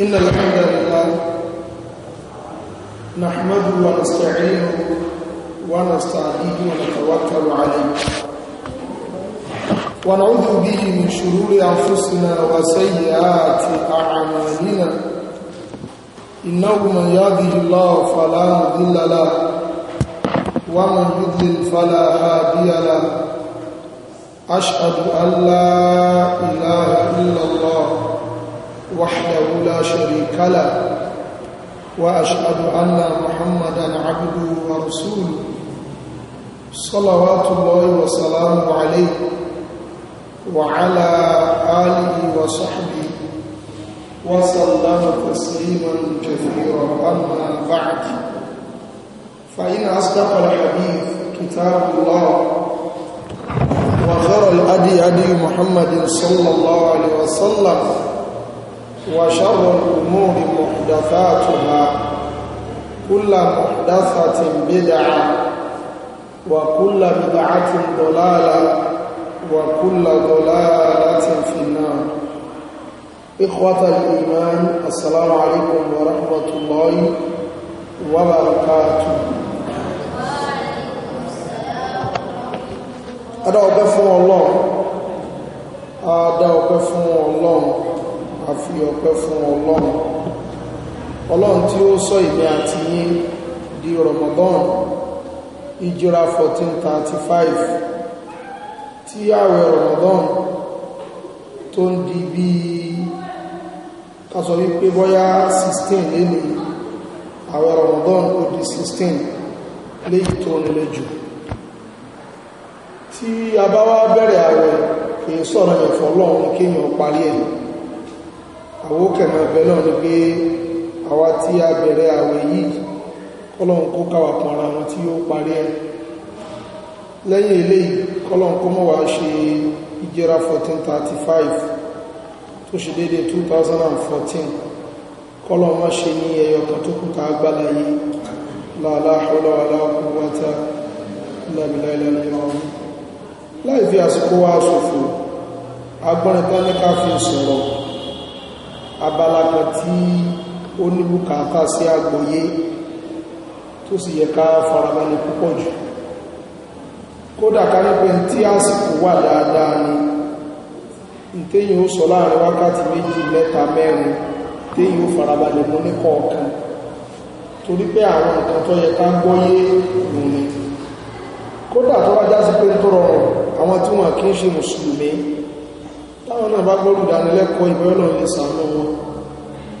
إن الحمد لله نحمده ونستعينه ونستعينه ونتوكل عليه ونعوذ به من شرور أنفسنا وسيئات أعمالنا إنه من يهده الله فلا مضل له ومن يضلل فلا هادي له أشهد أن لا إله إلا الله وحده لا شريك له وأشهد أن محمدا عبده ورسوله صلوات الله وسلامه عليه وعلى آله وصحبه وسلم تسليما كثيرا أما بعد فإن أصدق الحديث كتاب الله وخر الأدي أدي محمد صلى الله عليه وسلم وشر الأمور محدثاتها كل محدثة بدعة وكل بدعة ضلالة وكل ضلالة في النار إخوة الإيمان السلام عليكم ورحمة الله وبركاته أدعو بفو الله أدعو بفو الله a fi ọpẹ́ fún ọlọ́run ọlọ́run tí ó sọ ìgbé àti yín di Ramadan ìjọra 1435 tí àwẹ̀ Ramadan tó ń di bí ká sọ wípé bóyá 16 lé ní àwẹ̀ Ramadan ó di 16 léyìí tó nílé jù tí a bá wá bẹ̀rẹ̀ àwẹ̀ kìí sọ̀rọ̀ ẹ̀fọ́ ọlọ́run kéèyàn parí ẹ̀ owó kẹ̀mọ̀ ẹ̀bẹ̀ náà ni pé àwa tí a bẹ̀rẹ̀ àwẹ̀ yìí kọ́lọ̀n kó káwà pọ̀ ara wọn tí ó parí ẹ̀ lẹ́yìn eléyìí kọ́lọ̀n kó mọ́ wá ṣe ìjẹ́ra 1435 tó ṣe dédé 2014 kọ́lọ̀n mọ́ ṣe ní ẹyọ kan tó kúta agbálayé la hawla wala quwwata illa billahi láì fi àsìkò wá ṣòfò agbọ́nrin tán ní ká fi sọ̀rọ̀ abala kan tí ó ní bùkátà sí àgbọ́yé tó sì yẹ ká farabalẹ̀ púpọ̀ jù kódà ká ní pé tí àsìkò wà dáadáa ni téyìn ó sọ láàrin wákàtí méjì mẹ́ta mẹ́rin téyìn ó farabalẹ̀ mú ní kọ̀ọ̀kan torí pé àwọn nǹkan tó yẹ ká gbọ́yé lò ní kódà tó wájá sí pé ń tó rọrùn àwọn tí wọ́n kì í ṣe mùsùlùmí táwọn náà bá gbọ́rù dánilẹ́kọ̀ọ́ ìwé ọ̀nà lè sàánú wọn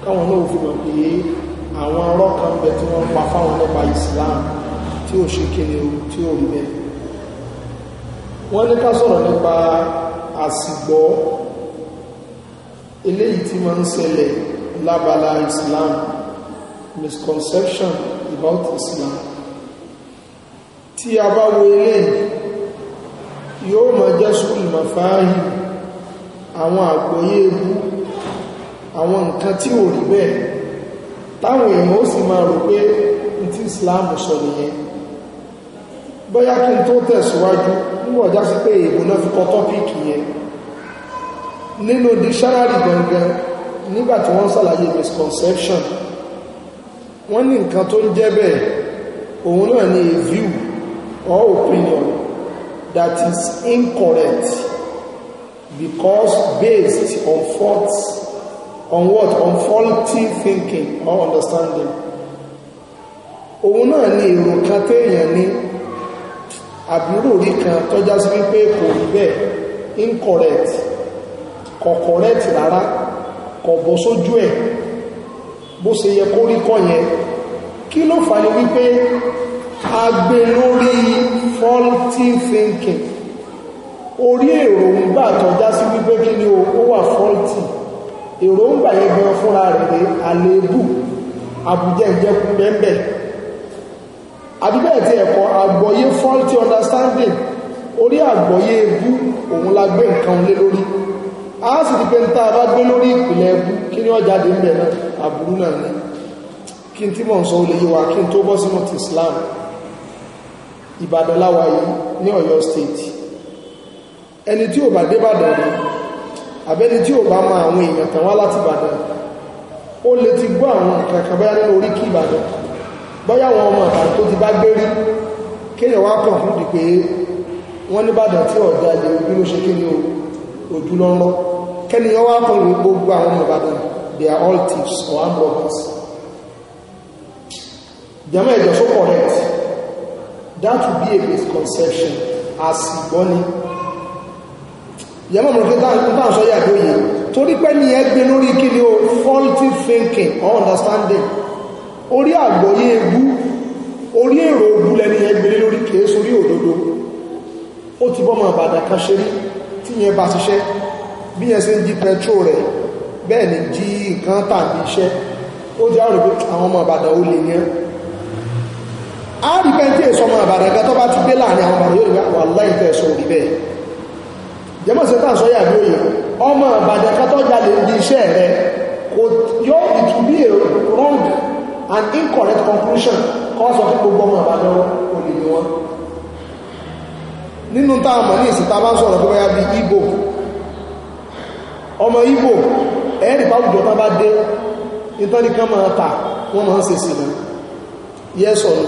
káwọn náà fi mọ̀ pé àwọn ọ̀rọ̀ kan bẹ tí wọ́n pa fáwọn nípa Islam tí ó ṣe kéré tí ó rí bẹ́ẹ̀ wọ́n ní ká sọ̀rọ̀ nípa àsìgbọ́ eléyìí tí máa ń ṣẹlẹ̀ lábala Islam misconception about Islam tí a bá wo eléyìí yóò máa jẹ́ sùkúlù màfáàyìí àwọn àgbọ́yé ebú àwọn nǹkan tí ò rí bẹ́ẹ̀ táwọn èèyàn ó sì máa rò pé n tí Islam sọ nìyẹn bóyá kí n tó tẹ̀síwájú níwọ̀ já sí pé èèbò náà fi kọ tọ́pìkì yẹn nínú dictionary gangan nígbà tí wọ́n ṣàlàyé misconception wọ́n ní nǹkan tó ń jẹ́ bẹ́ẹ̀ òun náà ni a view or opinion that is incorrect because based on faults on what on faulty thinking or understanding òun náà ni èrò kan téèyàn ní àbúrò rí kan tọ́já sí wípé kò rí bẹ́ẹ̀ incorrect kò correct rárá kò bọ́ sójú ẹ̀ bó ṣe yẹ kó rí kọ́ yẹn kí ló fà ní wípé a gbé lórí faulty thinking orí èròǹgbà tó já sí wípé kí ni ó wà fọ́ọ̀tì èròǹgbà yẹn gan fúnra rẹ̀ rẹ̀ àléébù àbújẹ́ ìjẹ́kú bẹ́ẹ̀bẹ̀ àbíbẹ̀ẹ̀tì ẹ̀kọ́ àgbọ̀yé faulty understanding orí àgbọ̀yé ebú òun la gbé nǹkan lé lórí a sì ti pé ń tá a bá gbé lórí ìpìlẹ̀ ebú kí ni ọjà dé ń bẹ̀ náà àbúrú náà ni kí n tí mò ń sọ olè yíwa kí n tó bọ́ sínú ti Islam Ìbàdàn láwa yìí ní Ọ̀yọ́ state ẹni tí ò bá dé Ìbàdàn rí àbẹ́ni tí ò bá mọ àwọn èèyàn tàn wá láti Ìbàdàn ó lè ti gbọ́ àwọn nǹkan kan bóyá nínú oríkì Ìbàdàn bóyá àwọn ọmọ Ìbàdàn tó ti bá gbé rí kéèyàn wá kàn fún di pé wọ́n ní Ìbàdàn tí ọ̀dà lè ojú ló ṣe kí ni ojú lọ́rọ́ kẹ́niyàn wá kàn lè gbogbo àwọn ọmọ Ìbàdàn they are all thieves or armed robbers jama ẹ̀jọ̀ so correct that would be a misconception as ìgbọ́ni yẹ́mọ̀ mọ̀ pé táwọn sọ yàgbé yìí torí pé ní faulty thinking understanding orí àgbọ́yé egbú orí èrò ogun lẹ́ni ẹgbẹ́ lórí kìí sórí òdodo ó ti bọ́ mọ̀ àbàdà kan ṣe rí tí yẹn bá ṣiṣẹ́ bí yẹn ṣe ń jí petro rẹ̀ bẹ́ẹ̀ ni jí nǹkan tàbí iṣẹ́ ó jẹ́ àwọn òrùn àwọn ọmọ àbàdàn ó lè yẹn á rí pẹ́ntì èso ọmọ àbàdàn gan tó bá ti gbé láàrin àwọn àbàdàn yóò rí wà láì fẹ́ sọ bẹ́ẹ̀ jẹmọ́ sí tàn sọ́yà ní òye ọmọ ìbàdàn kátọ́jà lè di iṣẹ́ rẹ kò yọ it a wrong and incorrect conclusion kọ́ sọ fún gbogbo ọmọ ìbàdàn òní ni wọ́n nínú táwọn mọ̀ ní ìsìta bá sọ̀rọ̀ tó báyá bí Igbo ọmọ Igbo ẹ̀ẹ́rì pàwùjọ tán bá dé ìtọ́nìkan máa tà wọ́n máa ń ṣe sí náà yẹ́sọ̀ lọ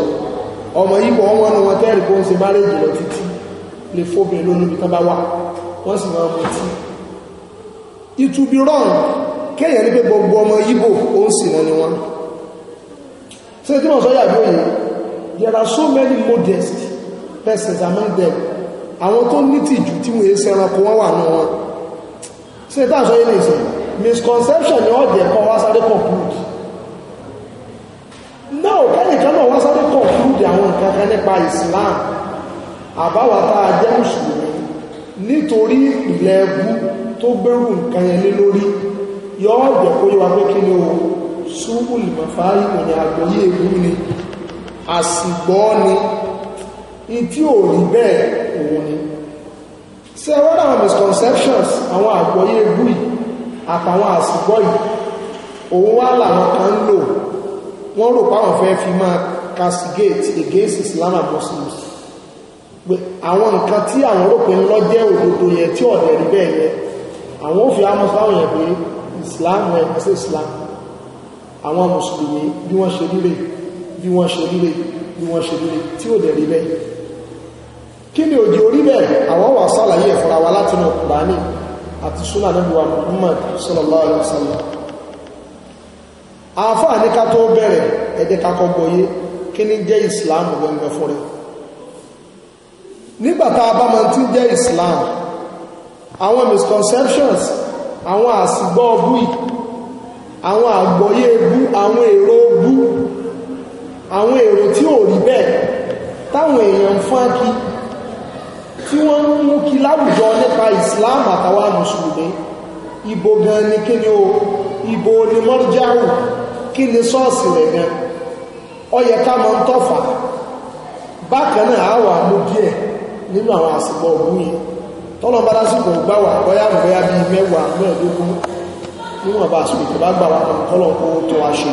ọmọ Igbo ọmọ ọ̀nà wọn tẹ́rì kó ń ṣe márèjì lọ títí lè fóbìnrin lónìí tán bá wà wọ́n sì máa mutí it will be wrong pé gbogbo ọmọ Ìgbò ó sì náà ni wọ́n ṣe tí wọ́n sọ there are so many modest persons among them àwọn tó ní tìjú tí wọ́n ṣe ẹranko wọ́n wà náà wọn ṣe tá à sọ yìí lè sọ misconception ni ọ̀dẹ̀ kan wá sáré conclude náà kẹ́nìkan náà wá sáré conclude àwọn nǹkan kan nípa Islam àbáwá tá a jẹ́ mùsùlùmí nítorí ìpìlẹ̀ ẹbú tó gbẹ́rù nǹkan yẹn lé lórí yọ́ ọ̀dẹ̀ kó yíwa pé kí ni o ṣúgbù lìmọ̀fà ìrìn àgbọ́yé ewu ni àsìgbọ́ ni ìtí ò rí bẹ́ẹ̀ òun ni ṣe wọ́n àwọn misconceptions àwọn àgbọ́yé ewu yìí àtàwọn àsìgbọ́ yìí òun wá làwọn kan ń lò wọ́n rò páwọn fẹ́ fi máa castigate against Islam and Muslims pé àwọn nǹkan tí àwọn rògbìn lọ́jẹ́ òdodo yẹn tí ọ̀dẹ̀ rí bẹ́ẹ̀ yẹn àwọn òfin amúfáwọn yẹn pé Islam ẹ̀ ẹ̀ sí Islam àwọn mùsùlùmí bí wọ́n ṣe líle bí wọ́n ṣe líle bí wọ́n ṣe líle tí ọ̀dẹ̀ rí bẹ́ẹ̀ kí ni òjò orí bẹ́ẹ̀ àwọn wà sàlàyé ẹ̀fọ́ra wa látinú Kùránì àti súnà níbuwa Muhammad sallallahu alaihi wasallam àfáà ní ká tó bẹ̀rẹ̀ ẹ̀dẹ́ kakọ́ gbọ́yé kí ni jẹ́ Islam gbẹ̀ngbẹ̀ fún rẹ̀ nígbàtà abámantí jẹ́ Islam àwọn misconceptions àwọn àsìgbọ́ ọbú àwọn àgbọ́yé ebú àwọn èrò obú àwọn èrò tí ò rí bẹ́ẹ̀ táwọn èèyàn fún kí tí wọ́n ń mú kí láwùjọ nípa Islam àtàwọn mùsùlùmí ibo gan ni kí ni o ibo ni mọ́rújáwù kí ni sọ́ọ̀sì rẹ̀ gan ó yẹ ká mọ́ ń tọ́fà bákan náà á wà mú díẹ̀ nínú àwọn àsìkò ọ̀gbún yìí tọ́lọ́n bá lásìkò gbà wà bọ́yá bọ́yá bí mẹ́wàá mẹ́ẹ̀ẹ́dógún níwọ̀n bá àsìkò ìtọ́bá gbà wà kan tọ́lọ́n kó tó wá ṣe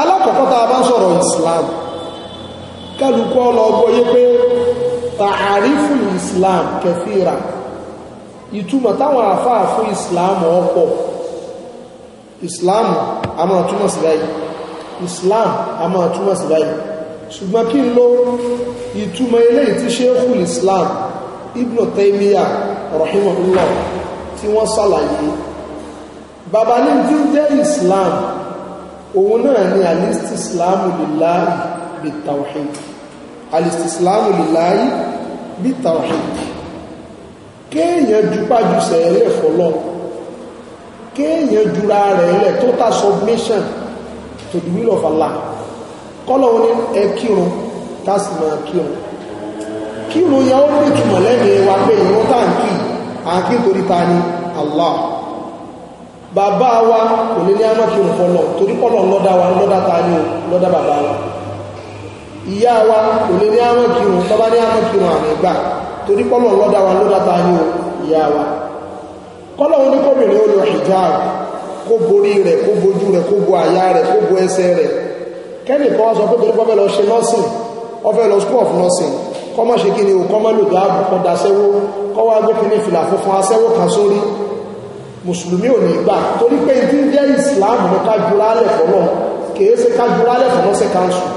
alákọ̀ọ́kọ́ tá a bá sọ̀rọ̀ Islam kálukú ọlọ́gbọ́ yé pé tààrífù Islam kẹfìrà ìtumọ̀ táwọn àfáà fún Islam ọ̀pọ̀ Islam a máa túmọ̀ sí báyìí Islam a máa túmọ̀ sí báyìí ṣùgbọ́n kí n lo ìtumọ̀ eléyìí tí sheikhul islam ibn taymiyyah rahimahullah tí wọ́n ṣàlàyé bàbá ní tí ń jẹ́ islam òun náà ni alistislamu lillahi bitawhid alistislamu lillahi bitawhid kéèyàn jupájú sẹ́ẹ̀lẹ̀ fọlọ́ kéèyàn jura rẹ̀ lẹ̀ total submission to the will of Allah kọ́lọ̀ wọn ni ẹ kírun tásì máa kírun kírun yẹn ó pè túmọ̀ lẹ́yìn wa pé ìrún táǹkì àǹkì torí ta ni Allah bàbá wa kò ní ní máa kírun fọlọ ni o lọ́dá bàbá wa ìyá wa kò ní ní á máa kírun tọ́ba ní máa kírun o ìyá wa ni kọ́bìnrin ó lọ hijab kó borí rẹ̀ kó bojú rẹ̀ kó bo àyà rẹ̀ kó bo ẹsẹ̀ rẹ̀ kẹ́nì kan sọ pé torípọ́ fẹ́ lọ ṣe nọ́sìn wọ́n fẹ́ lọ school of nursing kọ́ mọ́ ṣe kí ni òkọ́ mọ́ lòdì ààbò kan daṣẹ́wó kọ́ wá gbé kí ní fìlà funfun aṣẹ́wó kan sórí mùsùlùmí ò ní gbà torí pé ìdí jẹ́ Islam ní kájúrálẹ̀ fọ́lọ́ kìí ṣe kájúrálẹ̀ fún nọ́sìn council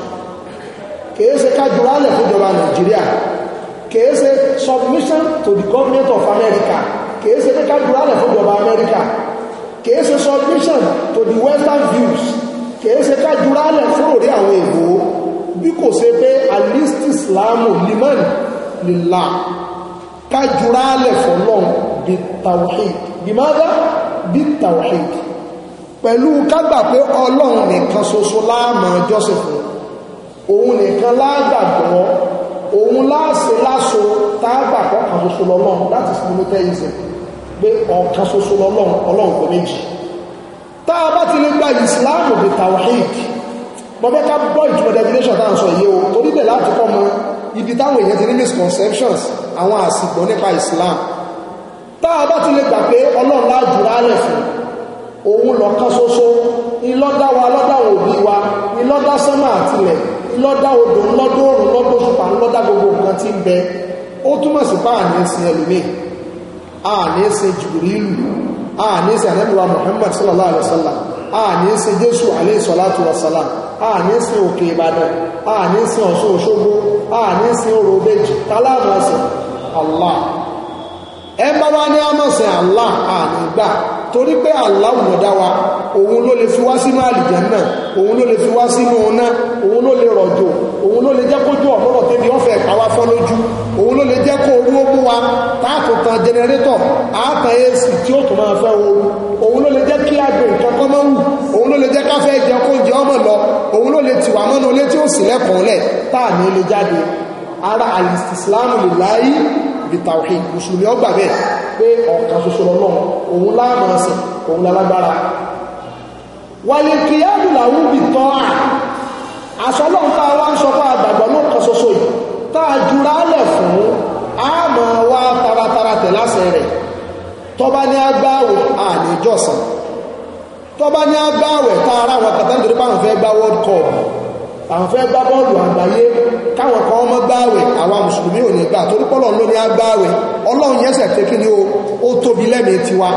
kìí ṣe kájúrálẹ̀ fún ìjọba Nàìjíríà kìí ṣe submission to the government of America kìí ṣe kájúrálẹ̀ fún ìjọba America kìí ṣe submission to the western views kìí ṣe ká jura lẹ̀ fúrò rí àwọn èbó bí kò ṣe pé alist islamu liman lila ká jura lẹ̀ fọlọ́n bí tawhid bí mada bí tawhid pẹ̀lú kágbà pé ọlọ́run nìkan ṣoṣo láàmà joseph òun nìkan lágbàgbọ́ òun láàṣẹ láṣọ tágbà kọ́kàn lọ́lọ́run láti sinmi tẹ́yìn sẹ́ pé ọ̀kan lọ́lọ́run ọlọ́run kò méjì tá a bá ti lè gba ìsìláàmù bí tawhid bọ́bẹ́ ká bọ́ ìtumọ̀ definition tá à ń sọ yìí o torí bẹ̀ láti kọ́ mọ ibi táwọn èèyàn ti ní misconceptions àwọn àsìgbọ́n nípa islam tá a bá ti lè gbà pé ọlọ́run láàjúra rẹ̀ fún òun lọ́kàn ṣoṣo ìlọ́dá wa lọ́dá òbí wa ìlọ́dá sánmà àtilẹ̀ ìlọ́dá odò ńlọ́dọ̀ òrùn lọ́dọ̀ òṣùpá ńlọ́dá gbogbo nǹkan tí a ní sí ànábìwá muhammad sallallahu alaihi wasallam a ní sí jésù alaihi salatu wasallam a ní sí òkè ìbàdàn a ní sí ọ̀ṣun òṣogbo a ní sí orò bèjì taláàmù ọ̀sẹ̀ allah ẹ bá wá ní allah a ní gbà torí pé Allah ló dá wa òun ló lè fi wá sínú àlìjànnà òun ló lè fi wá sínú ọ̀nà òun ló lè rọ̀jò òun ló lè jẹ́ kójú ọ̀lọ́rọ̀ tẹ́bi wọ́n fẹ́ pa wá fọ́ lójú òun ló lè jẹ́ kó orú ó mú wa táàtò tan jẹnẹrétọ̀ àátàn ac tí ó tún máa fẹ́ ooru òun ló lè jẹ́ kí àgbè nǹkan kọ́ mọ́ wù òun ló lè jẹ́ káfẹ́ jẹ kóúnjẹ ọmọ lọ òun ló lè tìwà mọ́nu ilé tí ó sì lẹ́kọ̀ọ́ lẹ̀ táà ní ilé jáde ara al-istislamu lillahi bitawhid mùsùlùmí ọgbà bẹ́ẹ̀ pé ọ̀kan ṣoṣo lọ́nà òun láàmà sí òun lálágbára wàlẹ̀ kìíyàdù làwọn òbí tọ́ à àsọlọ́n tá a wá ń sọ pé àgbàgbọ́ náà kan ṣoṣo yìí tá a jura lẹ̀ fún àmọ́ wá taratara tẹ̀ lásẹ̀ rẹ̀ tọ́ba ní agbáwẹ̀ àníjọ́sán tọ́ba ní agbáwẹ̀ tá a ra àwọn kàtàndínlẹ́pàá fẹ́ gbá world cup àwọn fẹ́ gbá bọ́ọ̀lù àgbáyé káwọn kan mọ́ gbáwẹ̀ àwa mùsùlùmí ò ní gbà torí pọ́lọ̀ ló ní agbáwẹ̀ ọlọ́run yẹ́sẹ̀ pé kí ni o ó tóbi lẹ́mìí tiwa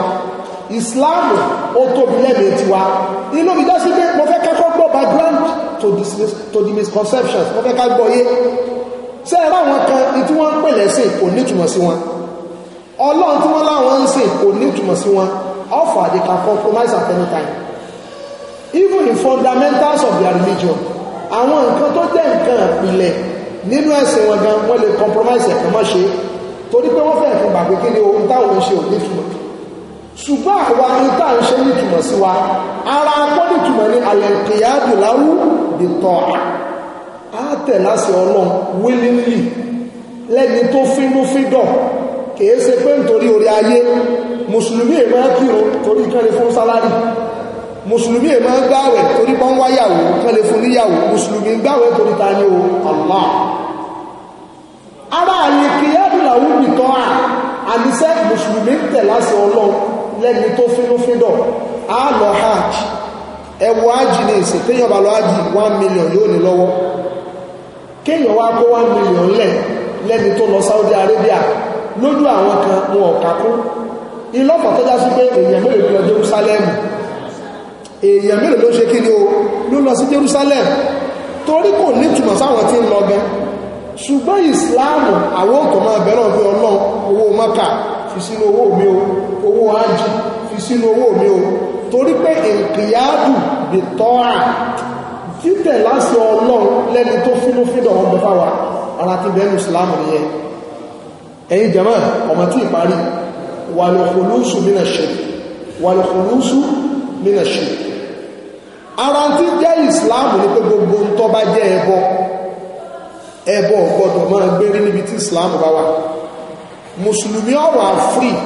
ìsìláàmù ó tóbi lẹ́mìí tiwa inú mi dá sí pé mo fẹ́ kẹ́kọ̀ọ́ gbọ́ background to the, to the misconceptions mo fẹ́ ká gbọ́ yé ṣé ẹ ráwọn kan tí wọ́n ń pè lẹ́sìn kò nítumọ̀ sí wọn ọlọ́run tí wọ́n láwọn ń sìn kò nítumọ̀ sí wọn offer they can compromise at any time even in fundamentals of their religion àwọn nǹkan tó jẹ́ nǹkan ìpìlẹ̀ nínú ẹ̀sìn wọn gan wọ́n lè compromise ẹ̀kan má ṣe torí pé wọ́n fẹ́ẹ̀ kan gbàgbé kí ni ohun táwọn ṣe ò nítumọ̀ ṣùgbọ́n àwa ni tá à ń ṣe nítumọ̀ sí wa ara akọ́ nítumọ̀ ni àlẹ̀kìyàdù láwù lè tọ́ a tẹ̀ láti ọlọ́run willingly lẹ́ni tó fínú fídọ̀ kìí ṣe pé nítorí orí ayé mùsùlùmí èèmọ́ kírun torí kẹ́lẹ́ fún sálárì mùsùlùmí è máa ń gbáwẹ̀ torí pọ́n wáyàwó kán lè fún níyàwó mùsùlùmí ń gbáwẹ̀ torí ta ní o Allah ara àyè kí ẹ́dùnláwù nìkan à àníṣẹ́ mùsùlùmí ń tẹ̀ láti ọlọ́run lẹ́ni tó fínúfíndọ̀ á lọ hajj ẹwọ hajj ní ìsìn téèyàn bá lọ hajj one million yóò ní lọ́wọ́ kéèyàn wá kó one million lẹ̀ lẹ́ni tó lọ Saudi Arabia lójú àwọn kan wọn ọ̀kakú ilọ́pàá tó já sí pé èèyàn mélòó bí ọjọ́ Jerusalem èèyàn mélòó ló ṣe kí ni o ló lọ sí Jerusalem torí kò ní túmọ̀ sáwọn tí ń lọ gan ṣùgbọ́n ìsìláàmù àwọn òkò máa bẹ̀rẹ̀ ọ̀gbẹ́ ọlọ́run owó mọ́kà fi sínú owó mi o owó ájì fi sínú owó mi o torí pé ìkìyàdù bìtọ́ra títẹ̀ láti ọlọ́run lẹ́ni tó fínúfíndọ̀ ọgbẹ̀ fáwà ara ti bẹ̀rẹ̀ ìsìláàmù nìyẹn ẹ̀yin jẹ́mọ́ ọmọ tí ìparí wàlùkùlùsù mínà ṣe wàlùkùlùsù mínà ṣe ara tí jẹ́ islam ni pé gbogbo ń tọ́ bá jẹ́ ẹbọ ẹbọ gbọdọ̀ máa gbérí níbi tí islam bá wà mùsùlùmí ọ̀wà free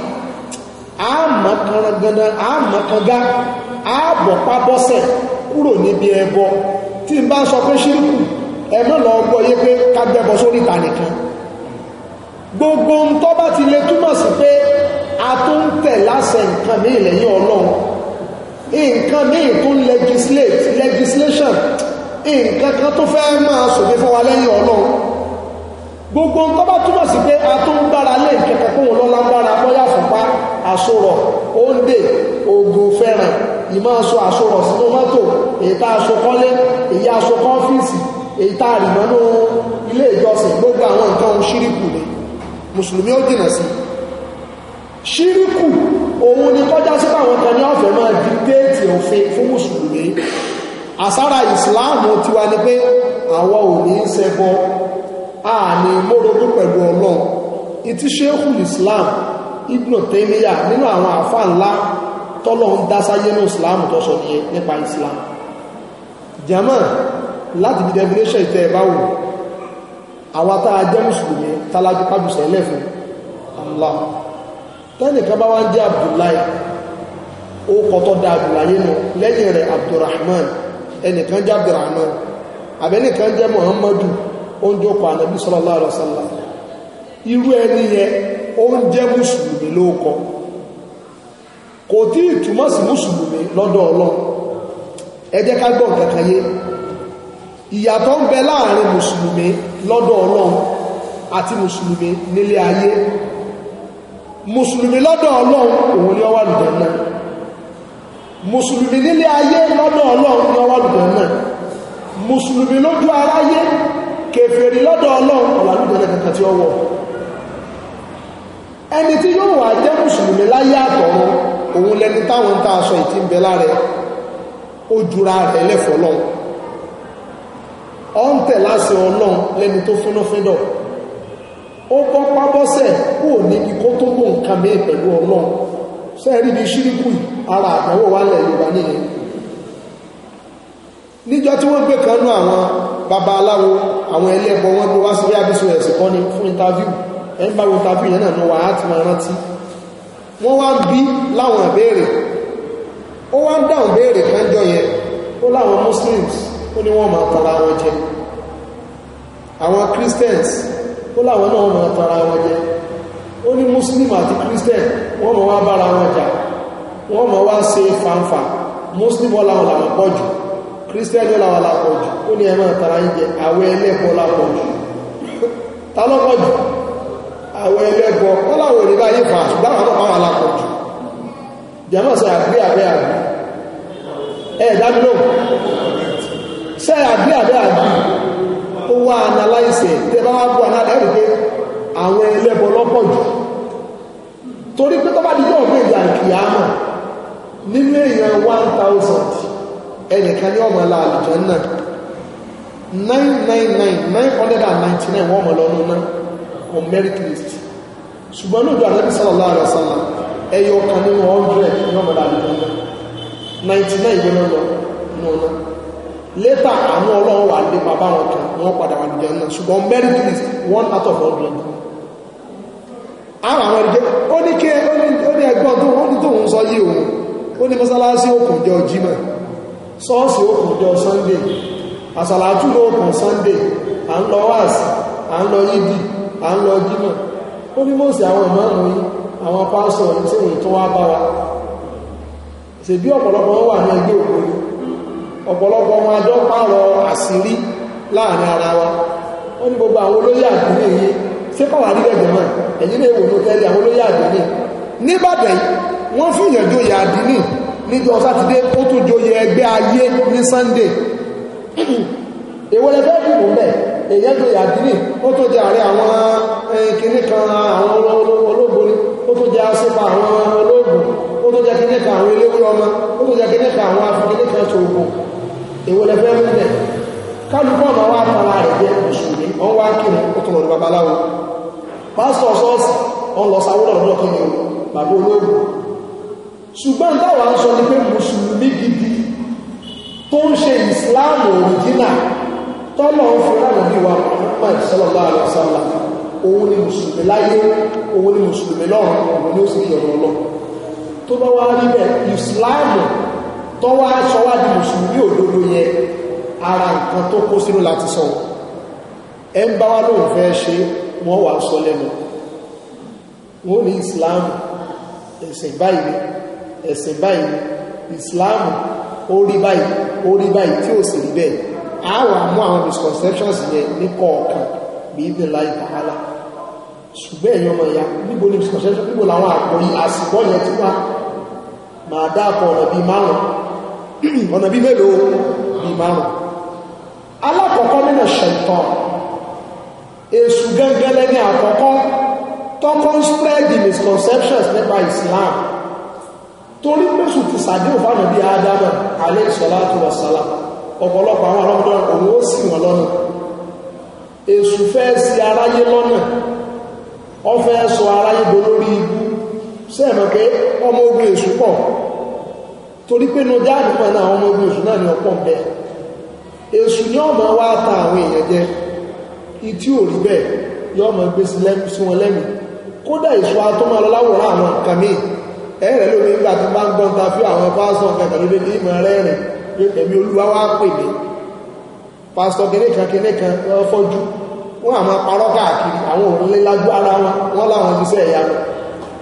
àmọ́kangá àbọ̀pábọ́sẹ̀ kúrò níbi ẹbọ tí n bá sọ pé ṣírkù ẹ̀mọ́ lọ gbọ́ yé pé kágbẹ́bọ sórí ìta nìkan gbogbo ń tọ́ bá ti lè túmọ̀ sí pé a tó ń tẹ̀ láṣẹ nǹkan ní ìlẹ̀yìn ọlọ́run nǹkan míì tó legislate legislation nǹkan kan tó fẹ́ máa sòfin fún wa lẹ́yìn ọlọ́run gbogbo ń tọ́bá túmọ̀ sí pé a tó ń gbára lé ìkẹ̀kẹ̀ kóhun lọ́la ń gbára bọ́yá fúnpá àsorọ̀ oúnjẹ oògùn fẹ́ràn ìmọ̀ aṣọ àsorọ̀ sínú mọ́tò èyíta aṣọ kọ́lé èyí aṣọ kọ́fíìsì èyíta àrìmọ́nú ilé ìjọsìn gbogbo àwọn nǹkan ṣíríkù ni mùsùlùmí ó dìnà sí i ṣíríkù òun ni kọjá sí àwọn kan ní ọ̀fẹ́ máa dìtéètì òfin fún mùsùlùmí àsára ìsìláàmù tiwa ni pé àwọn ò ní ṣẹbọ a ní mórogún pẹ̀lú ọlọ́run ìtí ṣéhù islam ibn taymiya nínú àwọn àfà ńlá tọ́lọ̀ ń dá sáyé ní islam tó sọ ní nípa islam jama láti bí definition ìtẹ́ ẹ̀báwò àwọn tá a jẹ́ mùsùlùmí tálájú pàbùsẹ̀ lẹ́fún allah tẹ́nìkan bá wá ń jẹ́ abdullahi ó kọ́tọ́ da abdullahi nù lẹ́yìn rẹ̀ abdulrahman ẹnìkan jẹ́ abdulrahman àbẹ́nìkan jẹ́ muhammadu ó ń jókòó anabi sallallahu alaihi irú ẹni yẹn ó ń jẹ́ mùsùlùmí ló kọ kò tí ì túmọ̀ sí mùsùlùmí lọ́dọ̀ ọlọ́ ẹ jẹ́ ká yé mùsùlùmí lọ́dọ̀ ọlọ́run òun ni ó wà lùdẹ̀ náà mùsùlùmí nílé ayé lọ́dọ̀ ọlọ́run ni ó wà lùdẹ̀ náà mùsùlùmí lójú aráyé kèfèrí lọ́dọ̀ ọlọ́run ọ̀làlùdẹ̀ kankan tí ó wọ̀ ẹni tí yóò wà jẹ́ mùsùlùmí láyé àtọ̀run òun lẹni táwọn ń ta aṣọ ìtì ń bẹ lára ó jura rẹ̀ lẹ́fọ̀ọ́ lọ́run ọ̀ ń tẹ̀ láṣẹ ọlọ́run lẹni tó fúnná fúndọ̀ ó bọ́ pábọ́sẹ̀ kó o níbi kó tó mú nǹkan mìíràn pẹ̀lú ọlọ́run sẹ́ẹ̀rí bíi ṣíríkù ara àtàwọn wà lẹ̀ yorùbá nìyẹn níjọ́ tí wọ́n gbé kanú àwọn babaláwo àwọn ẹlẹ́bọ wọn gbé wá sí bí abisu ẹ̀sìn kan ni fún interview ẹ̀ ń bá wọn interview yẹn náà ní wàá ti máa rántí wọ́n wá ń bí láwọn ìbéèrè ó wá ń dáhùn béèrè kánjọ yẹn ó láwọn muslims ó ní wọ́n máa tara wọn jẹ àwọn christians ó láwọn náà mọ̀ tara wọn jẹ ó muslim àti christian wọ́n mọ̀ wá bára wọn jà wọ́n mọ̀ wá fanfa muslim wọ́n làwọn làwọn pọ̀ jù christian wọ́n làwọn làpọ̀ jù ó ní ẹ̀mọ́ tara yín jẹ àwọ ẹlẹ́bọ làpọ̀ jù ta lọ́pọ̀ jù àwọ ẹlẹ́bọ wọ́n làwọn òní báyìí fà ṣùgbọ́n àwọn wà làpọ̀ ó wá analyze tẹ́ bá wá bú analyze pé àwọn ẹlẹ́bọ lọ́pọ̀ jù torí pé tọ́bá dídọ́ ọ̀gbìn ìyá ìkìyàmà nínú èèyàn one thousand ẹnìkan ní ọmọ ẹlà àlùjọ náà nine nine nine nine hundred and ninety nine wọ́n mọ̀ lọ́nu náà on merit list ṣùgbọ́n ní ojú ànábì sallallahu later àwọn ọlọ́run wà lè bàbá wọn kan wọ́n padà wà lùjẹ́ náà ṣùgbọ́n merit is one out of hundred àwọn àwọn ìdíje ó ní kí ó ní ẹgbọ́n tó wọ́n ní tóun sọ yìí òun ó ní mọ́sálásí òkùn jẹ́ ọjímọ̀ sọ́ọ̀sì òkùn jẹ́ sunday àsàlátù ló òkùn sunday à ń lọ wáàsì à ń lọ yídì à ń lọ jímọ̀ ó ní mọ́sí àwọn ìmọ̀ràn yìí àwọn pásọ̀ tí òun tó wá bá wa ṣèbí ọ̀pọ̀lọpọ̀ wà ní ẹgbẹ́ òkùn ọ̀pọ̀lọpọ̀ wọn adọ́ pààrọ̀ àṣírí láàrin ara wa wọ́n ní gbogbo àwọn olóyè àdúgbò yìí ṣé kọ̀wá rí bẹ̀rẹ̀ mọ́ ẹ̀yìn lè wò ló tẹ́lẹ̀ àwọn olóyè àdúgbò nìbàdàn wọ́n fún ìyànjú ìyà àdúgbò níjọ sátidé ó tún joyè ẹgbẹ́ ayé ní sunday èwo lẹ fẹ́ dìbò bẹ́ẹ̀ èyẹ́ joyè àdúgbò ó tún jẹ ààrẹ àwọn kìnnì kan àwọn ológun ó tún jẹ asípa àwọn ológun ó tún jẹ kìnnì kan àwọn eléwé ọmọ ó tún jẹ kìnnì kan àwọn afikìnnì kan ṣòwò èwo lẹ fẹ́ mú bẹ̀ kálukọ́ ọ̀nà wa tara rẹ̀ jẹ́ mùsùlùmí wọ́n wá kírun ó tún lọ́dún babaláwo pásítọ̀ ṣọ́ọ̀ṣì wọ́n lọ sáwọ́ lọ́dún ọkàn mi bàbá olóògùn ṣùgbọ́n táwa ń sọ ni pé mùsùlùmí gidi tó ń ṣe wa Muhammad sallallahu alaihi wasallam òun ni mùsùlùmí láyé òun ni mùsùlùmí lọ́run òun ni ó sì yọ̀rọ̀ lọ tó bá wá rí bẹ́ẹ̀ ìsìláàmù tó wá sọ di mùsùlùmí òdodo yẹn ara nǹkan tó kó sínú láti sọ ẹ ń bá wá lóun fẹ́ ṣe wọ́n wà sọ lẹ́nu wọ́n ní islam ẹ̀sìn báyìí ẹ̀sìn báyìí islam ó rí báyìí ó rí báyìí tí ó sì rí bẹ́ẹ̀ á wà mú àwọn misconceptions yẹn ní kọ̀ọ̀kan bíi ní láì tààlà ṣùgbọ́n ẹ̀yìn ọmọ ìyá níbo ni misconceptions níbo làwọn àpò àsìkò yẹn ti wá màá dáàbò ọ̀rọ̀ bíi márùn-ún ọ̀nà bí mélòó bí márùn alákọ̀ọ́kọ́ nínú ṣẹ̀tọ̀ èṣù gẹ́gẹ́lẹ́ ní àkọ́kọ́ tọ́kọ́ ń spread the misconceptions nípa Islam torí pẹ̀sù ti sàdéhùn fáwọn bí Ádámà alayhi salatu wassalam ọ̀pọ̀lọpọ̀ àwọn ọlọ́dọ̀ òun ó sì wọ́n lọ́nà èṣù fẹ́ sí aráyé lọ́nà ọ fẹ́ sọ aráyé dolórí ibú sẹ́ẹ̀mọ̀ pé ọmọ ogun èṣù pọ̀ torí pé nọjá àdúgbò náà àwọn ọmọ ogun èṣù náà ni ọ̀pọ̀ ń bẹ èṣù ni ọmọ wa ta àwọn èèyàn jẹ ìtí ò rí bẹ́ẹ̀ yóò máa gbé sí wọn lẹ́nu kódà èṣù atọ́mọ lọ láwòrán àwọn nǹkan míì ẹ̀rẹ̀ lómi nígbà tí bá ń gbọ́n ta fí àwọn pásọ̀ kẹta lóde ní ìmọ̀ rẹ̀ rìn ẹ̀mí olúwa wá pè mí pásọ̀ kẹ́lẹ́kan kẹ́lẹ́kan wọ́n fọ́jú wọ́n àmọ́ parọ́ káàkiri àwọn òun lé lájú ara wọn wọ́n láwọn iṣẹ́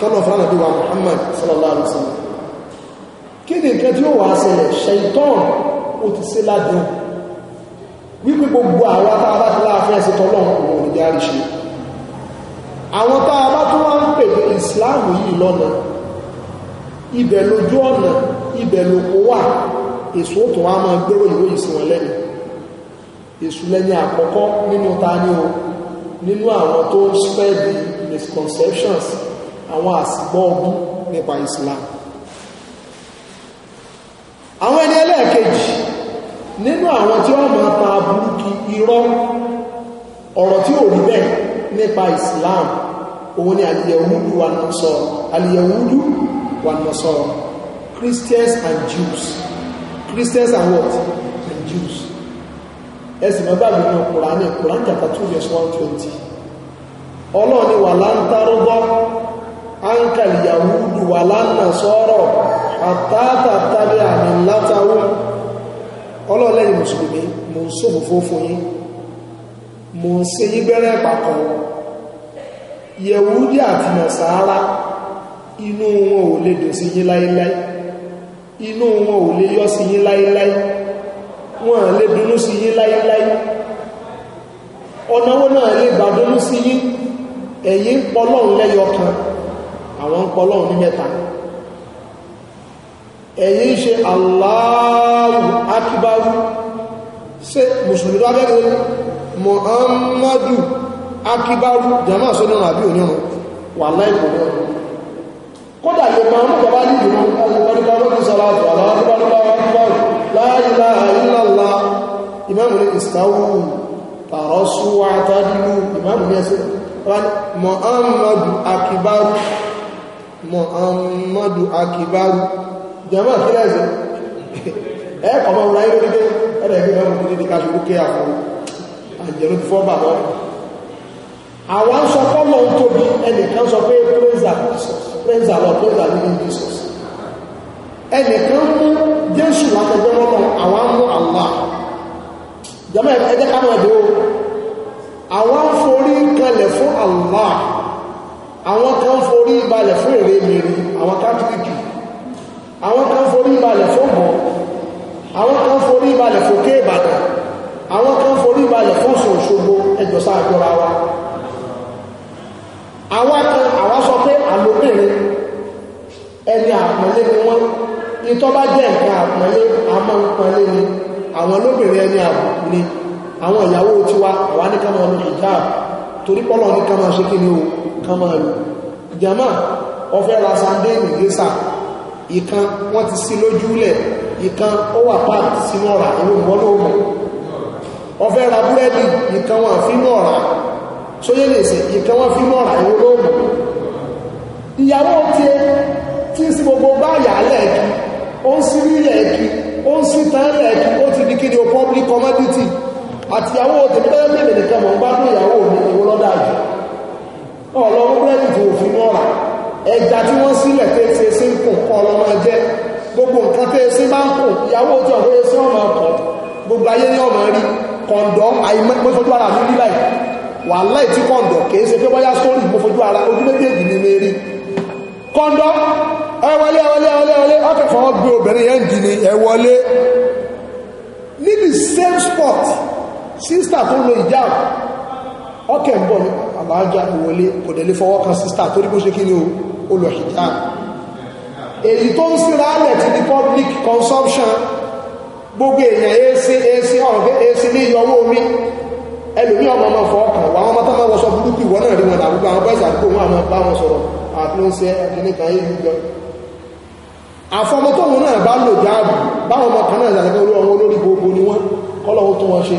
tọ́lọ̀ fún ànàbí wa Muhammad sallallahu alaihi wasallam kí ni nǹkan tí ó wà ṣẹlẹ̀ ṣẹ̀tọ́n ó ti ṣe ládùn wípé gbogbo àwọn tá a bá ti láàfẹ́ ẹ̀sẹ̀ tọ́lọ̀ òun ní járí ṣe àwọn tá a bá tó wá ń pè ibẹ̀ lójú ọ̀nà ibẹ̀ lóko wà èso tó wá máa gbérò ìwé ìsìnwọ̀n lẹ́nu èso lẹ́yìn àkọ́kọ́ nínú ta ni o nínú àwọn tó ń spread misconceptions àwọn àsìgbọ́ ọgbọ́n nípa Islam àwọn ẹni ẹlẹ́ẹ̀kejì nínú àwọn tí wọ́n máa ta burúkú irọ́ ọ̀rọ̀ tí ò rí bẹ́ẹ̀ nípa Islam òun ni aliyahudu wa nasọrọ aliyahudu wa nọ nasọrọ Christians and Jews Christians and what and Jews ẹsìn mẹ́bàá nínú Kùránì Kùránì chapter two verse one twenty ọlọ́ọ̀ni wà láńtàrúgbọ́ ankal yahudu wàlá nasara àtàtàtàbí àmì látàwọ́ ọlọ́lẹ́yìn mùsùlùmí mo ń sófòfó fún mo ń ṣe yín bẹ́rẹ̀ pàkọ́ yẹ̀wúdí àti inú wọn ò lè dò sí yín láíláí inú wọn ò lè sí yín wọn à lè àwọn ń pọlọ́run ní mẹ́ta ẹ̀yìn ṣe Allahu Akbar ṣe mùsùlùmí tó abẹ́rẹ́ Muhammadu Akbar jama sọ́nà àbí oníran wà láìpọ̀ náà kódà lè máa mú bàbá ní ìdùnnú alùpàdùpà lókè sọ́lá àtọ̀ alùpàdùpà akíbàrù la ilaha illallah ìmáàmù ní ìsìtàwù tààrọ súwà Muhammadu Akibaru jẹ́mọ́ kí lẹ́sẹ̀ ẹ́ kọmọ ọmọ ayé lórí dé ẹ̀rẹ̀ ìgbé ọmọ ìdí ní káṣù lókè àwọn àjẹ̀rú ti fọ́bà lọ́rẹ̀ àwọn sọ fọ́lọ̀ ń tóbi ẹnìkan sọ pé praise lọ praise ní Jesus ẹnìkan mú Jésù látọgbẹ́ lọ́nà àwọn mú àwọn Allah àwọn kan forí balẹ̀ fún èrè mèrè àwọn kátólíkì àwọn kan forí balẹ̀ fún bọ̀ àwọn kan forí balẹ̀ fún kéèbàdàn àwọn kan forí balẹ̀ fún sòṣogbo ẹjọ́sá àjọra wa àwọn kan àwọn sọ pé àlóbìnrin ẹni àpọ́nlé ni wọ́n ìtọ́ bá jẹ́ nǹkan àpọ́nlé àmọ́ nǹkanlé ni àwọn lóbìnrin ẹni àbùkù ni àwọn ìyàwó tiwa àwọn anìkanà ọmọ ìjáàbù torí pọ́lọ̀ ní ká máa ṣe kí ni o ká máa lò jama ọfẹ́ ra sandéèmì gẹ́sà ìkan wọ́n ti sí lójúlẹ̀ ìkan ó wà páàkì sínú ọ̀rà ìwò ìmọ́lò ọmọ ọfẹ́ ra búrẹ́dì ìkan wọ́n fi mọ́ ọ̀rà sóyé lè sí ìkan wọ́n fi mọ́ ọ̀rà ìwò lóòmù ìyàwó ti tí sí gbogbo bá yà lẹ́ẹ̀kí ó àtìyàwó tèmi bẹ́ẹ̀ mímì nìkan mọ̀ ń bá dún ìyàwó mi ìwọ lọ́dà jù ọlọ́run búrẹ́dì tó òfin náà rà ẹja tí wọ́n sílẹ̀ tẹ́ ṣe sí ń kùn kọ́ ọlọ́mọ ẹjẹ́ gbogbo nǹkan tẹ́ ṣe máa ń kùn ìyàwó tí ọ̀fẹ́ ṣe ọmọ ọkọ̀ gbogbo ayé ní ọmọ rí kọ̀ǹdọ̀ àìmọ́fojú ara mi rí báyìí wàláhì tí kọ̀ǹdọ̀ kìí ṣe pé bọ́yá sórí ìmọ́fojú ara ojú méjèèjì ni mi rí kọ̀ǹdọ̀ ẹ wọlé ẹ wọlé ẹ wọlé ẹ wọlé ọkẹ̀kọ̀ gbé obìnrin yẹn dì ní ẹ wọlé ní the same spot sísítà tó lo ìjáàb ọkẹ̀ ń bọ̀ ní àbájá ìwọlé kò dẹ̀ lè fọwọ́ kan sísítà torí bó ṣe kí ni ó lo ìjáàb èyí tó ń síra alẹ̀ ti di public consumption gbogbo èèyàn èsì èsì ọ̀rọ̀ èsì ní ìyọwó omi ẹlòmí ọmọ ọmọ fọ ọkàn wà wọn mọ́tàmọ́ wọ́sọ burúkú ìwọ náà rí wọn àrúgbà àwọn bọ́ìsì àdúgbò wọn àmọ́ bá wọn sọ̀rọ̀ àti ló ń ṣe ẹ̀kíní kan yé gbígbọ́ àfọmọ tóun náà bá lò dáàbò báwọn ọmọ kan náà ìdàgbẹ́ olórí gbogbo ni wọ́n kọ́lọ́wọ́ tó wọn ṣe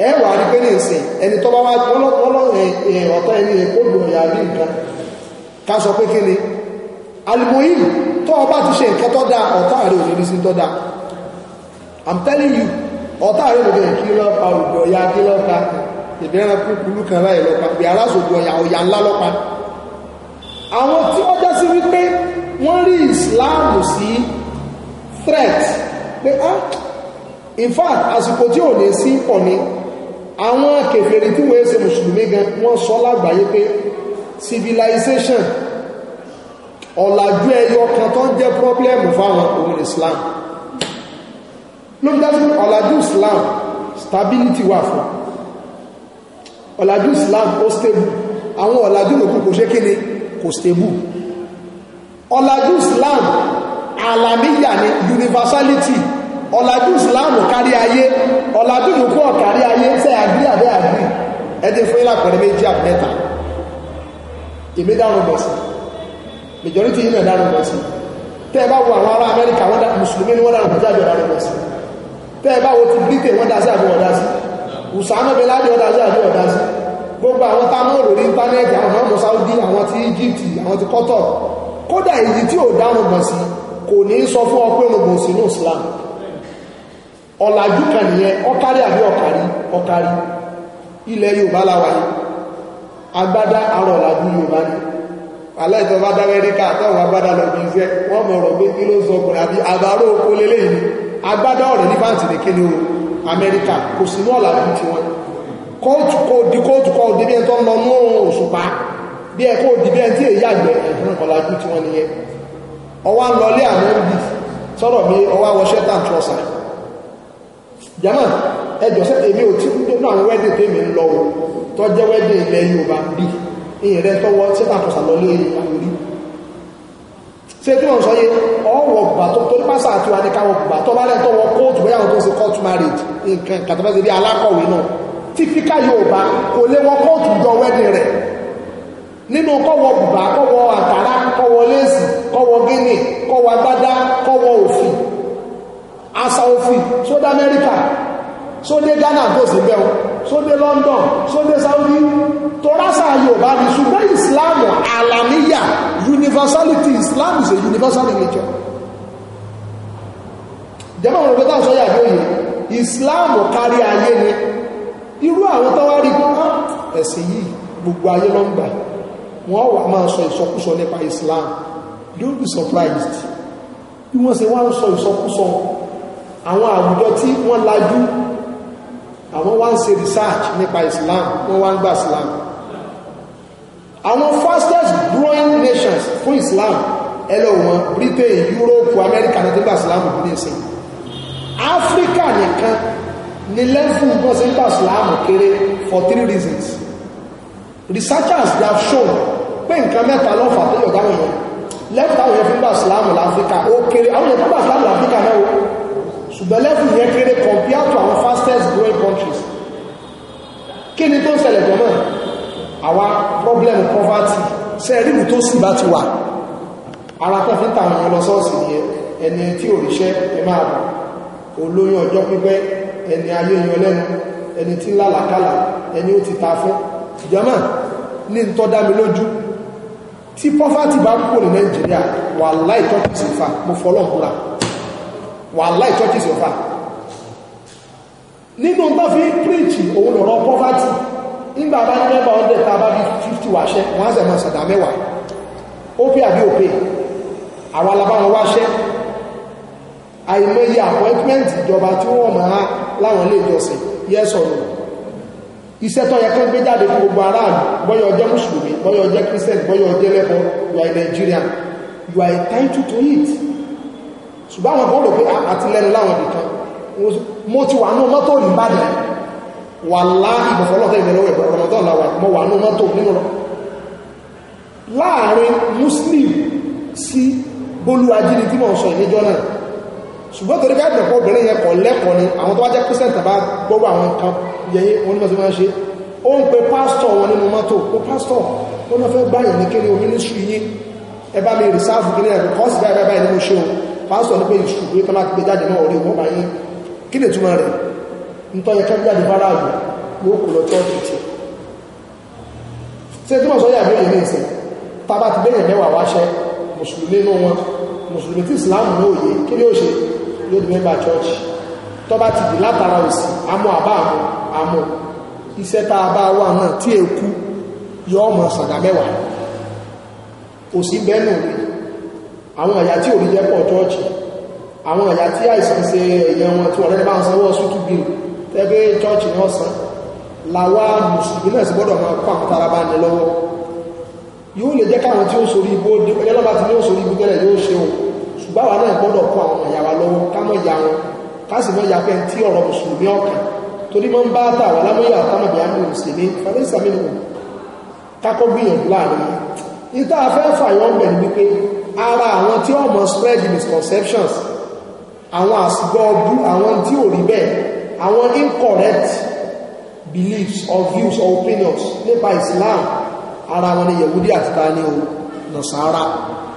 ẹ wà á ẹni tó bá wá ọ̀tọ́ ẹni rẹ̀ kó rí nǹkan ká sọ pé kí ni alimoyin tó o ti ṣe nǹkan tó dáa ọ̀tá rẹ̀ ò sí tó dáa i'm telling you ọ̀tá rẹ̀ ò kí lọ́pa òdò ya kí lọ́pa ìbẹ̀rẹ̀ kúkúrú kan láì lọ́pa bí aláṣògbò ọ̀yà ọ̀yà ńlá lọ́pa àwọn tí wọ́n já sí wípé wọ́n rí Islam sí threat pé ah in fact àsìkò tí ò lè sí pọ̀ ni àwọn kèfèrí tí wọ́n ṣe mùsùlùmí gan wọ́n sọ lágbàáyé pé civilization ọ̀làjú ẹyọ kan tó ń jẹ́ problem fáwọn òun Islam ló ń dájú ọ̀làjú Islam stability wà fún ọ̀làjú Islam ó stable àwọn ọ̀làjú lòkú kò ṣe kíni kò stable ọ̀làjú Islam alamiya ni universality ọ̀làjú ìsìláàmù kárí ayé ọ̀làjú ìlú kọ́ kárí ayé tẹ́ àgbí àbẹ́ àgbí ẹdín fún ilá pẹ̀lú méjì àbí mẹ́ta èmi dárun bọ̀ sí majority yìí náà dárun bọ̀ sí tẹ́ ẹ bá wo àwọn ará amẹ́ríkà wọ́n dá mùsùlùmí ni wọ́n dárun bọ̀ sí àbí ọ̀dárun bọ̀ sí tẹ́ ẹ bá wo ti britain wọ́n dá sí àbí ọ̀dá sí usama bin laden ọ̀dá sí àbí ọ̀dá sí gbogbo àwọn táwọn olórí íńtánẹ́ẹ̀tì àwọn ọmọ saudi àwọn ti egypt àwọn ti kọ́tọ̀ kódà èyí tí ò dárun bọ̀ sí kò ní sọ fún ọ pé òun bò sínú islam ọ̀làjú kan nìyẹn ọkárí àbí ọ̀kárí ọkárí ilẹ̀ yorùbá láwa yìí agbada arọ ọ̀làjú yorùbá ni aláìsọ bá dá mẹ́ríkà àtọ́wọ̀n agbada lọ bí iṣẹ́ wọ́n mọ̀rọ̀ pé kí ló sọ ọkùnrin àbí àbárò oko lélẹ́yìn ni agbada ọ̀rẹ́ ní fáǹtì ní kíni o amẹ́ríkà kò sí tiwọn kóòtù di kóòtù bí ẹni tó ń lọ ní òṣùpá bí ẹ kó di tiwọn nìyẹn ọwá ń lọlé àmọ́ sọ̀rọ̀ mi ọwá jama ẹjọ sẹ èmi ò tí ń dé náà wedding tèmi ń lọ o tó jẹ́ wedding ilẹ̀ Yorùbá bí ìyìn rẹ tọwọ́ sẹ́tà àtọ̀sà lọ lé àwòrí ṣé tí wọ́n sọ yé ọwọ́ gbà tó tó nípa sáà tí wà ní káwọ́ gbà tó bá lẹ́ tọwọ́ kóòtù bóyá àwọn tó ń ṣe court marriage nǹkan kàtàkì ṣe bí alákọ̀wé náà tífíkà Yorùbá kò lé wọn kóòtù jọ wedding rẹ̀ nínú kọ́wọ́ bùbá kọ́wọ́ àtàrà kọ́wọ́ léèsì kọ́wọ́ gíní kọ́wọ́ agbádá kọ́wọ́ òfì asaofi sódé amẹ́ríkà sódé ghana tó sì bẹ́ẹ̀ sódé london sódé saudi torasa yorùbá ni ṣùgbọ́n islam alamiya universality islam is a universal religion jẹ́mọ̀ wọn gbẹ́ta sọ́yà lóye islam kárí ayé ni irú àwọn tó wá rí gbọ́nà ah, ẹ̀sìn yìí gbogbo ayé ló ń gbà wọ́n wà máa sọ ìsọkúsọ nípa islam don't be surprised bí wọ́n ṣe wá ń sọ ìsọkúsọ àwọn àwùjọ tí wọ́n lajú àwọn wá ń ṣe research nípa Islam wọ́n wá ń gba Islam àwọn fastest growing nations fún Islam ẹlọ wọn Britain Europe America náà ti gba Islam bí ní ìsìn Africa nìkan ni lẹ́fún bọ́ sí gba Islam kéré for three reasons researchers they have shown pé nǹkan mẹ́ta lọ́fà tó yọ̀dá wọn lẹ́fún táwọn yẹn gba Islam Africa, ó kéré àwọn yẹn gba Islam Africa, náà ṣùgbọ́n lẹ́fù yẹn kéré compare to our fastest growing countries kí ni tó ń ṣẹlẹ̀ gbọ́n náà àwa problem poverty ṣe ríru tó sì bá ti wà ara tó fi ń tàwọn ọmọ ṣọ́ọ̀ṣì ni ẹni tí ò ríṣẹ́ ẹ máa bọ̀ olóyún ọjọ́ pípẹ́ ẹni ayé yan lẹ́nu ẹni tí lálàkàlà ẹni ó ti ta fún ìjọmọ́ ní tọ́ dá mi lójú tí poverty bá kúrò ní Nàìjíríà wà láìtọ́ kìí fa mo fọlọ́ wàláì churches yóò fà nínú tó fi píríǹtì òun lọ̀rọ̀ poverty nígbà bá ní mẹ́bà ọdẹ tá a bá bí 50 wáṣẹ́ wọ́n á sẹ̀mọ̀ ṣẹ̀dá mẹ́wàá ó pé àbí òpè àwọn alábáwọn wáṣẹ́ àìmọye appointment ìjọba tí wọ́n máa láwọn ilé ìjọsìn yes or no iṣẹ́ tó yẹ kán gbé jáde fún gbogbo aráàlú bọ́yọ̀ ọjọ́ mùsùlùmí bọ́yọ̀ ọjọ́ christian bọ́yọ̀ ọjọ́ lẹ́kọ̀ọ́ you are Nigerian you are entitled to it ṣùgbọ́n àwọn kan rò pé ah, àti lẹ́nu láwọn nìkan mo ti wà ní mọ́tò nìbàdàn wà lá ìbọ̀fọ́lọ́tẹ̀ ìbẹ̀lọ́wẹ̀ ramadan láwà mọ́ wà ní mọ́tò nínú rọ láàrin muslim sí bólú ajínigbé tí wọ́n sọ ìníjọ́ náà ṣùgbọ́n torí ká ìgbẹ̀kọ́ obìnrin yẹn kọ̀ lẹ́kọ̀ọ́ ni àwọn tó wá jẹ́ christian tàbá gbọ́rọ̀ àwọn nǹkan yẹyẹ wọn ní mọ̀síwọ́n ṣe ó ń pe pásítọ̀ wọn nínú mọ́tò ó pásítọ̀ ó náà fẹ́ gbáyàn ní kí ni omi ní ṣù yín ẹ bá mi rìsáàfù kí ní ẹ̀kọ́ sí báyìí báyìí ní mo ṣe o pásọ̀ ní pé ìṣù pé tọ́lá ti gbé jáde náà orí wọ́n bá yín kí lè túmọ̀ rẹ̀ nítọ́ yẹ kẹ́kẹ́ jáde fara àgbà yóò kò lọ tọ́ọ̀tì tí ṣe tí wọ́n sọ yà bẹ́ẹ̀ ní ìsìn tábà ti bẹ́ẹ̀ mẹ́wàá wáṣẹ́ mùsùlùmí nínú wọn mùsùlùmí tí ìsìláàmù ní òye kí ni ó ṣe yóò di mẹ́mbà chọ́ọ̀chì tọ́ bá ti di látara òsì amọ́ àbá àmọ́ àmọ́ iṣẹ́ tá a bá wà náà tí èkú yọ ọmọ sàgà mẹ́wàá òsì bẹ́ẹ̀ nù àwọn àyà tí òrí jẹ́ pọ̀ tọ́ọ̀chì àwọn àyà tí àìsàn ṣe ẹ̀yẹ wọn tí ọ̀rẹ́ bá ń sanwó ọ̀sùtù bíi tẹ́gbẹ́ tọ́ọ̀chì ní ọ̀sán làwa mùsùlùmí náà sì gbọ́dọ̀ máa kó àwọn tára bá ní lọ́wọ́ yóò lè jẹ́ káwọn tí ó sorí ibó ẹlọ́ba tí ó sorí ibó tẹ́lẹ̀ yóò ṣe òun ṣùgbọ́n àwa náà gbọ́dọ̀ kó àwọn àyà wa lọ́wọ́ ká mọ̀ ya wọn ká sì mọ̀ ya pé tí ọ̀rọ̀ mùsùlùmí ọ̀kan torí mọ́ ń bá tà wà lámúyà àtàmọ̀bí àmì òsèlé fàlẹ́sàmínú kákọ́ gbìyànjú láàrin yìí tá a fẹ́ fàyọ́ ń bẹ̀ ní ara àwọn tí ó mọ̀ spread misconceptions àwọn àsìgbọ́ ọdún àwọn tí ò rí bẹ́ẹ̀ àwọn incorrect beliefs or views or opinions nípa Islam ara wọn ni yẹ̀wúdí àti tani o nàṣàrà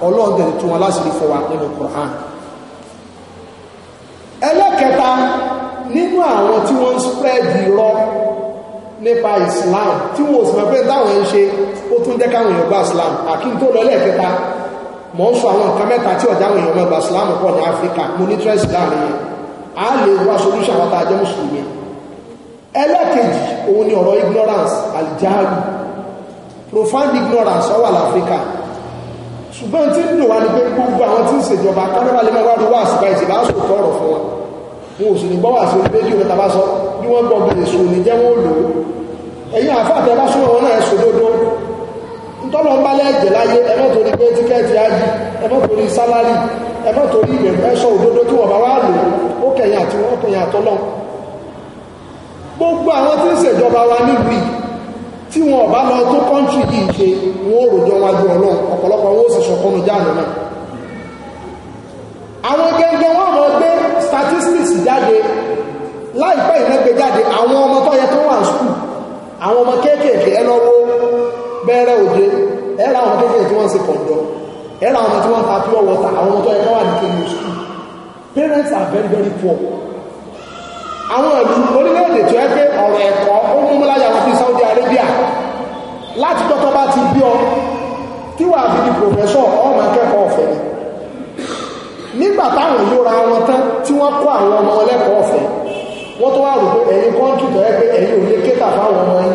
ọlọ́ọ̀dẹ̀ tó wọn láti rí fọwà nínú Quran ẹlẹ́kẹta nínú àwọn tí wọ́n spread irọ́ nípa Islam tí wọ́n sì mọ̀ pé táwọn ń ṣe ó tún jẹ́ káwọn èèyàn gba Islam àkíntó lọ mọ̀ ń sọ àwọn nǹkan mẹ́ta tí ọ̀dá àwọn èèyàn mẹ́gbà islam pọ̀ ní áfíríkà mo ní tírẹ́sì láàrin yẹn a lè wá solution àwọn tàjẹ́ mùsùlùmí ẹlẹ́kejì òun ni ọ̀rọ̀ ignorance aljahalu profound ignorance ọwà láfíríkà ṣùgbọ́n tí ń lò wá ní pé gbogbo àwọn tí ń ṣèjọba kánáwà lè máa wádùn wá àsìkò ìṣèlá àsìkò tọrọ fún wọn wọn ò sì ní gbọ́wà sí rédíò ní tabasọ bí wọ́n gbọ́ gbèrè sùn ní jẹ́ wọn ò lò ó ẹ̀yìn àfáàtẹ́ bá súnmọ́ wọn náà ẹ̀sùn lódó ntọ́lọ̀ ń balẹ̀ ẹ̀jẹ̀ láyé ẹ má torí pé tíkẹ́ẹ̀tì ájì ẹ má torí sálárì ẹ má torí ìbẹ̀rù òdodo tí wọ́n bá wá lò ó kẹ̀yìn àti wọ́n kẹ̀yìn àtọ́lọ́ gbogbo àwọn tí ń ṣèjọba wa nílùú yìí tí wọn ò lọ tó kọ́ńtì yìí ṣe wọn ò ròjọ́ wọn ju ọlọ́run ọ̀pọ̀lọpọ̀ wọn ó sì ṣọ̀kọ́nu jáàmù náà àwọn gẹ́gẹ́ wọn mọ̀ gbé statistics jáde láìpẹ́ ìrẹ́gbẹ́ jáde àwọn ọmọ tó yẹ tó wà ní school àwọn ọmọ kéékèèké ẹ lọ́wọ́ bẹ́ẹ̀rẹ̀ òde ẹ̀rọ àwọn kékeré tí wọ́n ń ṣe kọ̀ǹdọ̀ àwọn tí wọ́n ta pure water àwọn ọmọ tó yẹ káwà ní kéde school parents are very very poor àwọn ìlú orílẹ̀-èdè tó yẹ pé ọ̀rọ̀ ẹ̀kọ́ ó mú mú láyà wọn fi Saudi Arabia láti tọ́tọ́ bá ti bí ọ tí wàá fi di professor ọmọ akẹ́kọ̀ọ́ ọ̀fẹ́ ni nígbà táwọn yóra wọn tán tí wọ́n kó àwọn ọmọ ẹlẹ́kọ̀ọ́ ọ̀fẹ́ wọ́n tó wà rò pé ẹ̀yin kọ́ńtù tó yẹ pé ẹ̀yin ò lè kéta fáwọn ọmọ yín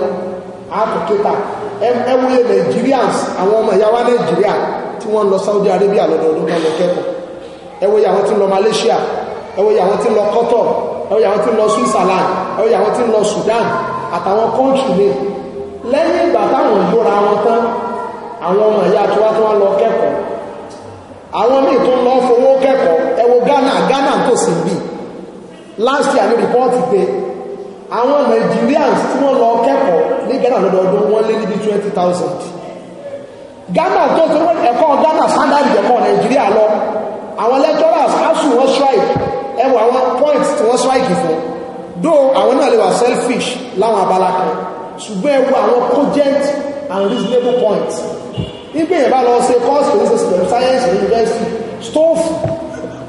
á kò kéta ẹwúyẹ Nigerians àwọn ọmọ ìyá wa Nigeria tí wọ́n lọ Saudi Arabia lọ́dọọdún kan lọ kẹ́kọ̀ọ́ ẹwúyẹ àwọn tí ń lọ Malaysia ẹwúyẹ àwọn tí ń lọ Qatar ẹwúyẹ àwọn tí ń lọ Switzerland ẹwúyẹ àwọn tí ń lọ Sudan àtàwọn kọ́ńtù mi lẹ́yìn ìgbà táwọn ìgbóra wọn tán àwọn ọmọ ìyá tí wọ́n tí wọ́n lọ kẹ́kọ̀ọ́ àwọn míì tó ń lọ fowó kẹ́kọ̀ọ́ ẹ Ghana Ghana tó sì ń bì last year ní rìpọ́ọ̀tì pé àwọn Nigerians tí wọ́n lọ kẹ́kọ̀ọ́ ní Ghana lọ́dọọdún wọ́n lé níbi twenty thousand Ghana tó tó wọ́n ẹ̀kọ́ Ghana standard ẹ̀kọ́ Nigeria lọ àwọn lecturers ASUU wọ́n strike ẹ wọ àwọn points tí wọ́n strike fún dó àwọn náà lè wà selfish láwọn abala kan ṣùgbọ́n ẹ wọ àwọn cogent and reasonable points nígbà yẹn bá lọ ṣe course for system science university stove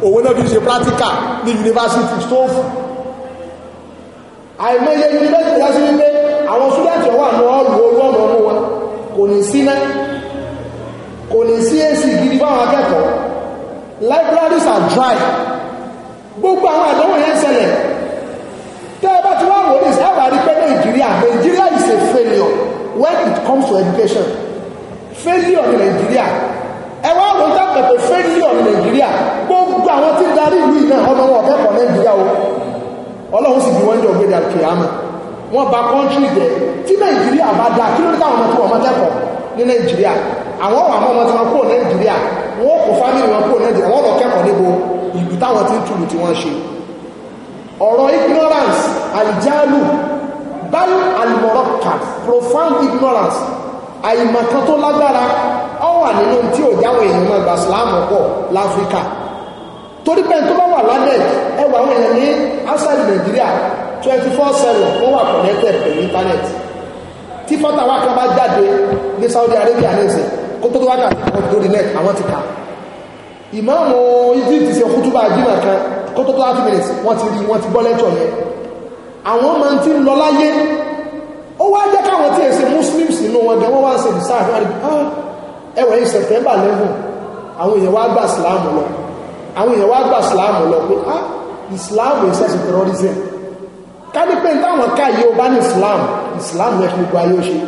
òwe náà fi ṣe practical ní university stove àìmọye yunifásitì yá sí wípé àwọn súdàtì ọwọ́ àmọ́ ọ̀lù orú ọ̀nà ọmọ wọn kò ní sí náà kò ní sí èsì gidi fáwọn akẹ́kọ̀ọ́ libraries are dry gbogbo àwọn àdánwò yẹn ṣẹlẹ̀ tẹ́ ẹ bá ti wá wò ní ìsáwà rí pé nàìjíríà nàìjíríà is a failure when it comes to education failure ní nàìjíríà ẹ wá wò dákẹ̀tẹ̀ failure ní nàìjíríà gbogbo àwọn tí darí ìlú náà ọmọ wọn ọ̀kẹ́kọ̀ọ́ nàìjíríà o ọlọ́run sì bí wọ́n jọ gbéra kìámà wọ́n ba kọ́ńtírì jẹ́ tí nàìjíríà bá dáa kí ló dé táwọn ọmọ tí wọ́n mọ́ tẹ́kọ̀ọ́ ní nàìjíríà àwọn ọmọ ọmọ tí wọ́n kúrò nàìjíríà wọ́n kò fámìlì wọn kúrò nàìjíríà wọ́n lọ kẹ́kọ̀ọ́ níbo ìlú táwọn ti ń túlù tí wọ́n ṣe ọ̀rọ̀ ignorance àlìjálù báyìí àlìmọ̀rọ̀kà profound ignorance àìmọ̀kan tó lágbára ó wà nínú tí ò jáwé èèyàn máa gbà sílámù pọ̀ láfíríkà torí pé tó bá wà lálẹ́ ẹwà àwọn èèyàn ní outside Nigeria twenty four seven wọ́n wà connected pẹ̀lú internet tí fọ́tà wà kan bá jáde ní Saudi Arabia ní ìsìn kó tó tó wá kàn wọ́n lórí net àwọn ti kà ìmáàmù Egypt ṣe kútúbà jìnnà kan kó tó tó thirty minutes wọ́n ti rí wọ́n ti bọ́ lẹ́tọ̀ yẹn àwọn máa ti ń lọ láyé ó wá jẹ́ káwọn tí èsè muslims nínú wọn gan wọ́n wá ṣe ìsáàfin ẹwẹ̀ yìí September eleven àwọn èèyàn wá gbà síláàmù lọ àwọn èèyàn wá gbà ìsìláàmù lọ pé ah ìsìláàmù ìṣẹ́sìn terrorism kábí pé táwọn káyé ó bá ní ìsìláàmù ìsìláàmù ẹ̀kí gbogbo ayé ó ṣe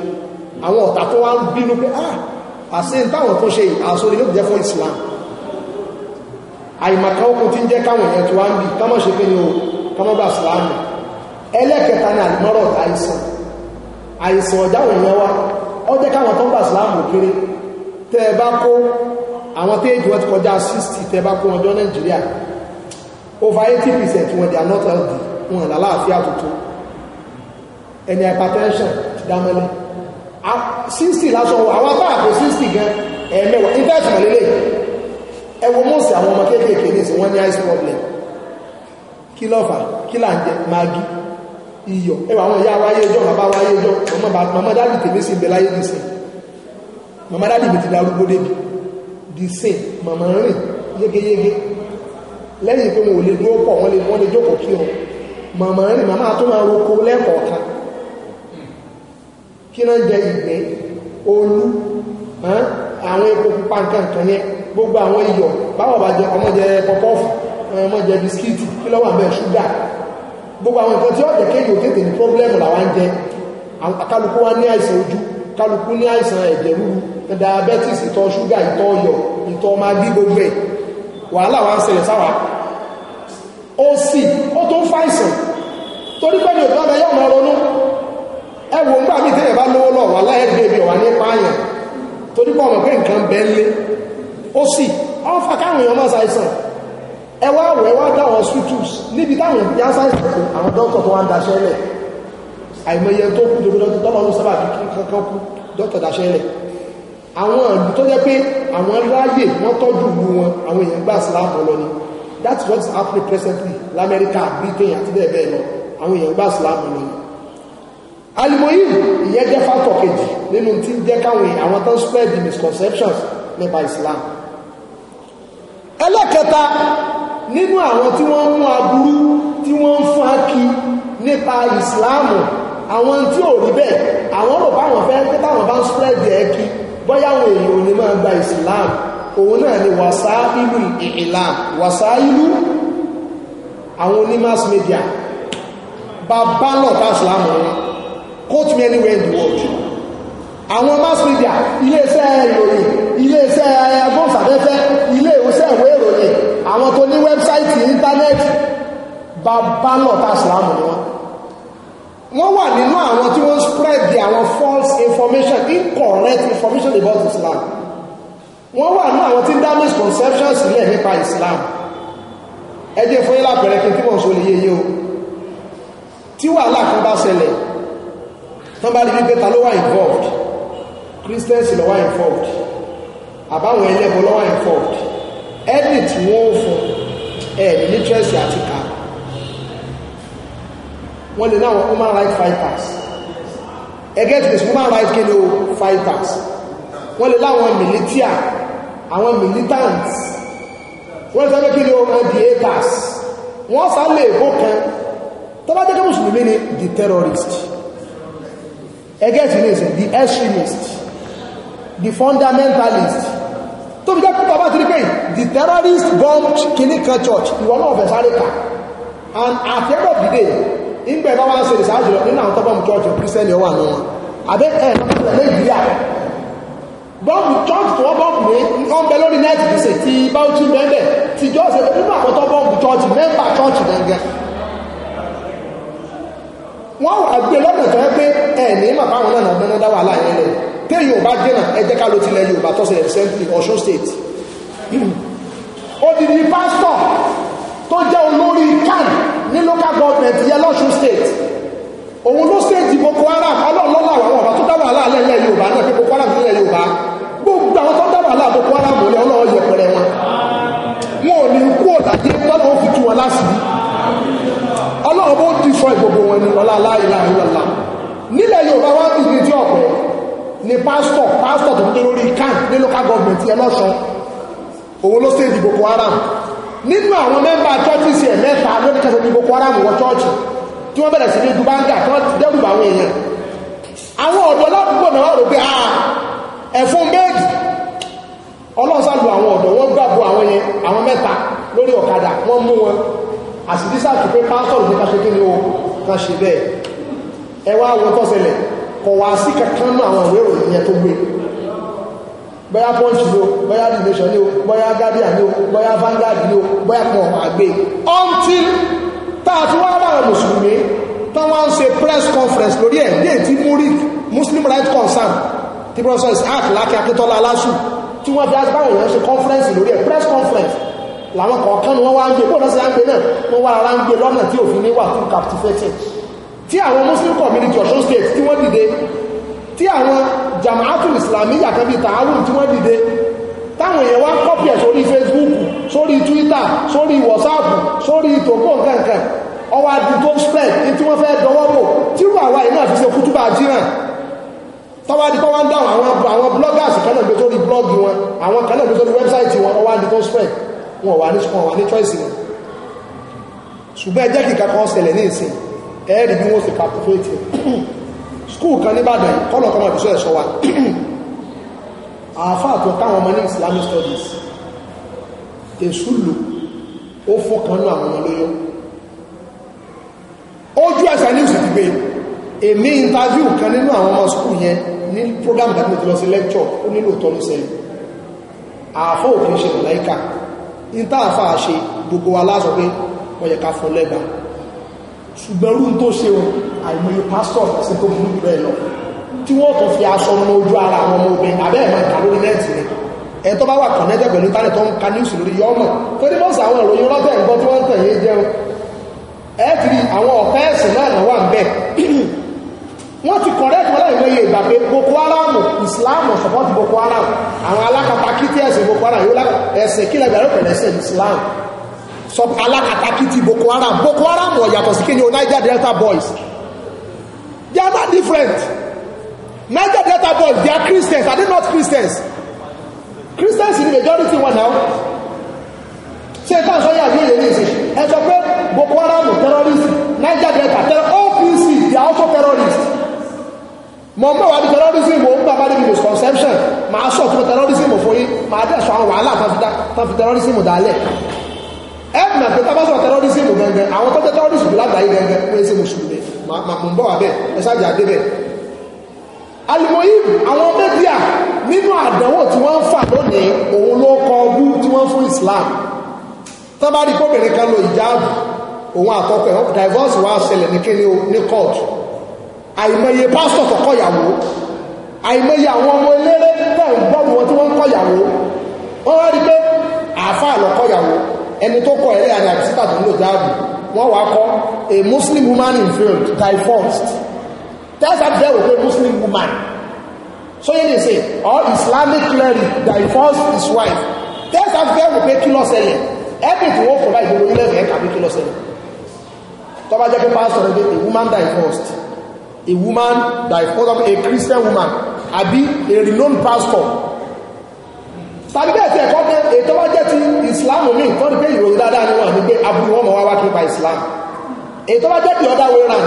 àwọn ọ̀tà tó wá ń bínú pé ah àṣẹ táwọn tó ṣe àṣọrí ló jẹ́ fún ìsìláàmù àìmàkà okùn tí ń jẹ́ káwọn èèyàn tó wá ń bì kámọ́ ṣe pé ní o kámọ́ bá ìsìláàmù ẹlẹ́kẹta ni àlùmọ́rọ̀ àìsàn àìsàn ọ̀dáwọ̀ èèyàn wa ó jẹ́ káwọn tó ń bá ìsìláàmù kéré tẹ́ ẹ bá kó àwọn téèjì wọn ti kọjá sixty tẹ́ bá kó wọn jọ nàìjíríà over eighty percent wọn they are not healthy wọn lálàáfíà tuntun ẹni hypertension ti dá mẹ́lẹ́ sixty lásán àwọn apá àpò sixty gan ẹ̀ẹ́mẹ́wàá intanet mọ̀lélẹ̀ ẹ wo mọ́ọ̀sì àwọn ọmọ kéékèèké ní ìsìn wọn ní ice problem kí lọ́fà kí là ń jẹ magi iyọ̀ ẹwà àwọn ìyá wáyé ẹjọ́ bàbá wáyé ẹjọ́ màmá dálì tèmi sí ìbẹ̀láyé nìsín màmá dálì mi ti darúgbó débi the same màmá rìn yégéyégé lẹ́yìn pé wọn ò lè dúró pọ̀ wọ́n lè wọ́n lè jókòó kí wọn màmá rìn màmá tó máa roko lẹ́kọ̀ọ̀kan kí náà jẹ ìgbẹ́ olú àwọn epo pupa nǹkan kan yẹn gbogbo àwọn iyọ̀ báwọ̀ bá jẹ ọmọ jẹ pọpọ́ọ̀fù ọmọ jẹ bisikíìtì kí lọ́wọ́ àbẹ̀ ṣúgà gbogbo àwọn nǹkan tí ó jẹ́ kéyìí òtètè ní pọ́blẹ́mù làwọn jẹ kálukú wá ní àìsàn ojú kálukú ní àìsàn ẹ̀jẹ̀ rúru diabetes ìtọ̀ ṣúgà ìtọ̀ ọyọ̀ ìtọ̀ ọmọ agbí gbogbo ẹ̀ wàhálà wa ń ṣẹlẹ̀ sáwà ó sì ó tó ń fàìsàn torí pé ní òtún abẹ́yẹ́ ọ̀nà ronú ẹ wò ń gbà mí tẹ́yẹ̀ bá lówó lọ wàhálà ẹ̀ bèbè ọ̀wà ní pààyàn torí pé ọmọ pé nǹkan bẹ́ẹ̀ lé ó sì ọ́n fa káwọn èèyàn máa ṣàìsàn ẹ wá wọ̀ wá dá àwọn hospitals níbi táwọn ìyá ṣàìsàn fún àwọn dókítà tó wá ń daṣẹ́ lẹ̀ àìmọye tó kú dókítà tó lọ́wọ́ àwọn ìlú tó jẹ́ pé àwọn ráyè wọ́n tọ́jú ìlú wọn àwọn èèyàn gbà síláàmù lọ ni that is what is happening presently lamẹ́ríkà britain àti bẹ́ẹ̀ bẹ́ẹ̀ lọ àwọn èèyàn gbà síláàmù lọ ni alimoyin ìyẹn jẹ́ fátọ̀ kejì nínú tí ń jẹ́ káwọn àwọn tó ń spread the misconceptions nípa islam ẹlẹ́kẹta nínú àwọn tí wọ́n mú aburú tí wọ́n ń fún akí nípa islam àwọn tí ò rí bẹ́ẹ̀ àwọn rò bá ń spread ẹ̀ kí bọ́yá àwọn èèyàn òní máa gba islam òun náà ni wàsá ìlú ìlàm wàsá ìlú àwọn oní mass media bàbá lọ́ta islam wọn quote me anywhere in the world àwọn mass media iléeṣẹ́ ìròyìn iléeṣẹ́ agbóhùnsáfẹ́fẹ́ ilé ìwòsàn ìwé ìròyìn àwọn tó ní wẹ́bsáìtì íńtánẹ́ẹ̀tì bàbá lọ́ta islam wọn wọ́n wà nínú àwọn tí wọ́n spread the àwọn false information incorrect information about Islam wọ́n wà nínú àwọn tí ń dá misconceptions sílẹ̀ nípa Islam ẹ jẹ́ fún yín lápẹẹrẹ kí n tí wọ́n so lè yéye o tí wàhálà kan bá ṣẹlẹ̀ tán bá rí wípé ta ló wà involved Christians ló wà involved àbáwọn ẹlẹ́bọ ló wà involved edit wọ́n fún ẹ̀ literacy interest àti kàá wọ́n lè náà human rights fighters against this human rights kí ni o fighters wọ́n lè láwọn militia àwọn militants wọ́n lè sáré kí ni o anti-haters wọ́n sá lè bó kan tọ́bá jẹ́ kí mùsùlùmí ni the terrorist against this the extremist the fundamentalist tó fi jẹ́ pípa bá ti rí pé the terrorist bomb kìnnìkan church ìwọ náà fẹ̀ sáré kà and at the end of the day ìgbẹ́ bá wá ń ṣe ìsáájú lọ nínú àwọn tọ́bọ̀mù church kírísítẹ́nì wà ní wọn àbẹ́ ẹ̀ nàìjíríà bọ́ọ̀mù church tó wọ́n bọ́ọ̀mù rẹ̀ wọ́n bẹ lórí net gbèsè ti báwùtú bẹ́ẹ̀ ti jọ́ọ̀sì nínú àwọn tọ́bọ̀mù church mẹ́mbà church gangan wọ́n wà gbé lọ́nà tó yẹ pé ẹ̀ ní màbá àwọn náà nàgbẹ́ná dá wàhálà yẹn lẹ̀ tẹ́ yorùbá dènà ẹ jẹ́ ká ló tilẹ̀ yorùbá tọ́sẹ̀ recently Ọ̀ṣun state odidi pásítọ̀ tó jẹ́ olórí kan ní local government yẹ lọ́sùn state òun ló state boko haram ọlọ́ọ̀lọ́lá àwọn ọ̀bá tó dábàá láàlẹ́ ilẹ̀ yorùbá náà pé boko haram ilẹ̀ yorùbá gbogbo àwọn tó dábàá láà boko haram lé ọlọ́ọ̀ yẹpẹrẹ wọn wọn ò ní kú ọ̀dàdé tọ́lọ́ fi tú wọn láṣìírí ọlọ́ọ̀ bó dì sọ ìgbogbo wọn ní ọlá láìláì lọ́la nílẹ̀ yorùbá wá bí ibi tí ọ̀pọ̀ ni pásítọ̀ pásítọ̀ tó ń dé lórí kan ní local government yẹ lọ́sọ̀ òun ló state boko haram nínú àwọn mẹ́mbà chọ́ọ̀tì sí ẹ̀ mẹ́ta lórí kẹsàn-án ní Boko Haram wọ chọ́ọ̀tì tí wọ́n bẹ̀rẹ̀ sí ní dubanga tí wọ́n ti dẹ́rù àwọn èèyàn àwọn ọ̀dọ́ ládùúgbò náà rò pé ah ẹ̀fún méjì ọlọ́sà lu àwọn ọ̀dọ́ wọ́n gbàgbọ́ àwọn yẹn àwọn mẹ́ta lórí ọ̀kadà wọ́n mú wọn àsìdísà pé pásítọ̀rù ní káṣe ni o kan ṣe bẹ́ẹ̀ ẹ wá wọn tọ́sẹlẹ̀ kọ̀ wá sí kankan bóyá punch ni o bóyá the nation ni o bóyá guardian ni o bóyá vanguard ni o bóyá kan àgbè until tààtí wá láwọn mùsùlùmí táwọn ṣe press conference lórí ẹ̀ ní ètí murik muslim right concern tí professor isaac lákì akíntola aláṣù tí wọ́n fi agbáwọn èèyàn ṣe conference lórí ẹ̀ press conference làwọn kọ̀ọ̀kan ni wọ́n wá ń gbé bóòdá sí àgbé náà wọ́n wá ara ń gbé lọ́nà tí òfin ní wà fún captivating tí àwọn muslim community ọ̀ṣun state tí wọ́n dìde tí àwọn jamaatul islamiyya kan bíi tààrùn tí wọ́n dìde táwọn èèyàn wá kọ́pì ẹ̀ sórí facebook sórí twitter sórí whatsapp sórí ìtòkó nǹkankan ọwọ́ adi tó spread ní tí wọ́n fẹ́ dọwọ́ bò tírú àwa yìí náà fi ṣe kútúbà jíràn tọ́wọ́ adi tó wá ń dáhùn àwọn àwọn bloggers kan náà gbé sórí blọ́ọ̀gì wọn àwọn kan náà gbé sórí wẹ́bsáìtì wọn ọwọ́ adi tó spread wọn wà ní wọn wà ní choice wọn ṣùgbọ́n ẹ jẹ́ kí kankan ṣẹlẹ̀ ní ìsìn ẹ̀ẹ́dì bí wọ́n ṣe participate skúù kan níbàdàn kọ́nà kọ́mọ̀ ìfisọ́ ẹ̀ṣọ́ wa àáfà àtọ̀ táwọn ọmọ ní Islamic studies èṣù lò ó fún kan náà àwọn ọmọ lóyún ojú ẹsẹ̀ ní ìsìn gbígbé èmi interview kan nínú àwọn ọmọ skúù yẹn ní program ìdájọ́ ti lọ sí lecture ó nílò tọ́ ló sẹ́yìn àáfà òfin ṣe mọ̀láìkà ní táàfà ṣe gbogbo wa láàṣọ pé wọ́n yẹ ká fún lẹ́gbàá ṣùgbọ́n irú tó ṣe wọn àìmọye pásítọ̀ ṣe tó burú bẹ́ẹ̀ lọ tí wọ́n tó fi aṣọ ọmọ ojú ara àwọn ọmọ obìnrin abẹ́ ẹ̀mọ ìdá lórí nẹ́ẹ̀tì rẹ̀ ẹ̀ tó bá wà kọ̀nẹ́tẹ̀ pẹ̀lú ìtàlẹ̀ tó ń ka níwùsù lórí yọ́mọ̀ tó ní bọ́sì àwọn ìròyìn ọlọ́tẹ̀ nǹkan tí wọ́n ń tẹ̀yẹ jẹun ẹ ti rí àwọn ọ̀pá ẹ̀sìn náà náà wà ń bẹ̀ wọ́n ti kọ̀rẹ́tì wọn láì wọ́yẹ ìgbà pé Boko Haram Islam support Boko Haram àwọn alákatakí tí ẹ̀sìn Boko Haram yóò ẹ̀sìn kílẹ̀ bẹ̀rẹ̀ pẹ̀lẹ́sìn Islam sọ alákatakítí Boko Haram Boko Haram ò yàtọ̀ sí kíni o Niger Delta boys they are not different Niger Delta boys they are Christians are they not Christians Christians in the majority wọn náà ṣe tá à ń sọ yà yóò yẹ ní ìsìn ẹ sọ pé Boko Haram terrorist Niger Delta OPC they are also terrorists mọ mọ wa di terrorism wo nígbà bá débi misconception màá sọ fún terrorism fún yín màá dẹ̀ sọ àwọn wàhálà tán fi terrorism dálẹ̀ ẹ̀mà pé tá bá sọ terrorism gangan àwọn tó jẹ́ terrorism lágbàáyé gangan wọ́n ń ṣe mùsùlùmí màmú ń bọ̀ wá bẹ́ẹ̀ ẹ sáàjà dé bẹ́ẹ̀ alimoyim àwọn mẹ́díà nínú àdánwò tí wọ́n ń fà lónìí òun ló kọ ọbú tí wọ́n fún Islam tó bá rí kóbìnrin kan lo ìjáàbù òun àtọkọ ẹ̀ divorce wá ṣẹlẹ̀ ní kíni ní court àìmọye pásítọ̀ tó kọ̀yàwó àìmọye àwọn ọmọ eléré náà ń gbọ́rù wọn tí wọ́n ń kọ̀yàwó wọ́n wá rí pé àáfàá lọ kọ̀yàwó ẹni tó kọ ẹ̀rí àti àtìpà tó ń lò jáàbù wọ́n wá kọ́ a muslim woman in field die first tẹ́sà bẹ̀rù pé muslim woman so yẹ́ lè ṣe or islamic cleric divorced his wife tẹ́sà bẹ̀rù pé kí ló ṣẹlẹ̀ ẹ̀bì tí wọ́n provide gbogbo ilé ẹ̀kẹ́ tàbí kí ló ṣẹlẹ̀ tó bá jẹ́ pé pastor ẹgbẹ́ a woman divorced. a woman divorced a christian woman àbí a renowned pastor tàbí bẹ́ẹ̀ tí ẹ̀kọ́ pé ètò wọ́n jẹ́ ti islam mi tó ní pé ìròyìn dáadáa ni wọ́n ní pé aburú wọn mọ̀ wá wá nípa islam ètò wọ́n jẹ́ the other way round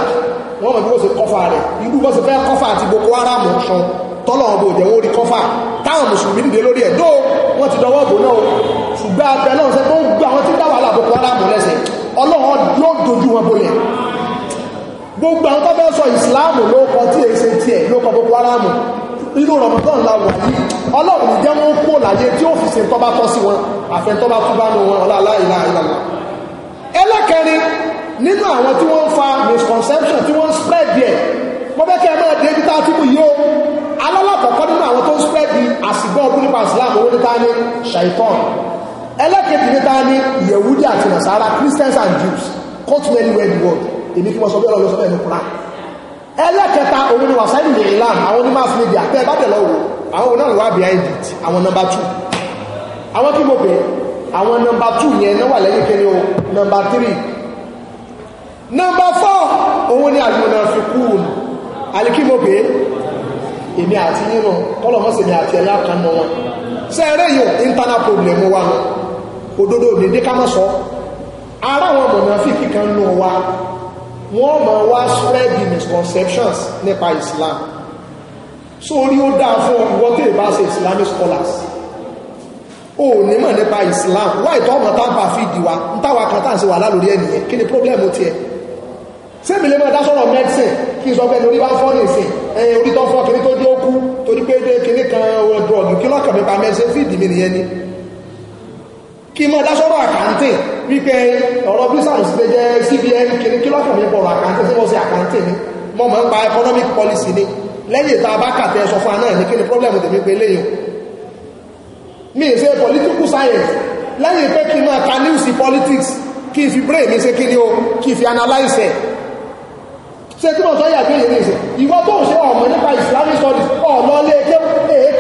wọ́n mọ̀ bí wọ́n ṣe kọ́fà rẹ̀ irú bó ṣe fẹ́ kọ́fà àti boko haram ṣan tọ́lọ̀ ọ̀bọ̀ òjẹ̀ wọ́n rí kọ́fà táwọn mùsùlùmí dìde lórí ẹ̀ dó wọ́n ti dọwọ́ bò náà ṣùgbọ́n abẹ náà ṣe tó ń gbà wọ́n ti dá wàhálà boko haram lẹ́sẹ̀ ọlọ́run yóò dojú wọn bolẹ̀ gbogbo àwọn tó fẹ́ sọ ìsìláàmù ló kọ tí èyí ṣe tiẹ̀ ló kọ boko haram inú rọmọdán la wà yìí ọlọ́run jẹ́ wọ́n kó láyé tí ó fi ṣe tọ́ba tọ́ sí wọn àfẹ́ntọ́ba tó bá nu wọn ọlá aláìlá ìlànà ẹlẹ́kẹrin nínú àwọn tí wọ́n ń fa misconception tí wọ́n ń spread yẹ wọ́n fẹ́ kí ẹ máa dé ibi tá a ti mú yìí o alálàkọ̀ọ́kọ́ nínú àwọn tó ń spread yìí àsìgbọ́ ọdún nípa Islam owó níta ní shaitan ẹlẹ́kẹ̀ẹ́dì níta ní Yehudi àti Nasara Christians and Jews court well well the world èmi kí wọ́n sọ bẹ́ẹ̀ lọ́wọ́ sọ bẹ́ẹ̀ ní Kùránì ẹlẹ́kẹta òun ni wàsáì lè ìlànà àwọn onímọ̀ àfihàn àpẹ́ ìbádẹ̀lọ́ wò àwọn òun náà wà behind it àwọn nọmba two àwọn kí mo bẹ̀ àwọn nọmba two yẹn náà wà lẹ́yìn kẹrin o nọmba three nọmba four òun ni àlùmọ̀nà fi kú òun àlìkí mo bẹ̀ èmi àti yínú kọlọmọsẹ̀ mi àti ẹ̀yà kan mọ́ wọn sẹ́ẹ̀rẹ́ yìí internal problem wa nù òdodo òdèdè ká má sọ ara àwọn mọ̀nà fífi kan nù wa wọ́n máa wá spread the misconceptions nípa Islam so orí ó dáa fún ìwọ tó ìbá ṣe Islamic scholars o ní mọ̀ nípa Islam wáyé tó ọmọ tábà fìdí wa ń táwa kan tá à ń ṣe wàhálà lórí ẹnìyẹn kí ni problem tiẹ̀ sẹ́mi lè máa dá sọ̀rọ̀ medicine kí n sọ pé orí bá fọ́ nìsín ẹ̀yìn orí tó fọ́ kiri tó dé ó kú torí pé kiri kan ọdún ọdún kí lọ́kàn mi pa medicine fìdí mi nìyẹn ni kí mọ́ dásọ́rọ̀ àkáǹtì wípé ọ̀rọ̀ bísàmù sí pé jẹ́ cbn kiri kí lọ́kàn mi pọ̀rọ̀ àkáǹtì tí wọ́n ṣe àkáǹtì ni mọ́ mọ́ ń pa economic policy ni lẹ́yìn tá a bá kàtẹ́ sọ fún aná ní kí ni problem tèmi pé léyìn mi ṣe political science lẹ́yìn pé kí máa ka news politics kí n fi brain mi ṣe kí ni o kí n fi analyse ẹ̀ ṣe tí mo sọ yà pé èyí ní ìṣe ìwọ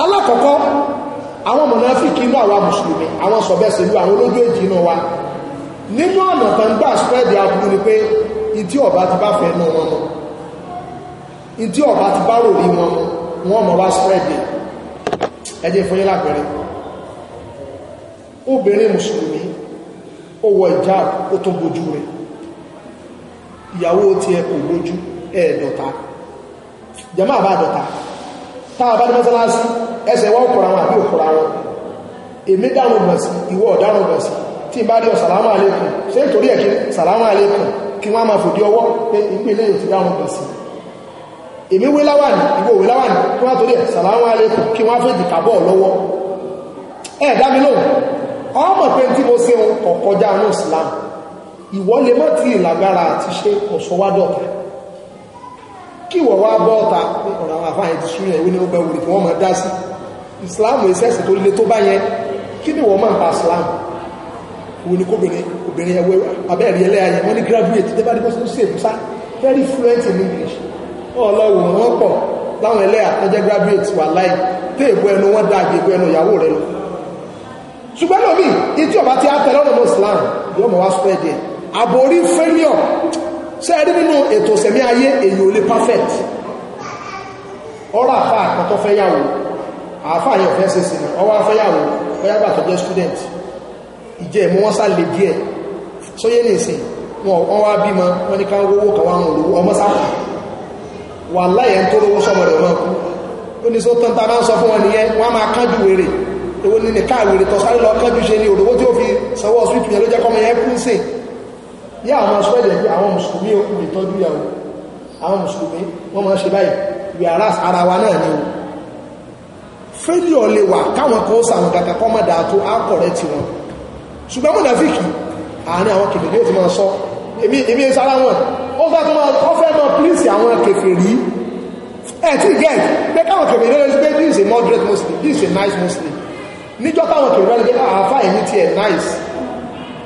alákọ̀ọ́kọ́ àwọn mọ̀nàfíkì inú àwa mùsùlùmí àwọn sọ̀bẹ́sẹ̀lú àwọn olójú èjì inú wa nínú ọ̀nà tó ń gbà spread aburú ni pé ìtí ọ̀bá ti bá fẹ́ nú wọn mọ́ ìtí ọ̀bá ti bá rò rí wọn mọ́ wọn mọ̀ wá spread ẹjẹ́ fún yín lápẹẹrẹ obìnrin mùsùlùmí ó wọ ìjáàb ó tún bójú rẹ̀ ìyàwó tiẹ̀ kò bójú ẹ̀ẹ́dọ̀ta jẹ́mọ́ àbá àdọ̀ta táà bá dé mọ́sálásí ẹsẹ̀ wọ́n kọ̀ra wọn àbí òkúra wọn èmi dànù gbọ̀nsì ìwọ ọ̀dànù gbọ̀nsì tí n bá rí ọ sàlámù àlékún ṣé nítorí ẹ̀kí sàlámù àlékún kí wọ́n máa fòdí ọwọ́ pé ìpínlẹ̀ yóò ti dànù gbọ̀nsì èmi wé láwàní ìwọ òwe láwàní kí wọ́n torí ẹ̀ sàlámù àlékún kí wọ́n fèdì kàbọ̀ lọ́wọ́ ẹ̀ dá mi lóhùn ọmọ pé tí mo ṣe ń kọ̀kọ́já ní Islam ìwọ lè mọ́ ti ìlàgbára àti ṣe ọ̀ṣọ́wádọ́ta kí wọ́n wá bọ́ ọ̀ta ọ̀rọ̀ àwọn àfáàyàn ti súnyẹ̀ ìwé ní ó bẹ̀wò kí wọ́n máa dá sí ìsìláàmù ìsẹ́sì tó le tó bá yẹn kí ni wọ́n máa bá ìsìláàmù wo ni kóbìnrin obìnrin ẹwẹ́ abẹ́rẹ́ ẹlẹ́ ayẹ wọ́n ní graduate tẹ́ bá dé bọ́sí tó sì èbúsá very fluent in English ọlọ́wọ̀ wọ́n pọ̀ láwọn ẹlẹ́ àtọ́jẹ́ graduate wà láì tẹ́ èbú ẹnu wọ́n dá àgbègbè ẹnu ìyàwó rẹ lọ ṣùgbọ́n lómi etí ọba ti á tẹ lọ́rùn mọ́ Islam yóò mọ̀ wá spread there àbórí failure ṣe rí nínú ètò ìsẹ̀mí ayé èyí ò lè perfect ọ̀rọ̀ àfà àkọ́tọ́ fẹ́ yàwó àfà yẹn ò fẹ́ ṣe sí ọwọ́ afẹ́ yàwó ọyàgbà tó jẹ́ student ìjẹ́ ìmú wọn sá lè díẹ̀ sóyé nìsín wọn wọn wá bímọ wọn ní ká ń rówó kan wá ń rówó ọmọ sáà wà láyé ń tó rówó sọmọ rẹ̀ wọn kú ó ní sọ tán ta máa ń sọ fún wọn nìyẹn wọn máa kánjú wèrè èwo ní ní káà wèrè tọ́sáré lọ kánjú ṣe ní òrówó tí ó fi sanwó ọ̀sùn ìtùyẹn ló jẹ́ kọ́mọ yẹn kú ń sìn bí àwọn sọ́ẹ̀dẹ̀ pé àwọn mùsùlùmí òkùnrin tọ́jú ìyàwó àwọn mùsùlùmí wọ́n máa ṣe báyìí bí ara wa náà ni o fẹ́líọ̀ lè wà káwọn kan ó sàwọn kàkà kọ́ mọ̀dà tó á kọ̀rẹ́ ti wọn ṣùgbọ́n mọ̀nàfíìkì àárín àwọn kèfèrí ó ti máa sọ èmi èmi sára wọn ó fẹ́ tó máa ó fẹ́ máa pílíìsì àwọn kèfèrí ẹ̀ tí gẹ́ẹ̀ pé káwọn kèfèrí lórí pé this is a moderate muslim this is a nice muslim níjọ́ táwọn kèfèrí lórí pé àáfà ah, èmi ti ẹ̀ nice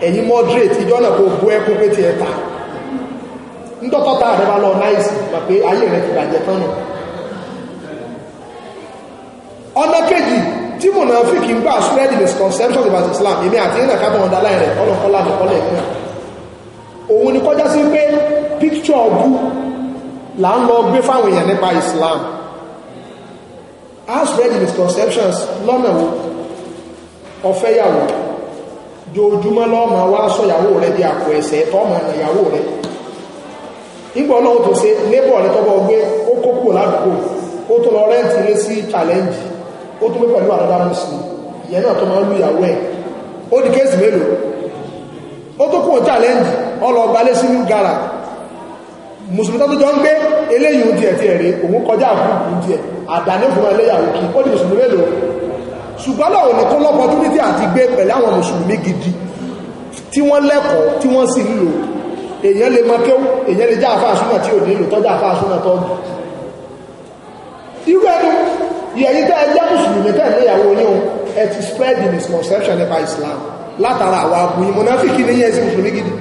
ẹ̀yin moderate ìjọ náà kò bú ẹkún pé ti ẹ̀ ta ńdọ́tọ́ta rẹ̀ bá lọ náìsì mà pé ayé rẹ̀ ti bàjẹ́ tán nù ọ̀nà kejì tí mùnàfíkì ń gbà spread the misconception about Islam èmi àti ìrìnà kábọ̀ ọ̀dà láì rẹ̀ ọlọ́kọ́lá àdìkọ́lẹ̀ ìpínlẹ̀ òun ni kọjá sí pé picture ọ̀bú là ń lọ gbé fáwọn èèyàn nípa Islam I spread the misconceptions lọ́nà wo ọ̀fẹ́yàwó jojúmọ́ lọ́mọ wá sọ̀yàwó rẹ̀ di àpò ẹ̀sẹ̀ ìyàwó rẹ̀ nígbà ọlọ́run tó ṣe lébọ̀ rẹ̀ tọ́bọ̀ gbé ó kó kúrò ládùúgbò ó tó lọ rẹ́ǹtì lé sí challenge ó tó pé pẹ̀lú àdọ́dá muslim ìyẹn náà tó máa ń lu ìyàwó ẹ̀ ó di mélòó ó tó kúrò challenge ọlọ́ọ̀gbá lé sí new gara mùsùlùmí tó jọ ń gbé eléyìí ó tiẹ̀ òun kọjá àbúrò ṣùgbọ́n láwọn ní kọ́ lọ́pọ̀túnítì àti gbé pẹ̀lú àwọn mùsùlùmí gidi tí wọ́n lẹ́kọ̀ọ́ tí wọ́n sì lò èèyàn lè mọ kéwú èèyàn lè já àfáà súnà tí ò ní lò tọ́jà àfáà súnà tọ́jú irú ẹnu ìyẹ̀yí tẹ́ ẹjẹ́ mùsùlùmí tẹ́lẹ̀ ìyàwó yín ẹ ti spread the misconception nípa Islam látara àwọn abúyí mọ̀náfíkì ní yẹ́ sí mùsùlùmí gidi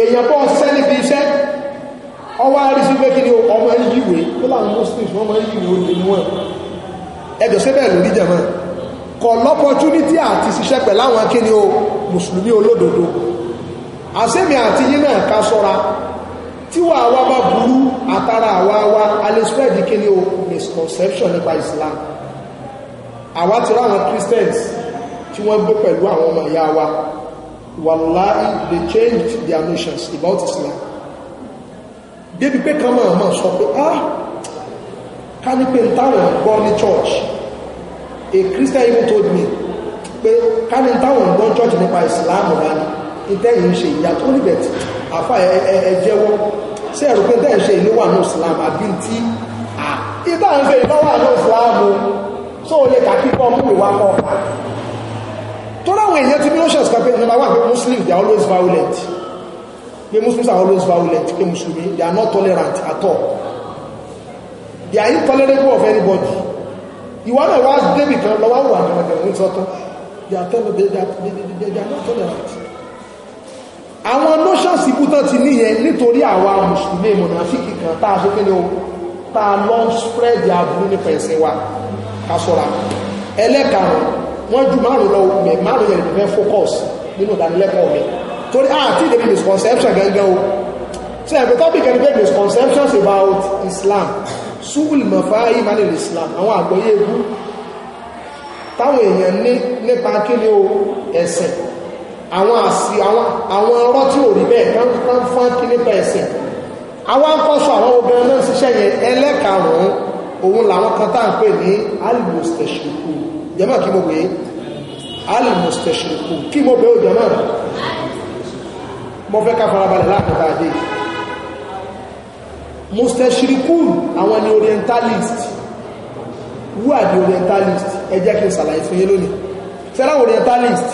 èèyàn bọ́ ṣiṣẹ́ níbi iṣẹ́ ọwọ́ àrísí pé kí ni ọmọ yíwèé tó láwọn Muslims wọ́n mọ yíwèé olè ni wọ́n ẹjọ́ sí bẹ́ẹ̀ lórí jẹ̀mọ́ kọ̀ lọ́pọ̀túnítì àti ṣiṣẹ́ pẹ̀lú àwọn kíni o mùsùlùmí olódodo àsẹ́mi àti yín náà ká sọ́ra tí wà wá bá burú àtàrà àwa wa alẹ́sùpẹ́ẹ̀dì kíni o misconception nípa Islam àwa ti ráwọn Christians tí wọ́n gbé pẹ̀lú àwọn ọmọ ìyá wa wàláì they changed their notions about Islam débi pé kan máa máa sọ pé ah ká Town, pé church a Christian even told me pé ká Town, táwọn gbọ́ church nípa Islam bá ní tẹ́yìn ń ṣe ìyàtọ̀ oníbẹ̀tì àfa ẹ jẹ́wọ́ sí ẹ̀rù pé tẹ́yìn ṣe ìlú wà ní Islam àbí tí à ìdá ń ṣe ìlú wà ní Islam tó o lè kà kíkọ́ mú ìwà kọ́ ọ̀pá tó láwọn èèyàn ti bí ó ṣẹ̀sì kan pé number one pé Muslims they are always violent pé Muslims are always violent pé Mùsùlùmí they are not tolerant at all they are intolerable of anybody You want to débì kan lọ no one gàràgàrà ń sọtán they are tell they are they are not tolerant àwọn notions ibùtọ́ ti níyẹn nítorí àwa mùsùlùmí mọ̀nàfíkì kan tá a ṣe kéde o tá a lọ spread aburú nípa ẹ̀sìn wa ká sọ̀ra ẹlẹ́karùn wọ́n ju márùn lọ mẹ́ márùn yẹn lè fẹ́ focus nínú ìdánilẹ́kọ̀ọ́ mi torí àti ìdèmí misconception gangan o ṣe topic ẹni misconceptions about Islam suwul mọ̀fáyì manil islam àwọn àgbọ́yé ebú táwọn èèyàn ní nípa kíni o ẹ̀sẹ̀ àwọn àsì àwọn ọ̀rọ̀ tí ò rí bẹ́ẹ̀ tán fún kí nípa ẹ̀sẹ̀ àwọn akọ́sọ àwọn obìnrin náà ṣiṣẹ́ yẹn ẹlẹ́karùn-ún òun làwọn kan tá à ń pè ní almustashriku jẹ́mọ̀ kí mo pè é almustashriku kí mo pè ó jẹ́mọ̀ mo fẹ́ ká farabalẹ̀ láàkútà dé yìí mustashirikun àwọn ni orientalist who are the orientalist ẹ jẹ́ kí n ṣàlàyé fún yín lónìí fẹ́ràn orientalist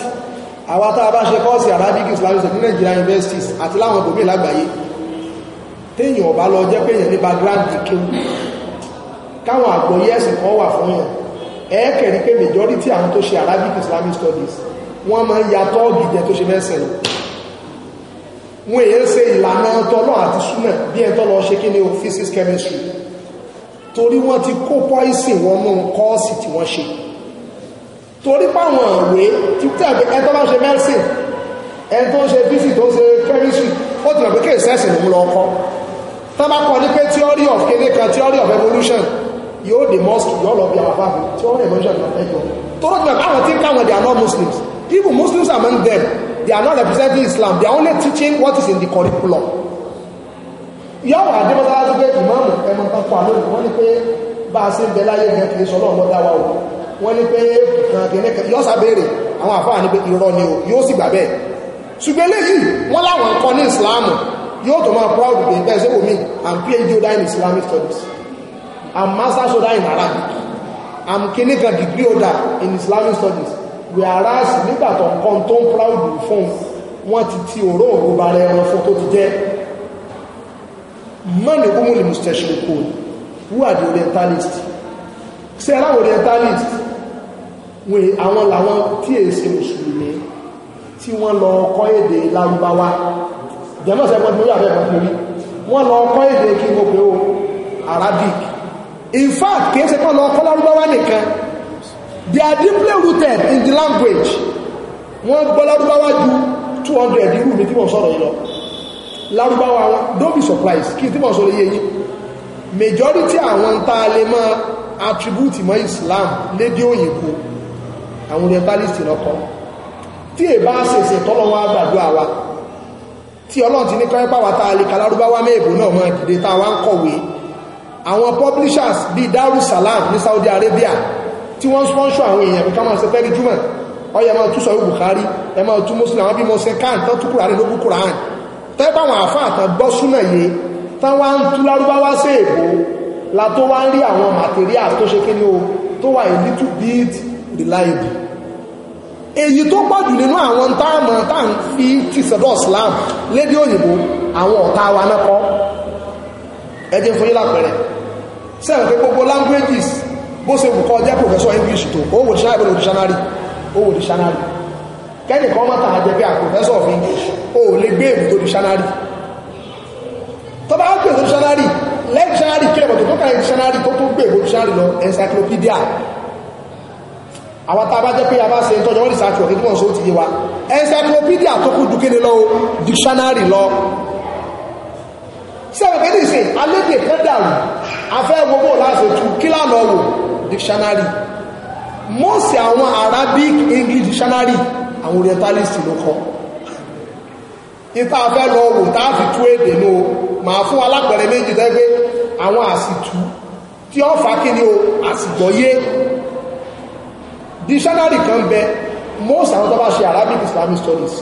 àwa tá a bá ṣe arabic islamic ní nigeria universities àti láwọn ibòmíì lágbàáyé téèyàn ọba lọ jẹ́ pé èèyàn ní background kéwù káwọn àgbọ́yé ẹ̀sìn kan wà fún yàn ẹ̀ẹ́kẹ̀rí pé majority àwọn tó ṣe arabic islamic studies wọ́n máa ń ya tọ́ọ̀gì jẹ tó ṣe mẹ́sẹ̀ lọ wọn èyí ṣe ìlànà tọ́lọ́ àti súnà bí ẹn tọ́lọ́ ṣe kí ni o physics chemistry torí wọ́n ti kó pọ́ìsìn wọnú kọ́ọ̀sì tí wọ́n ṣe torí páwọn ìwé tí tẹ́ẹ̀bí ẹn tó bá ṣe medicine ẹn tó ń ṣe physics tó ń ṣe chemistry ó ti rẹ̀ pé kéèsì ẹ̀sìn lòun lọ kọ́ tán bá kọ́ ní pé theory of kéde kan theory of evolution yóò dé mosque yóò lọ bí àwọn afáàfin theory of evolution lọ fẹ́ yọ tó ló ti rẹ̀ pé àwọn tí ń káwọn they are not Muslims even Muslims among them They are not representing Islam. They are only teaching what is in the curriculum. Yọ wà dé mọ́sálásí pé ìmáàmù ẹmọ tán kọ àlónì wọ́n ní pé bá a ṣe ń bẹ láyé ìgbẹ́ kìí sọ náà mọ́dá wa o. Wọ́n ní pé kàǹkìní kan yọ́ sábẹ́rẹ̀ àwọn àfáà ní pé irọ́ ni o yóò sì gbà bẹ́ẹ̀. Ṣùgbọ́n eléyìí wọ́n láwọn nǹkan ní Ìsìláàmù yóò tó máa proud be in bẹ́ẹ̀ sẹ́wọ̀n mi I'm PhD holder in Islamic studies. I'm master's holder in Arabic. I'm clinical degree holder in Islamic studies whereas nígbà tó nǹkan tó ń proud fún wọn ti ti òróòrò ba rẹ ẹran fún tó ti jẹ́ mọ́ni kúmù ní mustachio code who are the orientalist ṣe ẹ̀rá orientalist wọ́n àwọn làwọn tí è ṣe mùsùlùmí tí wọ́n lọ kọ́ èdè lárúbáwá jẹ́mọ́sẹ̀ ẹ̀kọ́ tí ó yàtọ̀ ẹ̀kọ́ tí wọ́n lọ kọ́ èdè kí gbogbo arabic in fact kìí ṣe kọ́ lọ kọ́ lárúbáwá nìkan they are deeply rooted in the language wọ́n gbọ́ lárúbáwá ju 200 irú mi tí mo sọ̀rọ̀ yìí lọ lárúbáwá wọn don't be surprised kí tí mo sọ̀rọ̀ yìí yìí majority àwọn tá a lè máa attribute mọ́ Islam lédè òyìnbó àwọn orientalist lọ́kọ́ tí è bá ṣèṣe tọ́lọ́wọ́ àgbàdo àwa tí ọlọ́run ti ní kọ́ pàwà tá a lè ka lárúbáwá méèbó náà mọ́ ìdè tá ń kọ̀wé àwọn publishers bíi Darussalam ní Saudi Arabia tí wọ́n sponsor àwọn èèyàn bí ká máa ṣe fẹ́rí júmọ̀ ọyẹ máa tú sọ̀rọ̀ Bukhari ẹ máa tú Muslim àwọn bí mo ṣe káà tán tú kùránì ló kú kùránì tẹ́gbà àwọn àfáà àtàn gbọ́ súnà yé tán wá ń tú lárúbáwá sí èbó la tó wá ń rí àwọn material tó ṣe kí ní o tó wà a little bit reliable èyí tó pọ̀ jù nínú àwọn táàmù táàmù fi ti sọ̀dọ̀ Islam lédè òyìnbó àwọn ọ̀tá wa náà kọ́ ẹ jẹ́ fún yín lápẹẹrẹ sẹ́yìn pé gbogbo languages bó ṣe wù kọ́ jẹ́ professor english tó ó wò dictionary bó dictionary ó dictionary kẹ́nìkan mọ́ta àjẹ́ bí i professor of english ó lè gbé èbù tó dictionary tó bá gbé èbù dictionary lẹ́gbẹ̀ṣánárì kílẹ̀ bọ̀tò tó kàrí dictionary tó tó gbé èbù dictionary lọ encyclopedia àwọn tàbá jẹ́ pé a bá ṣe tọ́jọ́ wọ́n research ọ̀fẹ́ tí wọ́n sọ ti yé wa encyclopedia tó kú dùkẹ́ ní lọ dictionary lọ sẹ́wọ̀n kẹ́ni ìsìn alédè kẹ́dàrú afẹ́ gbogbo láti tú kílà lọ dictionary most àwọn Arabic English dictionary àwọn orientalist ló kọ nípa afẹ́ lọ wò táàfi tú èdè ní o màá fún alápẹ̀rẹ̀ méjì tẹ́gbẹ́ àwọn àsìtú tí ó fa kí ni o àsìgbọ́yé dictionary kan bẹ most àwọn tó bá ṣe Arabic Islamic studies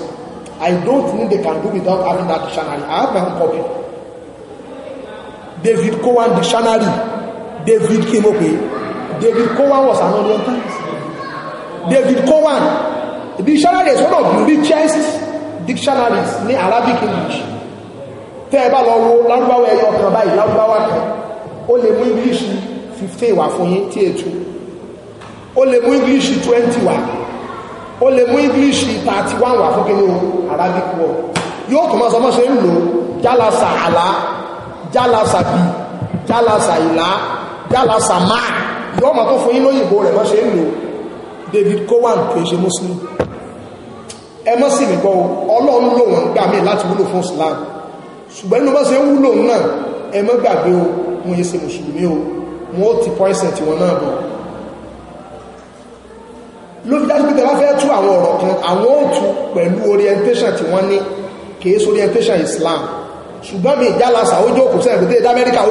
I don't think they can do without having that dictionary I have my own copy David Cowan dictionary David kimope David Cowan was an Oriental David Cowan the dictionary is one of the richest dictionaries ní Arabic English tẹ́ ẹ bá lọ wo lárúbáwá ẹyọ kan báyìí lárúbáwá kan ó lè mú English fifteen wá fún yín tí ètò ó lè mú English twenty wá ó lè mú English thirty one wá fún kí ni o Arabic word yóò tún máa sọ mọ́ ṣe ń lò jálásà àlá jálásà bì jálásà ìlà jálásà máà. yọ́ ma tó fún yí lóyìnbó rẹ̀ mọ́ ṣe ń lò David Cowan kìí ṣe muslim ẹ mọ́ sí nìkan ọlọ́run lò wọ́n gbà mí láti wúlò fún Islam ṣùgbọ́n inú bá ṣe ń wúlò náà ẹ mọ́ gbàgbé o wọ́n yé mùsùlùmí o wọ́n ó ti pọ́ìsẹ̀ tí wọ́n náà bọ̀ ló dájú pé fẹ́ tú àwọn ọ̀rọ̀ kan àwọn ò tú pẹ̀lú orientation tí wọ́n ní kìí orientation Islam ṣùgbọ́n mi ìjálasa ó sẹ́yìn pé Amẹ́ríkà náà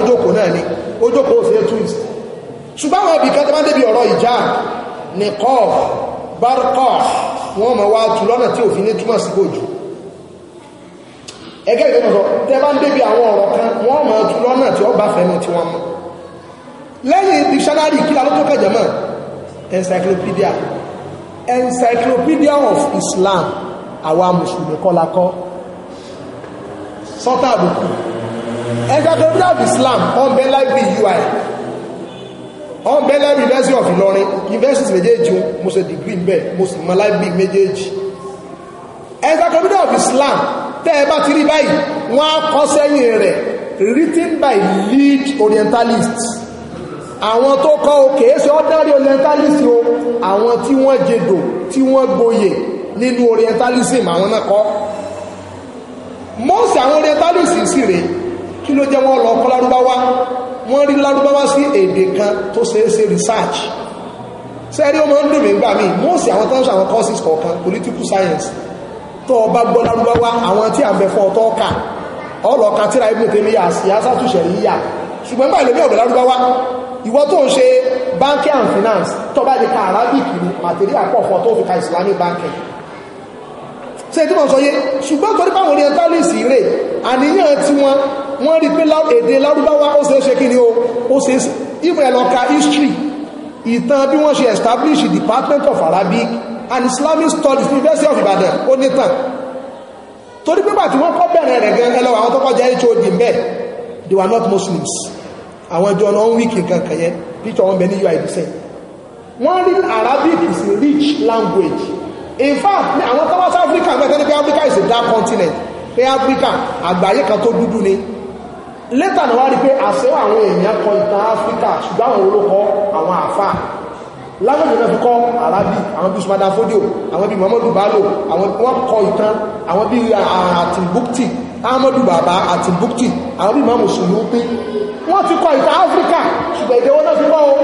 ni ó jókòó òfin tú Islam ṣùgbọ́n àwọn ibìkan tó bá débi ọ̀rọ̀ ìjà nìkọ́ bárkọ́ wọn mọ̀ wá tù lọ́nà tí òfin ní túmọ̀ sí bòjú ẹgẹ́ ìgbẹ́mọ̀sọ tẹ́ bá ń débi àwọn ọ̀rọ̀ kan wọ́n mọ̀ tù lọ́nà tí ó bá fẹ́ mọ̀ tí wọ́n mọ̀ lẹ́yìn dictionary kí lálọ́ kẹjẹ mọ̀ encyclopedia encyclopedia of Islam àwa mùsùlùmí kọ́ la kọ́ sọ́tà àbùkù encyclopedia of Islam ọ̀nbẹ́ láìpẹ́ UI ọ̀n bẹ́lẹ̀ university of Ìlọrin university méjèèjì mo ṣe degree mbẹ̀ mo sì mọ library méjèèjì encyclopedia of Islam tẹ́ ẹ bá ti rí báyìí wọ́n á kọ́ sẹ́yìn rẹ̀ written by lead orientalists àwọn tó kọ́ o kèése ọ́dárì orientalist o àwọn tí wọ́n jedò tí wọ́n gboyè nínú orientalism àwọn náà kọ́ mọ́ọ̀sì àwọn orientalist sì rèé kí ló jẹ́ wọ́n lọ kọ́ lárúbáwá wọ́n rí lárúbáwá sí èdè kan tó ṣe é ṣe research sẹ́rí ó máa ń dùn mí gbà mí mọ́ọ̀sì àwọn tánṣà àwọn courses kọ̀ọ̀kan political science tó ọba gbọ́ lárúbáwá àwọn tí a ń bẹ fún ọtọ́ ọkà ọlọ́ọ̀ka tíra ibùn tèmi yà sí asátúnṣẹ̀ yíyà ṣùgbọ́n báyìí lómi ọ̀dọ̀ lárúbáwá ìwọ tó ń ṣe banking and finance tó bá di ka arabic ni material pọ̀ fún ọ tó fi ka islamic banking ṣe tí wọ́n sọ yé ṣùgbọ́n torí báwọn orientalist rè àníyàn tí wọ́n wọ́n rí pé èdè lárúbáwá ó ó ṣe ìmọ̀ ẹ̀lọ́ka history ìtàn bí wọ́n ṣe establish department of Arabic and Islamic Studies University of Ibadan ó ní tàn torí pé bàtí wọ́n kọ́ bẹ̀rẹ̀ rẹ̀ gẹ́gẹ́ lọ́wọ́ àwọn tó kọjá HOD mbẹ́ they were not Muslims àwọn ìjọ náà ń wí kankan kẹyẹ picture wọn bẹ ní UI sẹ́yìn wọ́n rí Arabic is a rich language in fact àwọn tó wá sí Africa bẹ́ẹ̀ tẹ́lẹ̀ pé Africa is a dark continent pé Africa àgbáyé kan tó dúdú ni lẹ́tà náà wá rí pé àṣẹ àwọn èèyàn kọ ìtàn áfíríkà ṣùgbọ́n àwọn olókọ àwọn àfà lágbègbè náà fi kọ́ arábí àwọn bí sumada fódíò àwọn bí muhammadu balo àwọn wọ́n kọ ìtàn àwọn bí àtìbúkti ahmadu baba àtìbúkti àwọn bí mamu sùlùpé wọ́n ti kọ ìtàn áfíríkà ṣùgbọ́n èdè wọn náà fi kọ́ o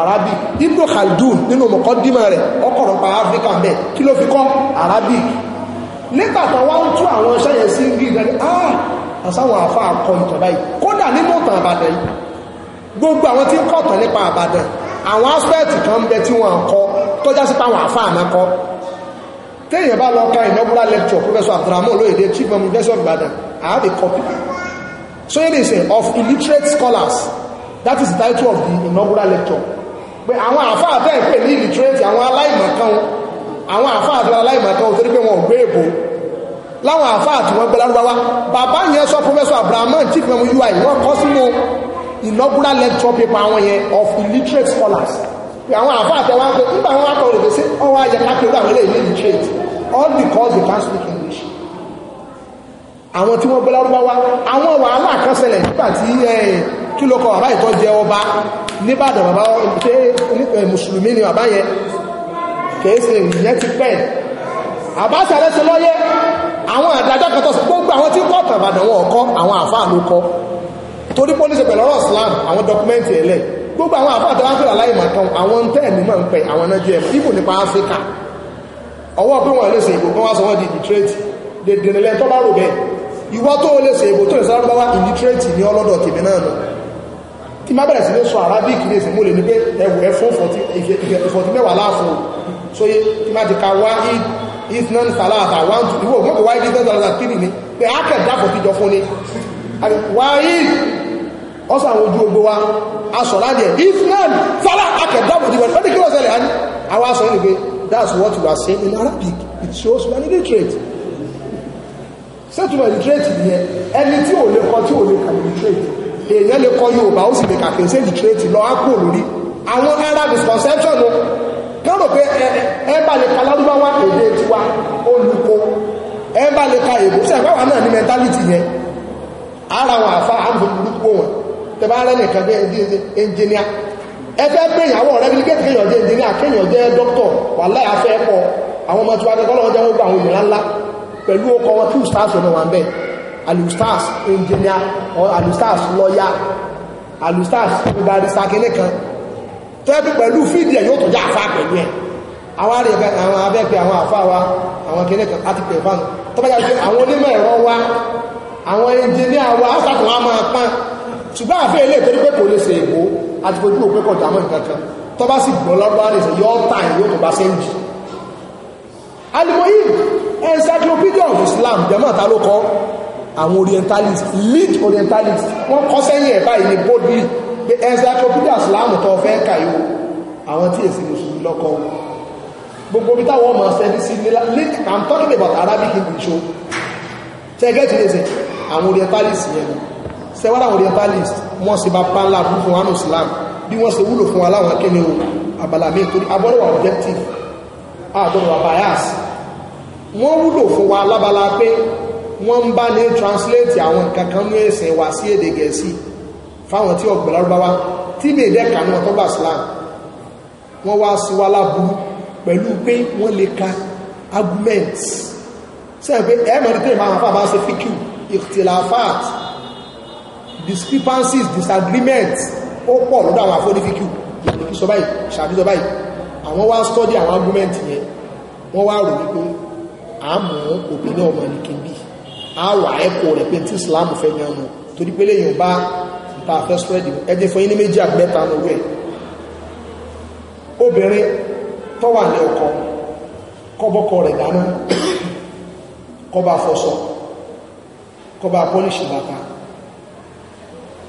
arábí ibn khaldun nínú mọ̀kọ́dímọ̀ rẹ̀ ọkọ̀rọ̀ pa áfíríkà bẹ́ẹ̀ kí ló fi kọ́ arábí lẹ́tà tó wá ń tú àwọn iṣẹ́ yẹn sí bí ìgbàlẹ̀ ah àsáwọn àfa àkọ ìtàn báyìí kódà nínú ìtàn àbàdàn yìí gbogbo àwọn tí ń kọ́ nípa àbàdàn àwọn aspẹ́ẹ̀tì kan bẹ tí wọ́n kọ́ tó já sí páwọn àfa téèyàn bá lọ ka inaugural lecture professor abdulrahman olóyèdè of illiterate scholars that is the title of the inaugural lecture pé àwọn àfa àtẹ̀ pè ní illiterate àwọn aláìmọ̀kan àwọn àfa àtẹ̀ aláìmọ̀kan láwọn àfáà tí wọ́n gbẹ lárúbáwá bàbá yẹn sọ professor abrahaman chief memo ui wọ́n kọ́ sínú inaugural lecture paper àwọn yẹn of illiterate scholars àwọn àfáà tẹ wá pé nígbà wọn akọ òròdè sí ọwọ́ ayẹ kápẹ́ lórí àwọn eléyìí illiterate all because they can't speak english àwọn tí wọ́n gbẹ lárúbáwá àwọn wàhálà kan ṣẹlẹ̀ nígbà tí kí ló kọ bàbá ìtọ́ jẹ ọba nìbàdàn bàbá mùsùlùmí ni bàbá yẹn kèé ṣe ìyẹn ti pẹ́ẹ́ àbáṣà rẹ̀ ṣe lọ́yẹ àwọn àdájọ́ kan tó sọ gbogbo àwọn tí kọ́ tàbàdàn wọn ọkọ àwọn àfáà ló kọ torí pólíṣẹ̀ pẹ̀lú ọ̀rọ̀ Islam àwọn dọkumẹ́ntì ẹ̀lẹ́ gbogbo àwọn àfáà tó wá ń pè láì màtán àwọn ń tẹ́ẹ̀mí máa ń pẹ àwọn náà jẹ́ ibò nípa Áfíríkà ọwọ́ pé wọ́n lè ṣe ìbò kan wá sọ wọ́n di ìdítrẹ́tì dèdèrèlẹ́ tó bá rò bẹ́ẹ̀ ìwọ tó lè ṣe ìbò tó lè sáré bá wá ìdítrẹ́tì ní ọlọ́dọ̀ tèmi náà nù tí má bẹ̀rẹ̀ sí lè sọ Arabic lè sì mú lè ní pé ẹwù ẹ fún ìfọ̀tí mẹ́wàá láàfún sóyé tí má ti ka wá isnan salata one two ìwọ ògbókò wáyé isnan salata three ni pé akẹ́ dáfọ̀ tíjọ fún ni wáyé ọsọ àwọn ojú ogbó wa aṣọ láti ẹ̀ isnan salata akẹ́ dáfọ̀ tíjọ fún ni kí ló ṣẹlẹ̀ àwọn aṣọ ní pé that's what you are saying in Arabic it shows many are illiterate sẹ́tùmọ̀ ìdírẹ́tì yẹn ẹni tí ò lè kọ tí ò lè kà ìdírẹ́tì èèyàn lè kọ Yorùbá ó sì lè kà kí n ṣe ìdírẹ́tì lọ á kúrò lórí àwọn arab misconception kán rò pé ẹ bá lè ka lárúbáwá èdè tiwa olùkọ́ ẹ ka náà ní mẹ́ntálítì yẹn ara wọn àfa àbùkù wọn tẹ̀bá rẹ nìkan bí ọ ẹ fẹ́ pé ìyàwó rẹ bí kéèké ọ jẹ́ ọ kéèyàn ọ dókítọ̀ wà láyà fẹ́ kọ àwọn ọmọ ọ kẹ́kọ́ àwọn ńlá pẹ̀lú ọkọ̀ wọn ọ̀nà wà tẹ́bí pẹ̀lú fídíẹ̀ yóò tọ́já àfá pẹ̀lú ẹ̀ àwọn arìnrìn àwọn abẹ́pẹ̀ àwọn àfá wa àwọn kìnnìkan àti pẹ̀fánù tọ́bájá pé àwọn onímọ̀ ẹ̀rọ wa àwọn ẹnjìníà wa ásàkùn wa máa pán ṣùgbọ́n àfẹ́ ilé ìtorí pé kò lè ṣe èkó àti fojú òpé kọ̀ dámọ̀ kankan tọ́ bá sì gbọ́ lọ́gbà rẹ̀ yọ́ tà yóò tó bá sẹ́ńjì alimoyi encyclopedia of Islam jẹ́mọ̀ ta ló kọ́ àwọn orientalist lead orientalist wọ́n kọ́ sẹ́yìn ẹ̀ báyìí ní boldly pé encyclopedia síláàmù tó fẹ́ kàyó àwọn tí èsì mùsùlùmí lọ́kọ́ gbogbo bí táwọn ọmọ ṣẹ́dí sí late i'm talking about arabic english o get lè ṣe àwọn orientalist yẹn sẹ́wọ́n àwọn orientalist wọ́n sì bá pàlà fún wọn islam bí wọ́n ṣe wúlò fún wa láwọn akéwì o abala mi torí abọ́dọ̀wà objective àbọ̀dọ̀wà bias wọ́n wúlò fún wa lábala pé wọ́n ń bá ní translate àwọn nǹkan kan ní ẹ̀sìn wá sí èdè gẹ̀ẹ́sì fáwọn tí ọgbọ̀n lárúbáwá tí mi ìdẹ́ka náà tó gbà Islam wọ́n wá sí wa láburú pẹ̀lú pé wọ́n lè ka argument sẹ́yìn pé ẹ̀mọ̀ ní tẹ́lẹ̀ máa fàbá ṣe fíkù ìtìláfàt discrepancies disagreements ó pọ̀ lọ́dọ̀ àwọn afọ́nífíkù ìyàlùkí sọ báyìí ṣàbí sọ báyìí àwọn wá study àwọn argument yẹn wọ́n wá rò wípé àmọ́ òpin náà mọ̀ ní kíbi àwà ẹ̀kọ́ rẹ̀ pé tí Islam fẹ́ yan mu torí pé lẹ́yìn bá ta fẹ́ spread ẹjẹ́ fún yíní méjì àgbẹ́ta lórí ẹ̀ obìnrin tó wà ní ọkọ kọ́bọ́kọ rẹ̀ dáná kọba fọṣọ kọba pọ́líṣì bàtà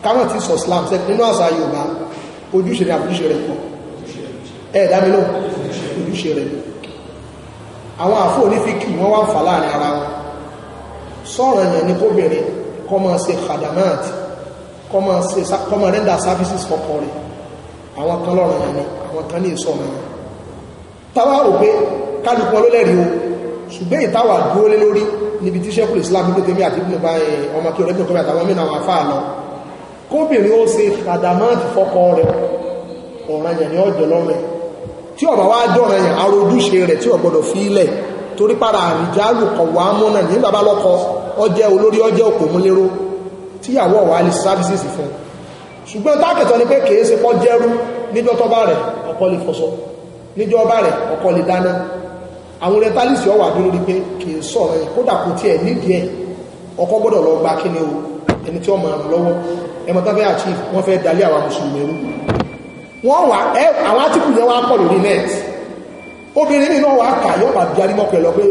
káwọn ti sọ slam sẹ́ nínú àṣà Yorùbá ojúṣe rẹ̀ àbújúṣe rẹ̀ pọ̀ ẹ̀ dámi lọ ojúṣe rẹ̀ àwọn àfọ onífíkì wọ́n wá ń fà láàrin ara wọn sọ̀rọ̀ yẹn ní kóbìnrin kọ́ ṣe kàdàmáàtì kọmọ rẹ́ndà services fọ́kọ́ rẹ̀ àwọn kan lọ́rọ̀ yẹn ni àwọn kan ní èso ọmọ yẹn táwa rò pé kálukú ọlọ́lẹ́rìí o ṣùgbọ́n ìtawà dúró lé lórí níbi tí sẹ́kùlù islam gbogbo tèmi àti ìbùnú bá ọmọ kí ọ̀rẹ́bìnrin kọ́mí àtàwọn mìíràn àwọn afáà lọ kóbìnrin ó ṣe àdàmáàtì fọ́kọ rẹ̀ ọ̀ranyàn ní ọjọ́ lọ́rẹ̀ tí ọba wá jọ ọ̀ranyàn arójúṣe rẹ̀ tí ó gbọ́dọ̀ fi ilẹ̀ torí para àrìjálù kọ̀wá múnà ní bàbá lọ́kọ ó jẹ́ olórí ó jẹ́ òkòmúlérò tíyàwó ọ̀wà alẹ́ services fún ṣùgbọ́n tákẹ̀tọ́ ni pé kìí ṣe kọ́ jẹ́rú níjọ́ tó bá rẹ̀ ọkọ lè fọṣọ níjọ́ bá rẹ̀ ọkọ lè dáná àwọn rẹtálìsì ọwà dúró rí pé kìí sọ̀rọ̀ ẹ̀ kódà kò tiẹ̀ nídìí ẹ̀ ọkọ gbọ́dọ̀ lọ gba kíni o ẹni tí ọmọ ràn lọ́wọ́ ẹmọ tó fẹ́ achieve wọ́n fẹ́ dalẹ̀ àwọn mùsùlùmí rú wọ́n wà ẹ àwọn átìkù yẹn wá pọ̀ lórí net obìnrin nínú wà kà yóò pàdé arímọ̀pẹ̀ lọ pé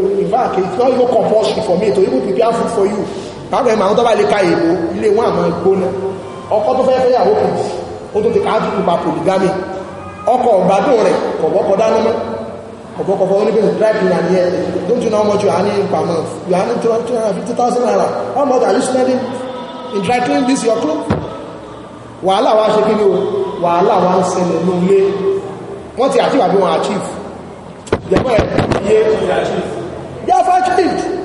in pàápàá ẹ̀mà àwọn tó bá lè ka èèbó ilé wọn àmọ́ gbóná ọkọ tó fẹ́ fẹ́yàwó kù ó tó ti ká àdúgbò pa polygamy ọkọ ọ̀gbádùn rẹ̀ kọ̀bọ́kọ̀ dáná mọ́ kọ̀bọ́kọ̀ fọ́ oníbẹ̀ drive don't you know how much you are earning per month you are earning two hundred fifty thousand naira how much are you spending in dry this your cloth wàhálà wa ṣe kí ni o wàhálà wa ń ṣẹlẹ̀ ló wọ́n achieve àbí wọn ẹ̀ yé they have achieved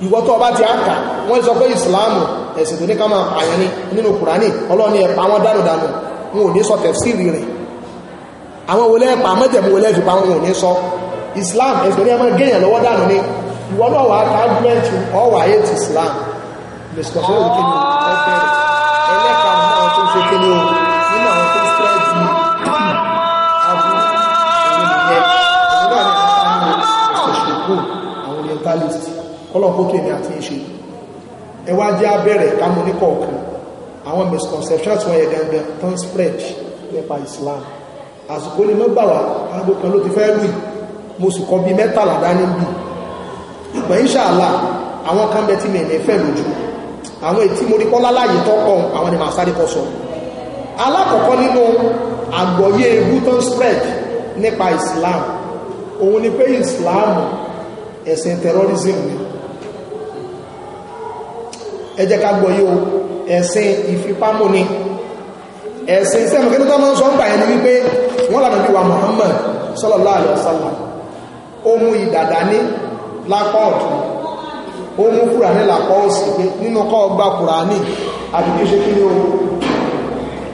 ìwọ tó bá ti àkà wọ́n sọ pé ìsìláàmù ẹ̀sìn tó ní ká máa pààyàn ní nínú kùránì ọlọ́ni ẹ̀pà wọn dánùdánù wọn ò ní sọ tẹ̀fsìrì rẹ̀ àwọn olè ẹ̀pà mọ́jẹ̀mú olè ẹ̀fìpá wọn ò ní sọ islam ẹ̀sìn tó ní ẹ̀mọ́ gẹ̀yàn lọ́wọ́ dànù ní ìwọ náà wà á ká gbẹ́ntù ọwà ayé ti kọ́lọ̀kótó èmi àti ìṣe ẹwà jẹ́ abẹ́rẹ̀ kámú ní kọ̀ọ̀kan àwọn misconceptions wọ̀nyẹ̀ gangan turn spread nípa Islam àsìkò ní mẹ́bàwà aago kan ló ti fẹ́ lù mo sì kọ́ bí mẹ́tàlá dání bì ìgbà ìṣàlá àwọn kan bẹ tí mi ní fẹ́ lójú àwọn ètí mo rí kọ́ láláyé tọ́kọ̀ àwọn ni màá sáré kọ́ sọ alákọ̀ọ́kọ́ nínú àgbọ̀yé Newton spread nípa Islam òun ni pé Islam ẹ̀sìn terrorism ni ẹ jẹ́ ká gbọ́ yóò ẹ̀sìn ìfipámú ni ẹ̀sìn sẹ́mù kí tó máa ń sọ ń bà ẹni wípé wọ́n lànà bí wa Muhammad sallallahu alaihi wasallam ó mú ìdàdà ní lápá ọ̀tún ó mú Kùránì lápá òsì pé nínú kọ́ ọgbà Kùránì àbí kí ṣe kí ní ohun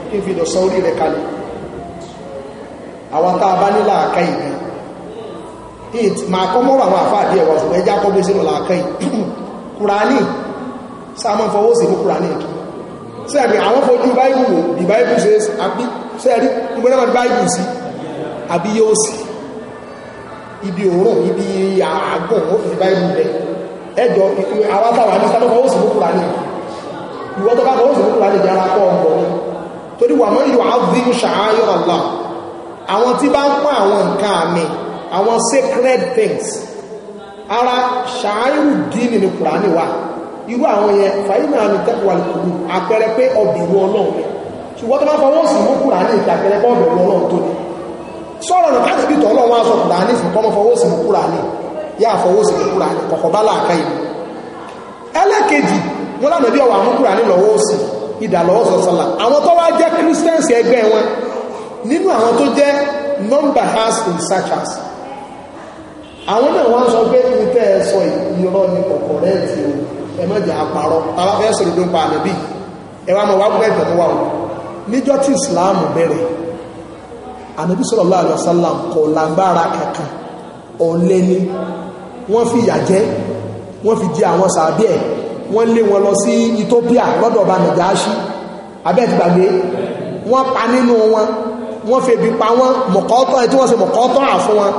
kí fi lọ̀sán orí rẹ̀ kalẹ̀ àwọn tá a bá nílà àká ìgbà it máa kọ́ mọ́rọ̀ àwọn àfáàdí ẹ̀wọ̀ ṣùgbọ́n ẹjá kọ́ gbé sínú làákà yìí Kùránì sáàmọ́ fọwọ́ sí fún kúránì ìkì sẹ́ẹ̀rí àwọn fojú báìbù wò bí báìbù ṣe àbí sẹ́ẹ̀rí gbogbo báìbù sí àbí yóò sí ibi òórùn ibi àágùn ó fi báìbù bẹ̀ ẹjọ́ àwọn táwọn àmì sáàmọ́ fọwọ́ sí fún kúránì ìwọ́ tó bá fọwọ́ sí fún kúránì jẹ́ arákọ́ ọmọ torí wà mọ́ ìlú àdín ṣàáyọ̀ Allah àwọn tí bá ń pọ́n àwọn nǹkan àmì àwọn sacred things ara ṣàáyù dín ní kùránì wà irú àwọn yẹn fàyínà àmì tẹ́kùwà lùkùnrin àpẹẹrẹ pé ọbẹ̀rù ọlọ́run ṣùgbọ́n tó bá fọwọ́ sí mú kùrà ní ìtàpẹẹrẹ pé ọbẹ̀rù ọlọ́run tó ní sọ̀rọ̀ nà káàdì bìtọ̀ ọlọ́run wá sọ kùrà ní fún kọ́mọ fọwọ́ sí mú kùrà ní yá fọwọ́ sí mú kùrà ní kọ̀kọ̀ bá láàká yìí ẹlẹ́kejì wọn lànà bí ọwọ́ àmú kùrà ní lọ́wọ́ sí ìdà lọ́wọ́ sọ sọlá àwọn tó wá jẹ́ Christians ẹgbẹ́ wọn nínú àwọn tó jẹ́ number has in searchers àwọn náà wọ́n sọ pé ní tẹ́ ẹ sọ ìrọ́ ní kọ̀kọ̀ rẹ̀ ti o ẹ má jẹ́ àparọ́ tàbá fẹ́ sọ̀rọ̀ ló ń pa ànábì ẹ wá mọ̀ wá gbọ́ ẹ̀tọ́ wa o níjọ́ tí islam bẹ̀rẹ̀ ànábì sallallahu alaihi wasallam kò lágbára kankan ọ̀lẹ́ni wọ́n fi ìyà jẹ wọ́n fi jẹ àwọn sàbí ẹ̀ wọ́n lé wọn lọ sí Ethiopia lọ́dọ̀ ọba Nàjáṣí abẹ́ẹ̀tìgbàgbé wọ́n pa nínú wọn wọ́n febi pa wọn mọ̀kọ́tọ́ ẹ̀ tí wọ́n ṣe mọ̀kọ́tọ́ àfún wọn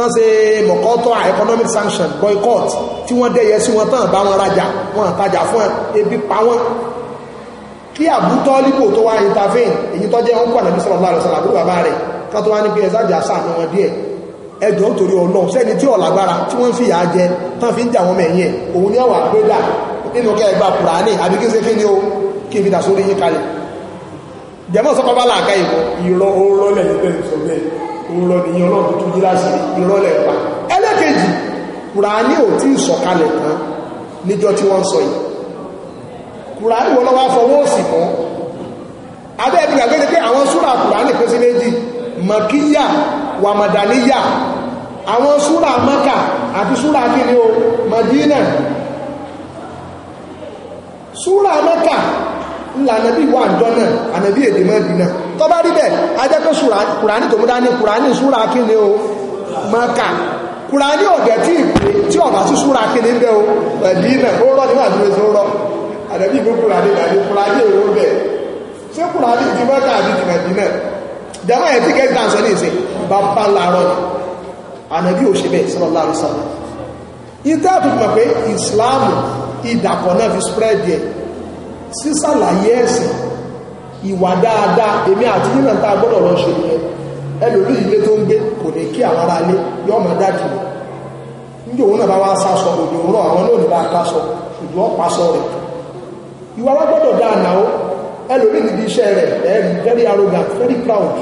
tán ṣe mọ̀kọ́tọ̀ economic sanction boycott tí wọ́n dẹ́yẹ sí wọn tán bá wọn rajà wọn àtajà fún ebi pa wọn kí àbútọ́ líbò tó wá intervene èyí tó jẹ́ ọkọ̀ ànàbí sọ̀rọ̀ láàrẹ̀ sọ̀rọ̀ àbúrò bàbá rẹ̀ kan tó wá ní pé ẹ̀sájà sáàmì wọn díẹ̀ ẹjọ́ nítorí ọlọ́ sẹ́ni tí ọ̀làgbára tí wọ́n fi yà á jẹ tán fi ń jà wọn mẹ̀yìn ẹ̀ òun ní ọ̀wà àgbédà nínú kẹ́ ẹgbà kùránì àbí kí ṣe kí ni ó kí n fi dà sórí yín kalẹ̀ jẹ́mọ́ sọ́kọ́ bá làákà ìwọ ìrọ̀ oró lẹ̀ òun lọ nìyẹn ọlọ́run tó yí láti ìrọ́lẹ̀ pa ẹlẹ́kejì kùránì ò tí ì sọ̀kalẹ̀ tán níjọ́ tí wọ́n sọ yìí kùránì wọn lọ́wọ́ fọwọ́ òsì mọ́ abẹ́ ẹ̀bí gbàgbé pé àwọn súrà kùránì pèsè méjì màkíyà wà màdàníyà àwọn súrà maka àti súrà kíni o màdínà súrà maka ńlá ànàbí wà ń dọ́nà ànàbí èdè Mẹ́dínà tó bá rí bẹ́ẹ̀ ajẹ́kọ́ kùránì tó mú dání kùránì súra kíni o Mákà kùránì ọ̀gẹ̀ tí ìpè tí ọ̀bà sí súra kíni bẹ́ẹ̀ o Mẹ́dínà ó rọ́ nígbà tó lè tó rọ́ ànàbí ìlú kùránì ìdàdí kùránì èrò bẹ́ẹ̀ ṣé kùránì ti Mákà àti ti Mẹ́dínà jama yẹn ti kẹ́kẹ́ àṣọ ní ìsìn bàbá làárọ̀ ni ànàbí ò ṣe bẹ́ẹ̀ sallallahu alaihi wasallam ìtẹ́ àtùkùmọ̀ pé ìsìláàmù ìdàpọ̀ sísàlàyé ẹ̀sìn ìwà dáadáa èmi àti yínà tá gbọ́dọ̀ lọ ṣe yẹn ẹlòmí ilé tó ń gbé kò ní kí àwọn ará ilé yọ ọmọ dájú rẹ̀ níjò òun náà bá wá sásọ òjò àwọn náà ní bá sọ ṣùgbọ́n ọ̀pá sọ rẹ̀ ìwà wa gbọ́dọ̀ dáa ẹlòmí níbi iṣẹ́ ẹ̀rí very arrogant very proud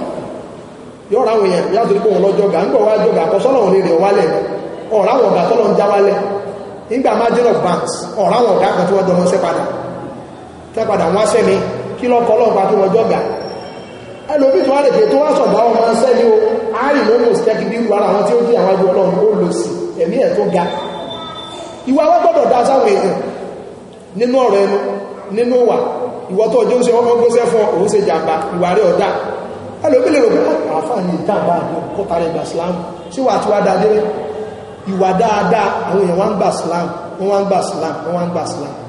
àwọn èèyàn nípa òun lọ́jọ́ gà wá rẹ̀ wálẹ̀ àwọn ọ̀gá tọ́lọ́ ń já wálẹ̀ nígbà tápadà wọ́n sẹ́mi kí lọ́kọ́ ọlọ́pàá kí wọ́n jọ́gà ẹlòmí tó wá lè tó wá sọ̀gbà ọmọ sẹ́mi o àárín ló mọ̀ sẹ́kì bí wà láwọn tí ó jẹ́ àwọn ẹgbẹ́ ọlọ́run ó lò sí ẹ̀mí ẹ̀ tó ga ìwà wọn gbọ́dọ̀ dá sáwọn èèyàn nínú ọ̀rọ̀ ẹnu nínú wà ìwọ tó ọjọ́ ṣe ọmọ gbọ́sẹ́ fún òun ṣe jàmbá ìwà rẹ̀ ọ̀dá ẹlòmí lè rò pé ah, àfáà ní ìjàmbá àkọ́kọ́ta rẹ̀ gbà sílámù sí wà tí wà dáadé ìwà dáadáa àwọn èèyàn wá ń gbà sílámù wọ́n wá ń gbà sílámù wọ́n wá ń gbà sílámù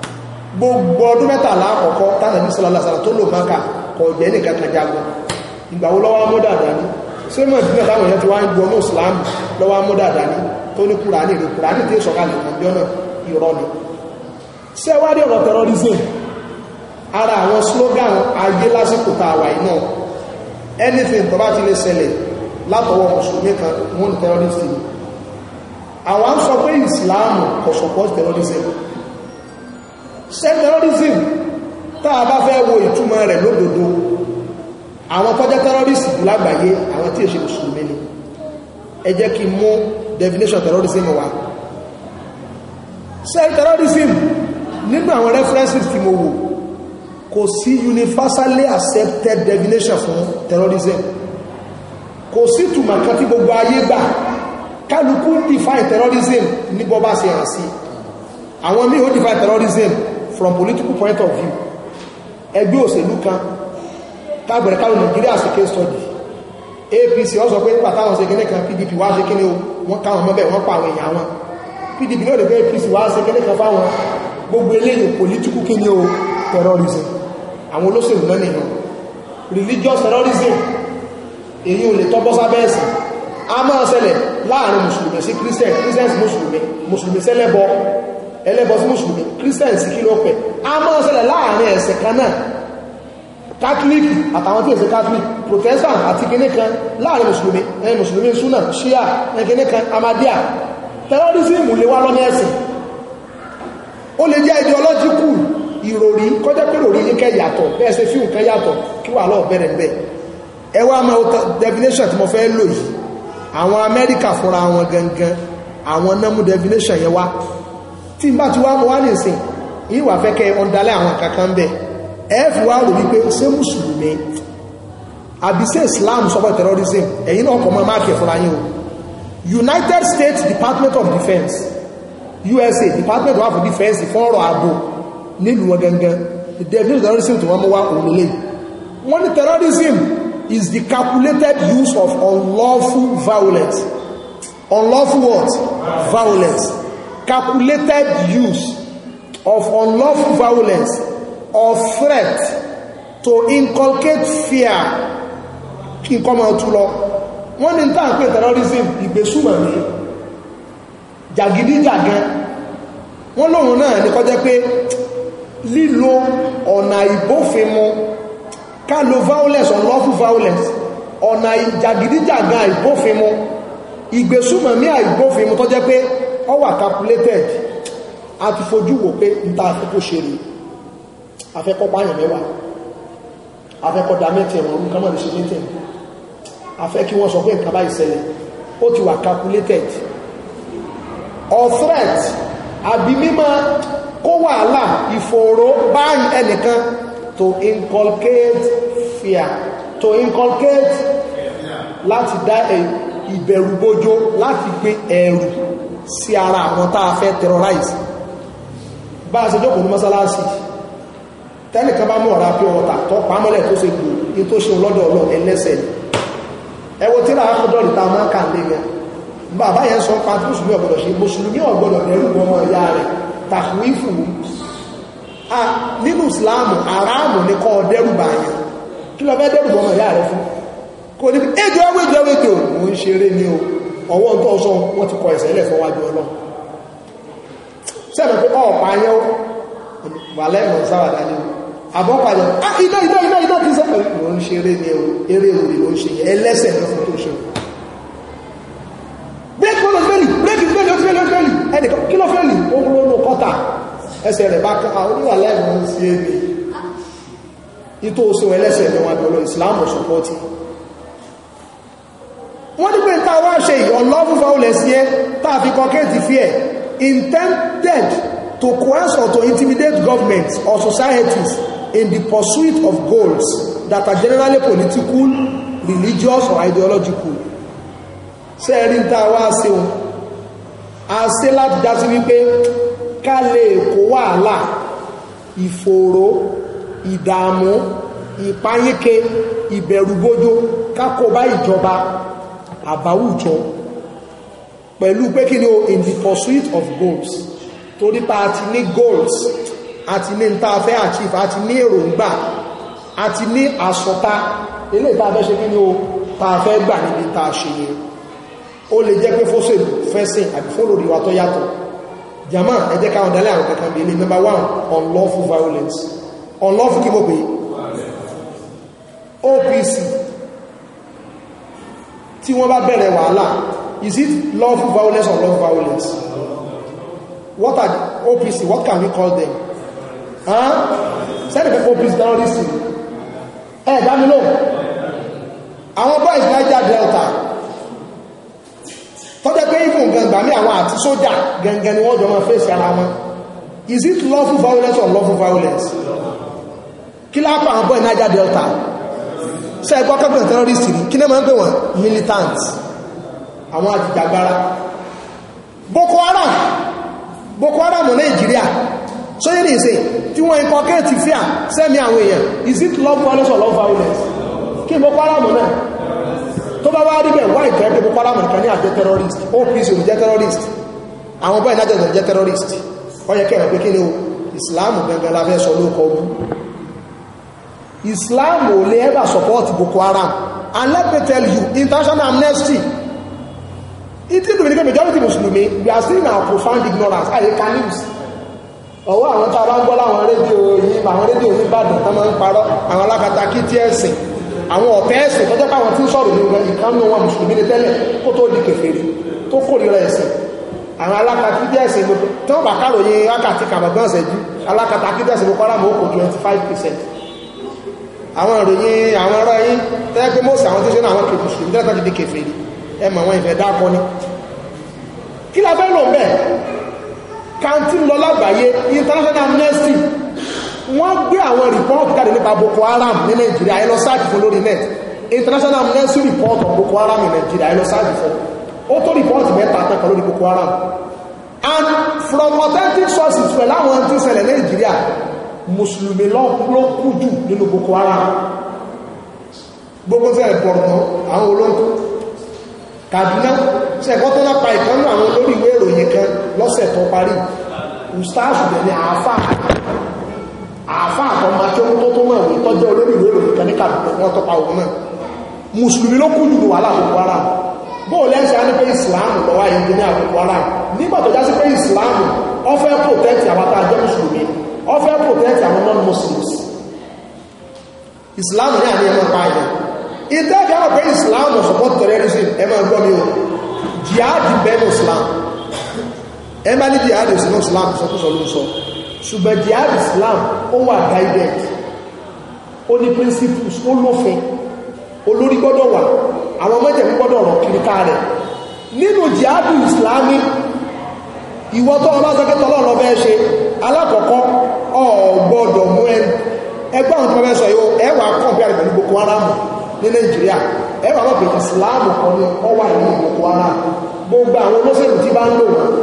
gbogbo ọdún mẹ́tàlá àkọ́kọ́ tánà ní sọlọ́lásàlá tó lò máka kọ̀ jẹ́ nìkan kan jagun ìgbàwó lọ́wọ́ mọ́dà dání ṣé mọ̀ ìdílé táwọn èèyàn ti wá ń gbọ́ ní ìsìláàmù lọ́wọ́ mọ́dà dání tó ní kùránì ìlú kùránì tí ìṣọ̀ká lè àwọn slogan ayé lásìkò anything tó bá ti lè ṣẹlẹ̀ látọwọ́ mùsùlùmí kan wọ́n ní terrorism sọ pé ìsìláàmù kò support secularism tá a bá fẹ́ wo ìtumọ̀ rẹ̀ lódodo àwọn tó jẹ́ terrorist lágbàáyé àwọn tí èṣe mùsùlùmí ni ẹ jẹ́ kí mú definition terrorism wá self terrorism nínú àwọn references tí mo wò kò sí universally accepted definition fún terrorism kò sí ìtumọ̀ kan tí gbogbo ayé gbà kálukú define terrorism ní bọ́ bá ṣe hàn sí àwọn míì ó define terrorism from political point of view ẹgbẹ́ òṣèlú kan tágbẹ̀rẹ̀ kálù Nàìjíríà sí case study APC ó sọ pé nígbà táwọn ṣe kíní kan PDP wá ṣe kíní o wọ́n káwọn mọ́bẹ̀ wọ́n pa àwọn èèyàn wọn PDP náà lè pé APC wá ṣe kíní kan fáwọn gbogbo eléyìí political kíní o terrorism àwọn olóṣèlú náà nìyàn religious terrorism èyí ò lè tọ́bọ́ sábẹ́ ẹ̀sìn a máa ṣẹlẹ̀ láàrin mùsùlùmí sí christian christians mùsùlùmí mùsùlùmí sẹ́lẹ̀bọ ẹlẹ́bọ sí mùsùlùmí christian sí kí ló pẹ̀ a máa ṣẹlẹ̀ láàrin ẹ̀sẹ̀ kan náà catholic àtàwọn tí èsè catholic protestant àti kíní kan láàrin mùsùlùmí ẹni mùsùlùmí sunna shia ẹni kíní kan amadiya terrorism lè wá lọ́nà ẹ̀sìn ó lè jẹ́ ideological ìròrí kọjá pé ròrí yín kẹ́ yàtọ̀ bẹ́ẹ̀ ṣe fíìmù kan yàtọ̀ kí wà lọ́ọ̀ bẹ̀rẹ̀ bẹ́ẹ̀ ẹ wá máa definition tí mo fẹ́ lò yìí àwọn amẹ́ríkà fúnra wọn gangan àwọn námú definition yẹn wá tí n bá ti wá wá ní ìsìn ìwà fẹ́kẹ́ ọ̀dálẹ̀ àwọn kankan ń bẹ̀ ẹ̀fù wá rò wípé ṣé mùsùlùmí àbí Islam support terrorism ẹ̀yìn náà kọ̀ mọ́ máàkì ẹ̀fọ́ra yín o United States Department of Defense USA Department of Defense fún ọ̀rọ̀ ààbò nílùú wọn gangan the definition of terrorism tí wọ́n mú wá òun wọ́n ní terrorism is the calculated use of unlawful violence unlawful what violence calculated use of unlawful violence or threat to inculcate fear kí n kọ́ máa tú lọ wọ́n ní tá à ń pè terrorism ìgbésùmọ̀ ní jàgídíjàgan wọ́n lóhun náà ní kọjá pé lílo ọ̀nà ìbófinmu ká lo violence unlawful violence ọ̀nà jàgídíjàgan ìbófinmu ìgbésùmọ̀ ní àìbófinmu tó jẹ́ pé ó wà calculated a ti fojú wò pé n ta àfẹ́kọ́ ṣe rè àfẹ́kọ́ báyàn mẹ́wàá àfẹ́kọ́ da mẹ́tẹ̀ wọn nǹkan mọ̀ lè ṣe mẹ́tẹ̀ àfẹ́ kí wọ́n sọ pé nǹkan báyìí ṣẹlẹ̀ ó ti wà calculated or threat àbí mímọ́ kó wàhálà ìfòòró báyìí ẹnìkan to inculcate fear to inculcate láti dá ìbẹ̀rùbojo láti gbé ẹ̀rù sí ara àwọn tá a fẹ́ terrorize bá a ṣe jókòó ní mọ́sálásì tẹ́nìkan bá mú ọ̀rá pure water tó pamọ́lẹ̀ tó ṣe gbòó in tó ṣe lọ́dọ̀ ọlọ́ ẹlẹ́sẹ̀ ni ẹ wo tí láàá kọ́dọ̀ ìta máa kà lé yẹn bàbá yẹn sọ pa mùsùlùmí ọ̀gbọ̀dọ̀ ṣe mùsùlùmí ọ̀gbọ̀dọ̀ ẹrù ọmọ ìyá rẹ̀ tàkùífù nínú ìsìláàmù aráàmù ní kọ́ dẹ́rùbà yẹn kí lọ fẹ́ dẹ́rùbà ọmọ ìyá rẹ̀ fún kò ní ẹjọ́ ẹjọ́ ẹjọ́ mo ń ṣeré ni o ọwọ́ tó sọ wọ́n ti kọ ìṣẹ̀lẹ̀ fọwájú ọlọ́ sẹ́nà pé ọ̀pá yẹ́ wà lẹ́mọ̀ sáwàdá ní àbọ́pàdé ah, iná iná iná iná ti sẹ́pẹ̀ ló ń ṣe eré ní eré òní ló ń ṣe ẹlẹ́sẹ̀ lọ́fún tó ṣe brake ló fẹ́lì brake fẹ́lì ó fẹ́lì ó fẹ́lì ẹnìkan kí ló fẹ́lì ó ń lónú kọ́tà ẹsẹ̀ rẹ̀ bá ká oníwà lẹ́mọ̀ sí ẹni ìtòsùn ẹlẹ́sẹ̀ ni wọn àbí ọlọ́ ìsìlámù sọpọ́tì wọ́n ní pé tá a wá ṣe ọlọ́fúnfà olè sí ẹ tá a fi concrete fear intended to coerce or to intimidate governments or societies in the pursuit of goals that are generally political religious or ideological ṣe ẹ̀rí ń tá a wá ṣe o a ṣe láti dá sí wípé ká lè kó wàhálà ìfòòró ìdààmú ìpáyíke ìbẹ̀rùbojo ká kó bá ìjọba àbáwùjọ pẹ̀lú pé kí ni o in the pursuit of goals torí pa àti ní goals àti ní nta fẹ́ achieve àti ní èròǹgbà àti ní àsọta ilé ìta fẹ́ ṣe kí ni o ta fẹ́ gbà níbi ta ṣe yẹn ó lè jẹ́ pé fóṣèlú fẹ́sìn àbí fólórí wa tó yàtọ̀ jama ẹ jẹ́ káwọn dalẹ́ àwọn kankan bíi ilé number one unlawful violence unlawful kí mo pè OPC tí wọ́n bá bẹ̀rẹ̀ wàhálà is it love violence or love violence what are OPC what can we call them huh? sẹ́ni the OPC this. terrorism ẹ̀ dámi lò àwọn boys Niger Delta tọ́jẹ́ pé even gangan ní àwọn àti sójà gangan ni wọ́n jọ máa fèsì ara wọn is it love violence or love violence kí lápá àwọn boys Niger Delta ṣe ẹgbọ́ kẹ́gbọ̀n terrorist ni kí ní máa ń pè wọ́n militant àwọn àjìjàgbara Boko Haram Boko Haram Nàìjíríà sóyè ní ìsìn tí wọ́n inculcate fear sẹ́mi àwọn èèyàn is it love violence or love violence kí Boko Haram náà tó bá wá rí bẹ̀ wá ìtọ́ ẹgbẹ́ Boko Haram nìkan ní àjẹ́ terrorist OPC ò jẹ́ terrorist àwọn bọ́ọ̀ ìnájẹ́ jẹ́ terrorist wọ́n yẹ kẹ́rẹ̀ pé kí ni o Islam gẹ́gẹ́ la fẹ́ sọ lóko ọdún Islam ò lè ever support Boko Haram and let me tell you international amnesty it is Dominican majority Mùsùlùmí we are still in our profound ignorance àyè kanims ọwọ́ àwọn tá a bá ń gbọ́ láwọn rédíò yìí àwọn rédíò yìí Ìbàdàn tó máa ń parọ́ àwọn alákatakí tí ẹ̀sìn àwọn ọ̀tẹ́ ẹ̀sìn tó jẹ́ pé àwọn tí ń sọ̀rọ̀ ní ìgbà ìkànnì wọn Mùsùlùmí ni tẹ́lẹ̀ kó tó di kèfèrí tó kórìíra ẹ̀sìn àwọn alákatakídẹ́ẹ̀sì gbogbo tí wọ́n bá káròyìn wákàtí kàbàgbọ́n ṣẹ́jú alákatakídẹ́ẹ̀sì gbogbo aráàmù ó kò 25 percent àwọn ìròyìn àwọn ará yín tẹ́lẹ̀ pé mọ́sí àwọn tó ṣe náà àwọn kèfì sùn tẹ́lẹ̀ tàbí kèfì ni ẹ mọ̀ àwọn ìfẹ́ dákọ ni kí la fẹ́ lò ń bẹ̀ kàǹtí lọ lágbàáyé international amnesty wọ́n gbé àwọn rìpọ́ọ̀tì jáde nípa Boko Haram ní Nàìjíríà ẹ lọ sáàjì fún lórí net international amnesty report on Boko Haram in Nigeria ẹ lọ sáàjì fún ó tó rìpọ́ọ̀tì mẹ́ta tẹ́kọ̀ lórí Boko Haram and from authentic sources pẹ̀lú àwọn tí ó ṣẹlẹ̀ Nàìjíríà mùsùlùmí ló kú jù nínú Boko Haram gbogbo sẹ́ẹ̀ Borno àwọn olóńtò Kaduna sẹ́ẹ̀kọ́ tó lápá ìkánú àwọn olórí ìwé ìròyìn kan lọ́sẹ̀ tó parí ustaafu dẹ̀ ni àáfà àáfà àtọ́mọ tí ó tó tó mọ̀ òun tọ́jọ́ olórí ìwé ìròyìn kan ní Kaduna wọ́n tọ́pa òun náà mùsùlùmí ló kú jù ní wàhálà Boko Haram bóòlù ẹ̀ṣẹ̀ á ní pé ìsìláàmù lọ́wọ́ ayé ní àbùkù ara nígbà tó já sí pé ìsìláàmù ó fẹ́ protect àwọn tá mùsùlùmí ó fẹ́ protect àwọn non-muslims islam ní àmì ẹmọ pa ẹ̀yà ìtẹ́ẹ̀kẹ́ àwọn pé islam of support terrorism ẹmọ ẹgbọ́ mi o jihad bẹ́ẹ̀ islam ẹmọ ní jihad ìsinmi islam sọkúsọ ló ń sọ ṣùgbọ́n jihad islam ó wà guided ó ní principles ó lófin olórí gbọ́dọ̀ wà àwọn mẹ́jẹ̀mú gbọ́dọ̀ ọ̀rọ̀ kiri ká rẹ̀ nínú jihad islamic ìwọ tó wọn bá sọ pé tọ́lọ́ lọ bẹ́ẹ̀ ṣe alákọ̀ọ́kọ́ ọ̀gbọ́dọ̀ mú ẹ ẹgbẹ́ àwọn tó bá fẹ́ sọ yóò ẹ wà kọ́ bí àgbẹ̀ ní Boko Haram ní Nàìjíríà ẹ wà lọ́pẹ̀ ìsìláàmù kan ní ọ wà nínú Boko Haram gbogbo àwọn olóṣèlú tí bá ń lò wọn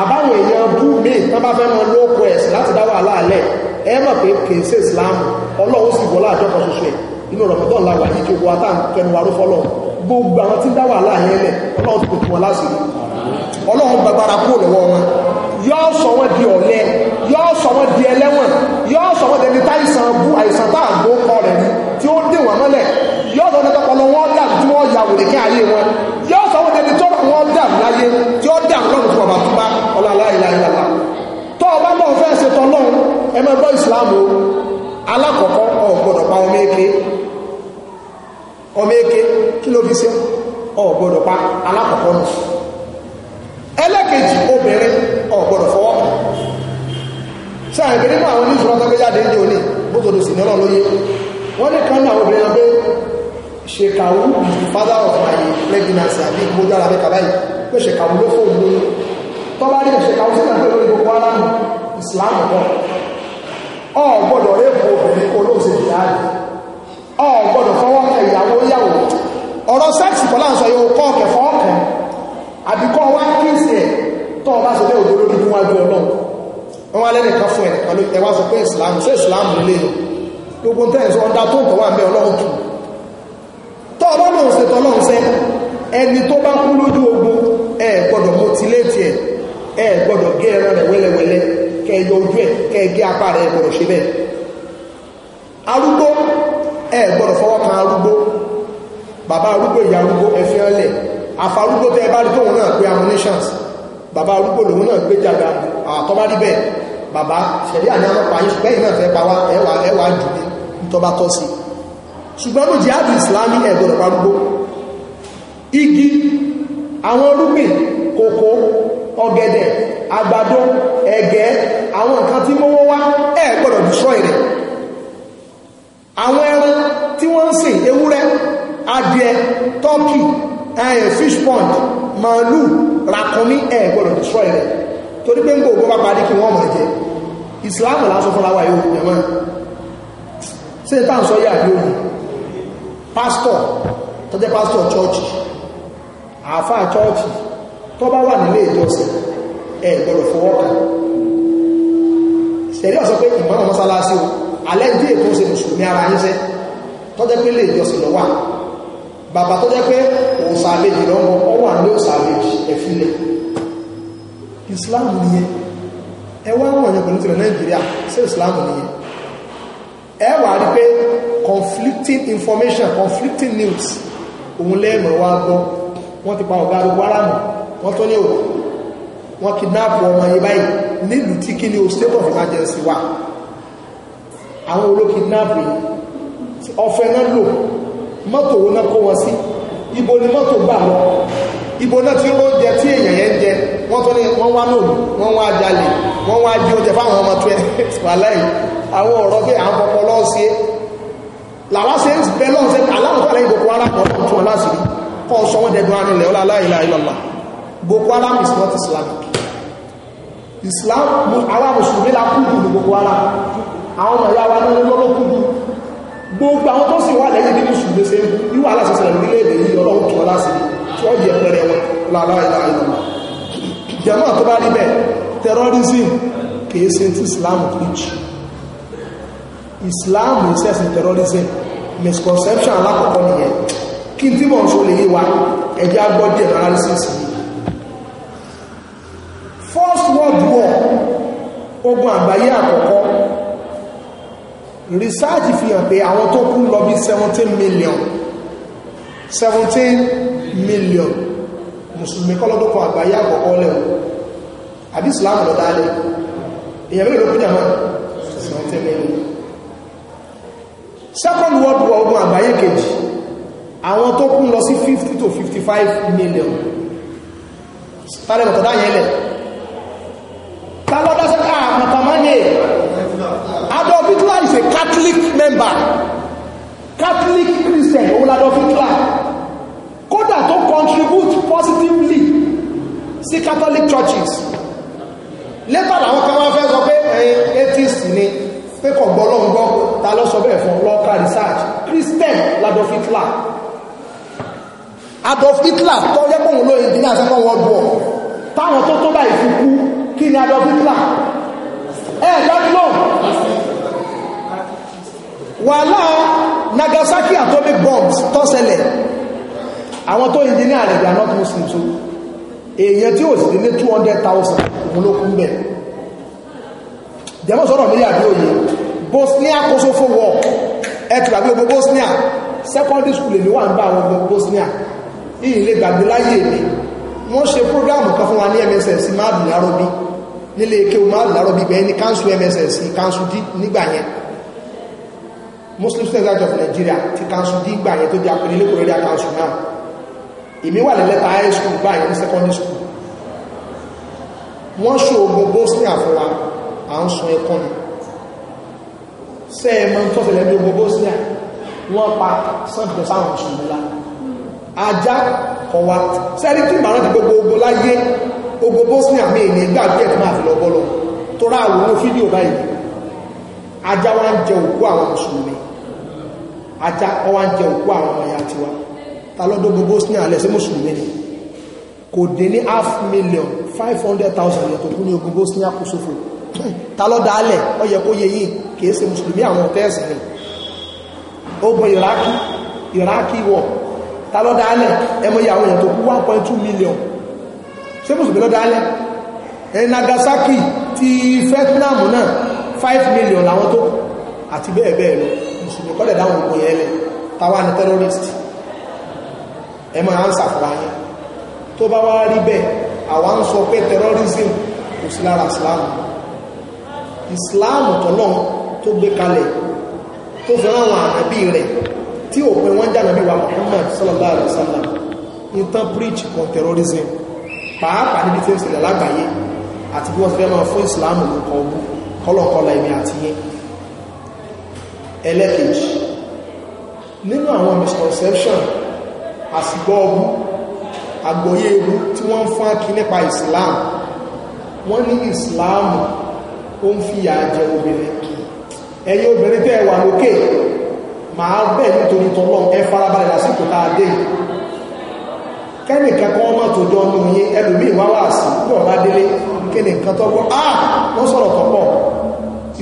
àbáwọn èèyàn bú mi tán bá fẹ́ máa lóko ẹ̀sìn láti dá wàhálà alẹ́ ẹ mọ̀ pé kì í ṣe ìsìláàmù Ọlọ́run sì wọlá àjọpọ̀ ṣoṣo ẹ̀ inú Ramadan la wà ní tí owó atá kẹnu wa ló fọ́lọ̀ gbogbo àwọn tí ń dá wàhálà yẹn lẹ̀ Ọlọ́run ti kò fún wọn lásìkò ọlọ́run gbàgbára kúrò lọ́wọ́ wọn yóò sọ wọ́n di ọ̀lẹ yóò sọ wọ́n di ẹlẹ́wọ̀n yóò sọ wọ́n dẹni táìsàn bú àìsàn tá à ń gbó kọ rẹ̀ ni tí ó dè wọ́n mọ́lẹ̀ yóò sọ wọ́n dẹni tọpọlọ wọn dàrú tí wọ́n ya wòlé kí ayé wọn yóò sọ wọ́n dẹni tọrọ wọn dàrú láyé tí ó dàrú lọ́rùn fún ọba túbá ọlọ́lá ìlàlá tó ọba náà fẹ́ ṣe tọlọ́run ẹ máa gbọ́ ìsìláàmù alákọ̀ọ́kọ́ ò gbọ́dọ̀ pa ọmọ eke ọmọ eke kí ló fi ṣe ò gbọ́dọ̀ pa alákọ̀ọ́kọ́ náà ẹlẹ́kejì obìnrin ọ̀gbọ̀dọ̀ fọwọ́ kàn sáà ìgbé nínú àwọn oníṣòro tó gbéjáde ní òní bótodò sì nílọ lóye wọ́n ní kan obìnrin ọgbẹ́ ṣèkàwú father of my pregnancy àbí ìgbójú ara mẹ́ta báyìí pé ló fóun ọ̀rọ̀ sẹ́ẹ̀sì kọ́lá ń sọ yóò kọ́ ọ̀kẹ́ fọ́ ọ̀kẹ́ àbíkọ́ wá kíìsì ẹ̀ tọ́ ọba sọ pé òdòdó bí wọ́n gbé ọlọ́run wọ́n alẹ́ nìkan fún ẹ̀nìkan ló ẹwà sọ pé ìsìlámù sí ìsìlámù nílé yìí gbogbo tẹ́ẹ̀ sọ ọdá tó nǹkan wà ń bẹ ọlọ́run tù tọ́ ọlọ́run ṣe tọ́lọ́run sẹ́ ẹni tó bá kú lójú ogun ẹ gbọ́dọ̀ mọtíléètì ẹ ẹ gbọ́dọ̀ gé ẹran rẹ̀ wẹ́lẹ́wẹ́lẹ́ kẹ yọ ojú ẹ kẹ gé apá rẹ̀ ẹ gbọ́dọ̀ àfarúgbó tẹ́ bá rí tóun náà pé ammunitions bàbá arúgbó lòun náà gbé jàgbà àtọ́bá rí bẹ́ẹ̀ bàbá ṣẹ̀rí àní ọlọ́pàá yìí ṣùgbẹ́yìn náà fẹ́ pawá ẹwà ẹwà jù ní tọba tọ́ sí ṣùgbọ́n ló jihad islami ẹ̀gbọ́n parúgbó igi àwọn rúgbìn kòkó ọ̀gẹ̀dẹ̀ àgbàdo ẹ̀gẹ́ àwọn nǹkan tí mówó wá ẹ gbọ́dọ̀ destroy rẹ̀ àwọn ẹran tí wọ́n ń sìn ewúrẹ́ adìẹ tọ́kì ẹ̀ fish pond màálù ràkúnmí ẹ̀ gbọ́dọ̀ destroy rẹ̀ torí pé ń gbò gbọ́ bá parí kí wọ́n mọ̀ jẹ́ Islam lásán fún láwà yóò jẹ̀mọ́ ṣe tá à ń sọ yà yóò rí pásítọ̀ tó jẹ́ pásítọ̀ chọ́ọ̀chì àáfàá chọ́ọ̀chì tó bá wà nílé ìjọsìn ẹ̀ gbọ́dọ̀ fọwọ́ kan ṣẹ̀rí ọ̀sọ́ pé ìmọ̀ràn mọ́sálásí o alẹ́ díẹ̀ tó ṣe mùsùlùmí ara yín sẹ́ tó jẹ́ pé ilé ìjọsìn lọ́wọ́ bàbá tó jẹ́ pé òòsà àbejì lọ́mọ ọ wà ní òòsà àbejì ẹ̀fílẹ̀ islam nìyẹn ẹ wá wọ̀nyẹn pẹ̀lú tìrẹ̀ nàìjíríà sí islam nìyẹn ẹ wà rí pé conflicting information conflicting news òun lẹ́ẹ̀mọ̀ wá gbọ́ wọ́n ti pa ọ̀gá arúgbó aráàmù wọ́n tó ní òkú wọ́n kidnap ọmọ yìí báyìí nílùú tí kí ni o state of emergency wà àwọn olókidnap yìí ọ̀fẹ́ náà lò mọ́tò wo náà kó wọn sí ibo ni mọ́tò gbà lọ ibo náà tí ó jẹ tí èèyàn yẹn jẹ wọ́n tó ní wọ́n wá náà wọ́n wá jalè wọ́n wá jí oúnjẹ fáwọn ọmọ tó ẹ̀ wàláì àwọn ọ̀rọ̀ bí àwọn ọmọ lọ́ sí é làwọn ṣe ń bẹ lọ́n ṣe aláwọ̀ àlẹ́ Boko Haram ọ̀rọ̀ tún wọn láti rí kọ́ sọ wọ́n dẹ̀dùn àrùn ilẹ̀ ọlá aláìlá ìlọ́lá Boko Haram is not Islam Islam àwọn mùsùlùmí gbogbo àwọn tó sì wà lẹ́yìn nínú ṣùgbọ́n ṣe irú aláṣẹṣẹ orílẹ̀-èdè yìí ọlọ́run tó ọlá sí tí ó yẹ pẹrẹ wọn lára ìlà ìlú jẹmọ́ tó bá rí bẹ́ẹ̀ terrorism kìí ṣe tí Islam preach Islam research in terrorism misconception alákọ̀ọ́kọ́ nìyẹn kí n tí mọ̀ ṣe lè yé wa ẹ̀jẹ̀ agbọ́dẹ̀ analysis yìí First World War ogun àgbáyé àkọ́kọ́ research fi hàn pé àwọn tó kú lọ bí 17 million 17 million mùsùlùmí kọ́lọ́dún kan àgbáyé àkọ́kọ́ lẹ́wọ̀n àbí islam lọ dálẹ̀ èyàn mẹ́rin ló kú jàmọ́ 17 million second world war ogun àgbáyé kejì àwọn tó kú lọ sí 50 to 55 million tálẹ̀ mọ̀tọ̀dá yẹn lẹ̀ tálọ́dá sẹ́kà àmọ̀tàmánì ah, adolf hitler is catholic member catholic christian òun la lọ fi clap kódà tó contribute positively sí catholic churches later làwọn kan wá fẹ́ sọ pé ẹ̀yin atheist ni pé kò gbọ́ lọ́n gbọ́ ta lọ sọ bẹ́ẹ̀ fún local research christian l'Adolf Hitler Adolf Hitler tó yẹ kó òun lóye dínà second world war táwọn tó tó báyìí fi kú kí ni Adolf Hitler ẹ̀ lọ́dún wàhálà Nagasaki atomic bombs tó ṣẹlẹ̀ àwọn tó engineer rẹ̀ they are not Muslims o èèyàn tí ò sì ní two hundred thousand òun ló kú bẹ̀ jẹ́mọ́ sọ́nà níyà bí Bosnia Kosovo war ẹ̀tùrà bí ogun Bosnia secondary school èmi wà ń bá àwọn ogun Bosnia yìí lè gbàgbé láyé mi wọ́n ṣe program kan fún wa ní MSS máàlù lárọ́bí nílé kéwù máàlù lárọ́bí bẹ́ẹ̀ ní council MSS council d nígbà yẹn Muslim Students Guide of Nigeria ti kanṣu dí gbà yẹn tó di apẹ̀lẹ́lẹ́kọ̀ọ́ rẹ̀ kanṣu náà èmi wà lẹ́lẹ́ta high school gbà yẹn ní secondary school wọ́n ṣe ogun Bosnia fún wa à ń sun ẹkọ́ ni sẹ́ẹ̀mọ́ tó ṣẹlẹ̀ ní ogun Bosnia wọ́n pa sọ́dọ̀ sáwọn ìṣòmìlá ajá kọwa sẹ́rí tí màá rántí gbogbo ogun láyé ogun Bosnia mi ní gbàgbé ẹ̀ tó máa fi lọ bọ́lọ̀ tó ráàwọ̀ ní fídíò báyìí ajá wa ń jẹ òkú àwọn mùsùlùmí ajá ọwá ń jẹ òkú àwọn ọmọ ya tiwa ta lọ́dọ̀ gbogbo sí alẹ́ sí mùsùlùmí ni kò dé ní half million five hundred thousand yẹn tó kú ní gbogbo sí àkóṣòfò ta lọ́dọ̀ alẹ̀ ó yẹ kó yẹ yìí kìí ṣe mùsùlùmí àwọn ọ̀tẹ́ ẹ̀sìn ogun iraki iraki wọ̀ ta lọ́dọ̀ alẹ̀ ẹmọ yẹ àwọn èèyàn tó kú one point two million ṣé mùsùlùmí lọ́dọ̀ alẹ̀ ẹ̀ Nagasaki ti Vietnam náà five million làwọn tó àti bẹ́ẹ̀ bẹ́ẹ̀ lọ mùsùlùmí kọ́lẹ̀ dáhùn gbogbo yẹn lẹ̀ táwa ni terrorist ẹ máa ń sàfúrà yẹn tó bá wá rí bẹ́ẹ̀ àwa ń sọ pé terrorism kò sí lára islam islam tọ́lọ́ tó gbé kalẹ̀ tó fi ráwọn ànábì rẹ̀ tí òpin wọ́n jà nàbí wa Muhammad sallallahu alaihi wasallam intan preach on terrorism pàápàá níbi tí ó ṣẹlẹ̀ lágbàáyé àti bí wọ́n ti fẹ́ máa fún islam lóko ọgbọ́n kọ́lọ̀kọ́lọ̀ ẹ̀mí àti yẹn ẹlẹ́kejì nínú àwọn misconception àsìgbọ́ ọbú àgbọ́yé ewu tí wọ́n ń fún ákí nípa Islam wọ́n ní Islam ó ń fi àjẹ obìnrin ẹ̀yin obìnrin tẹ́ wà lókè màá bẹ̀ nítorí tọ́lọ́ ẹ farabalẹ̀ lásìkò tá a dé kẹ́nìkan kan mọ́ tó jọ ọmọ yẹn ẹlòmíì wá wà sí bí ọba délé kí nìkan tọ́gbọ́ ah wọ́n sọ̀rọ̀ tọ́pọ̀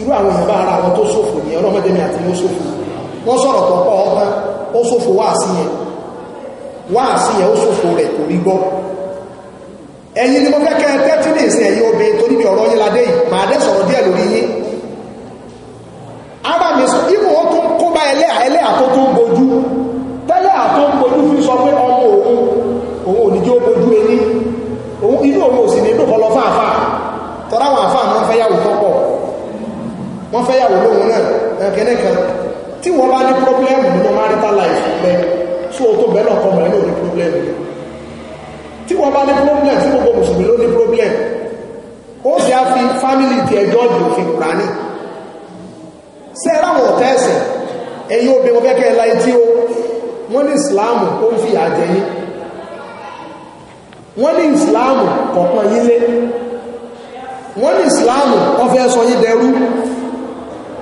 irú àwọn ìyàbá ara àwọn tó sófò ní ọlọ́mọdé ní àti ó sófò wọ́n sọ̀rọ̀ tọ́pọ̀ ọgbọ́n ó sófò wáàsí yẹn wáàsí yẹn ó sófò rẹ̀ kò rí gbọ́ ẹ̀yin ni mo fẹ́ kẹ́ tẹ́tí ní ìsìn ẹ̀yin obìnrin tó níbi ọ̀rọ̀ yín ládé yìí màá dẹ́ sọ̀rọ̀ díẹ̀ lórí yín ara mi sọ ibò ó tó kó bá ẹlẹ́à ẹlẹ́à wọ́n fẹ́ yàwó lóhun náà ẹ̀kẹ́ni kan tí wọ́n bá ní pọ́blẹ́mù nínú marital life rẹ tó o tó bẹ́ẹ̀ náà kọmọ̀ ẹ̀lẹ́ òní pọ́blẹ́mù tí wọ́n bá ní pọ́blẹ́mù tí gbogbo mùsùlùmí ló ní pọ́blẹ́mù ó sì á fi fámìlì ti ẹjọ́ ìlú fi kùránì ṣe ráwọn ọ̀tá ẹ̀sẹ̀ ẹ̀yin obìnrin wọn kẹ́kẹ́ láì tí ó wọ́n ní ìsìláàmù ó ń fi àjẹ yín wọ́n ní ìsìláàmù kọ̀ọ̀kan yín lé wọ́n ní ìsìláàmù ó sọ yín dẹrú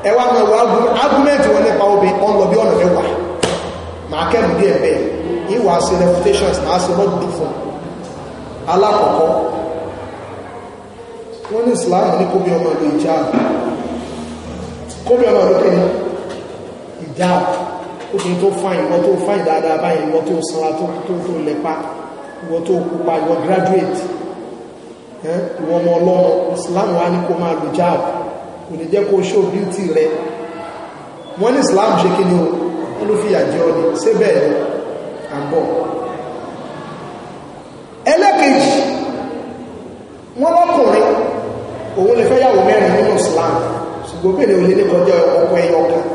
ẹwà máa wọ argument wọn nípa obìn ọ̀n lọ bí ọ̀nà mẹ́wàá màá kẹ́mù bí ìwà refutations máa ṣe lọ́dún dùn fún alákọ̀ọ́kọ́ wọ́n ní Islam ní kóbi ọmọ ìlú ìjáàbù kóbi ọmọ ìlú kẹ́ni ìjáàbù kóbi tó fáìn wọ́n tó fáìn dáadáa báyìí wọ́n tó pupa graduate wọ́n mọ Islam wa ní kó máa kò ní jẹ́ kó show beauty rẹ wọ́n ní Islam ṣe kí ni o ló fìyà jẹ ọ́ ni ṣé àbọ̀ ẹlẹ́kejì wọ́n lọ́kùnrin òun lè fẹ́ yàwó mẹ́rin nínú Islam ṣùgbọ́n bèèrè òye ní kọjá ọkọ ẹyọ kan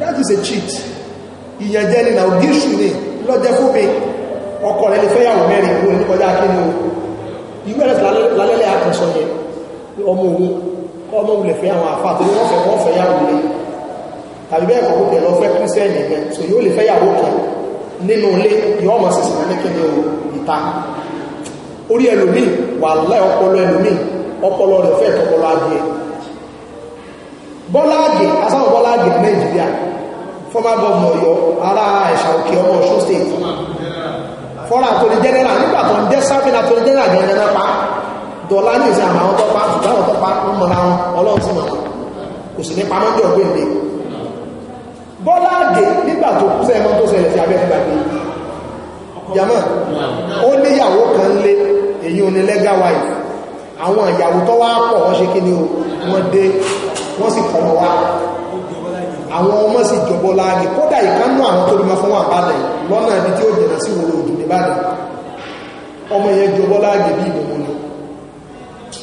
that is a cheat ìyànjẹ ni náà gíṣù ni lọ́jẹ́ fún mi ọkọ rẹ̀ lè fẹ́ yàwó mẹ́rin òun ní kọjá kí ni ìwé rẹ̀ lálẹ́lẹ́ àkànṣọ ọmọ òun kọ́ mọ́ wulẹ̀ fẹ́ àwọn àfà torí wọ́n fẹ́ wọ́n fẹ́ yàwó lé tàbí bẹ́ẹ̀ kọ́ kókè lọ fẹ́ kírísẹ́nì yẹn so yóò lè fẹ́ yàwó kan nínú ilé yọ ọmọ sísìn ní kíni o ìta orí ẹlòmíì wà láì ọpọlọ ẹlòmíì ọpọlọ rẹ̀ fẹ́ tọpọlọ adìẹ bọ́lá àgè asáwọn bọ́lá àgè nàìjíríà former governor Ọ̀yọ́ ará ẹ̀ṣà òkè ọmọ Ọ̀ṣun state fọ́nà àtòlè general nígbà tó ń jẹ́ sáfìnà tó ń general gẹ̀ẹ́gẹ́ náà pa dọ̀lá ní ìsìn àmà àwọn tọ́pá ṣùgbọ́n àwọn tọ́pá ń mọ̀ra wọn ọlọ́run ti mọ̀ kò sì ní pamọ́ jọ gbé ìdè bọ́lá àgè nígbà tó kú sẹ́yìn tó ṣẹlẹ̀ sí abẹ́ nígbà gbé yàmọ́ ó níyàwó kan lé èyí ò ní legal wife àwọn ìyàwó tó wá pọ̀ wọ́n ṣe kí ni o wọ́n dé wọ́n sì kọ̀ wá àwọn ọmọ sì jọbọ láàgì kódà ìkánú àwọn tó bímọ fún wà balẹ̀ lọ́nà ibi tí ó jẹ̀nà sí wòrò òjò nìbàdàn ọmọ yẹn jọbọ láàgì bí ìbọn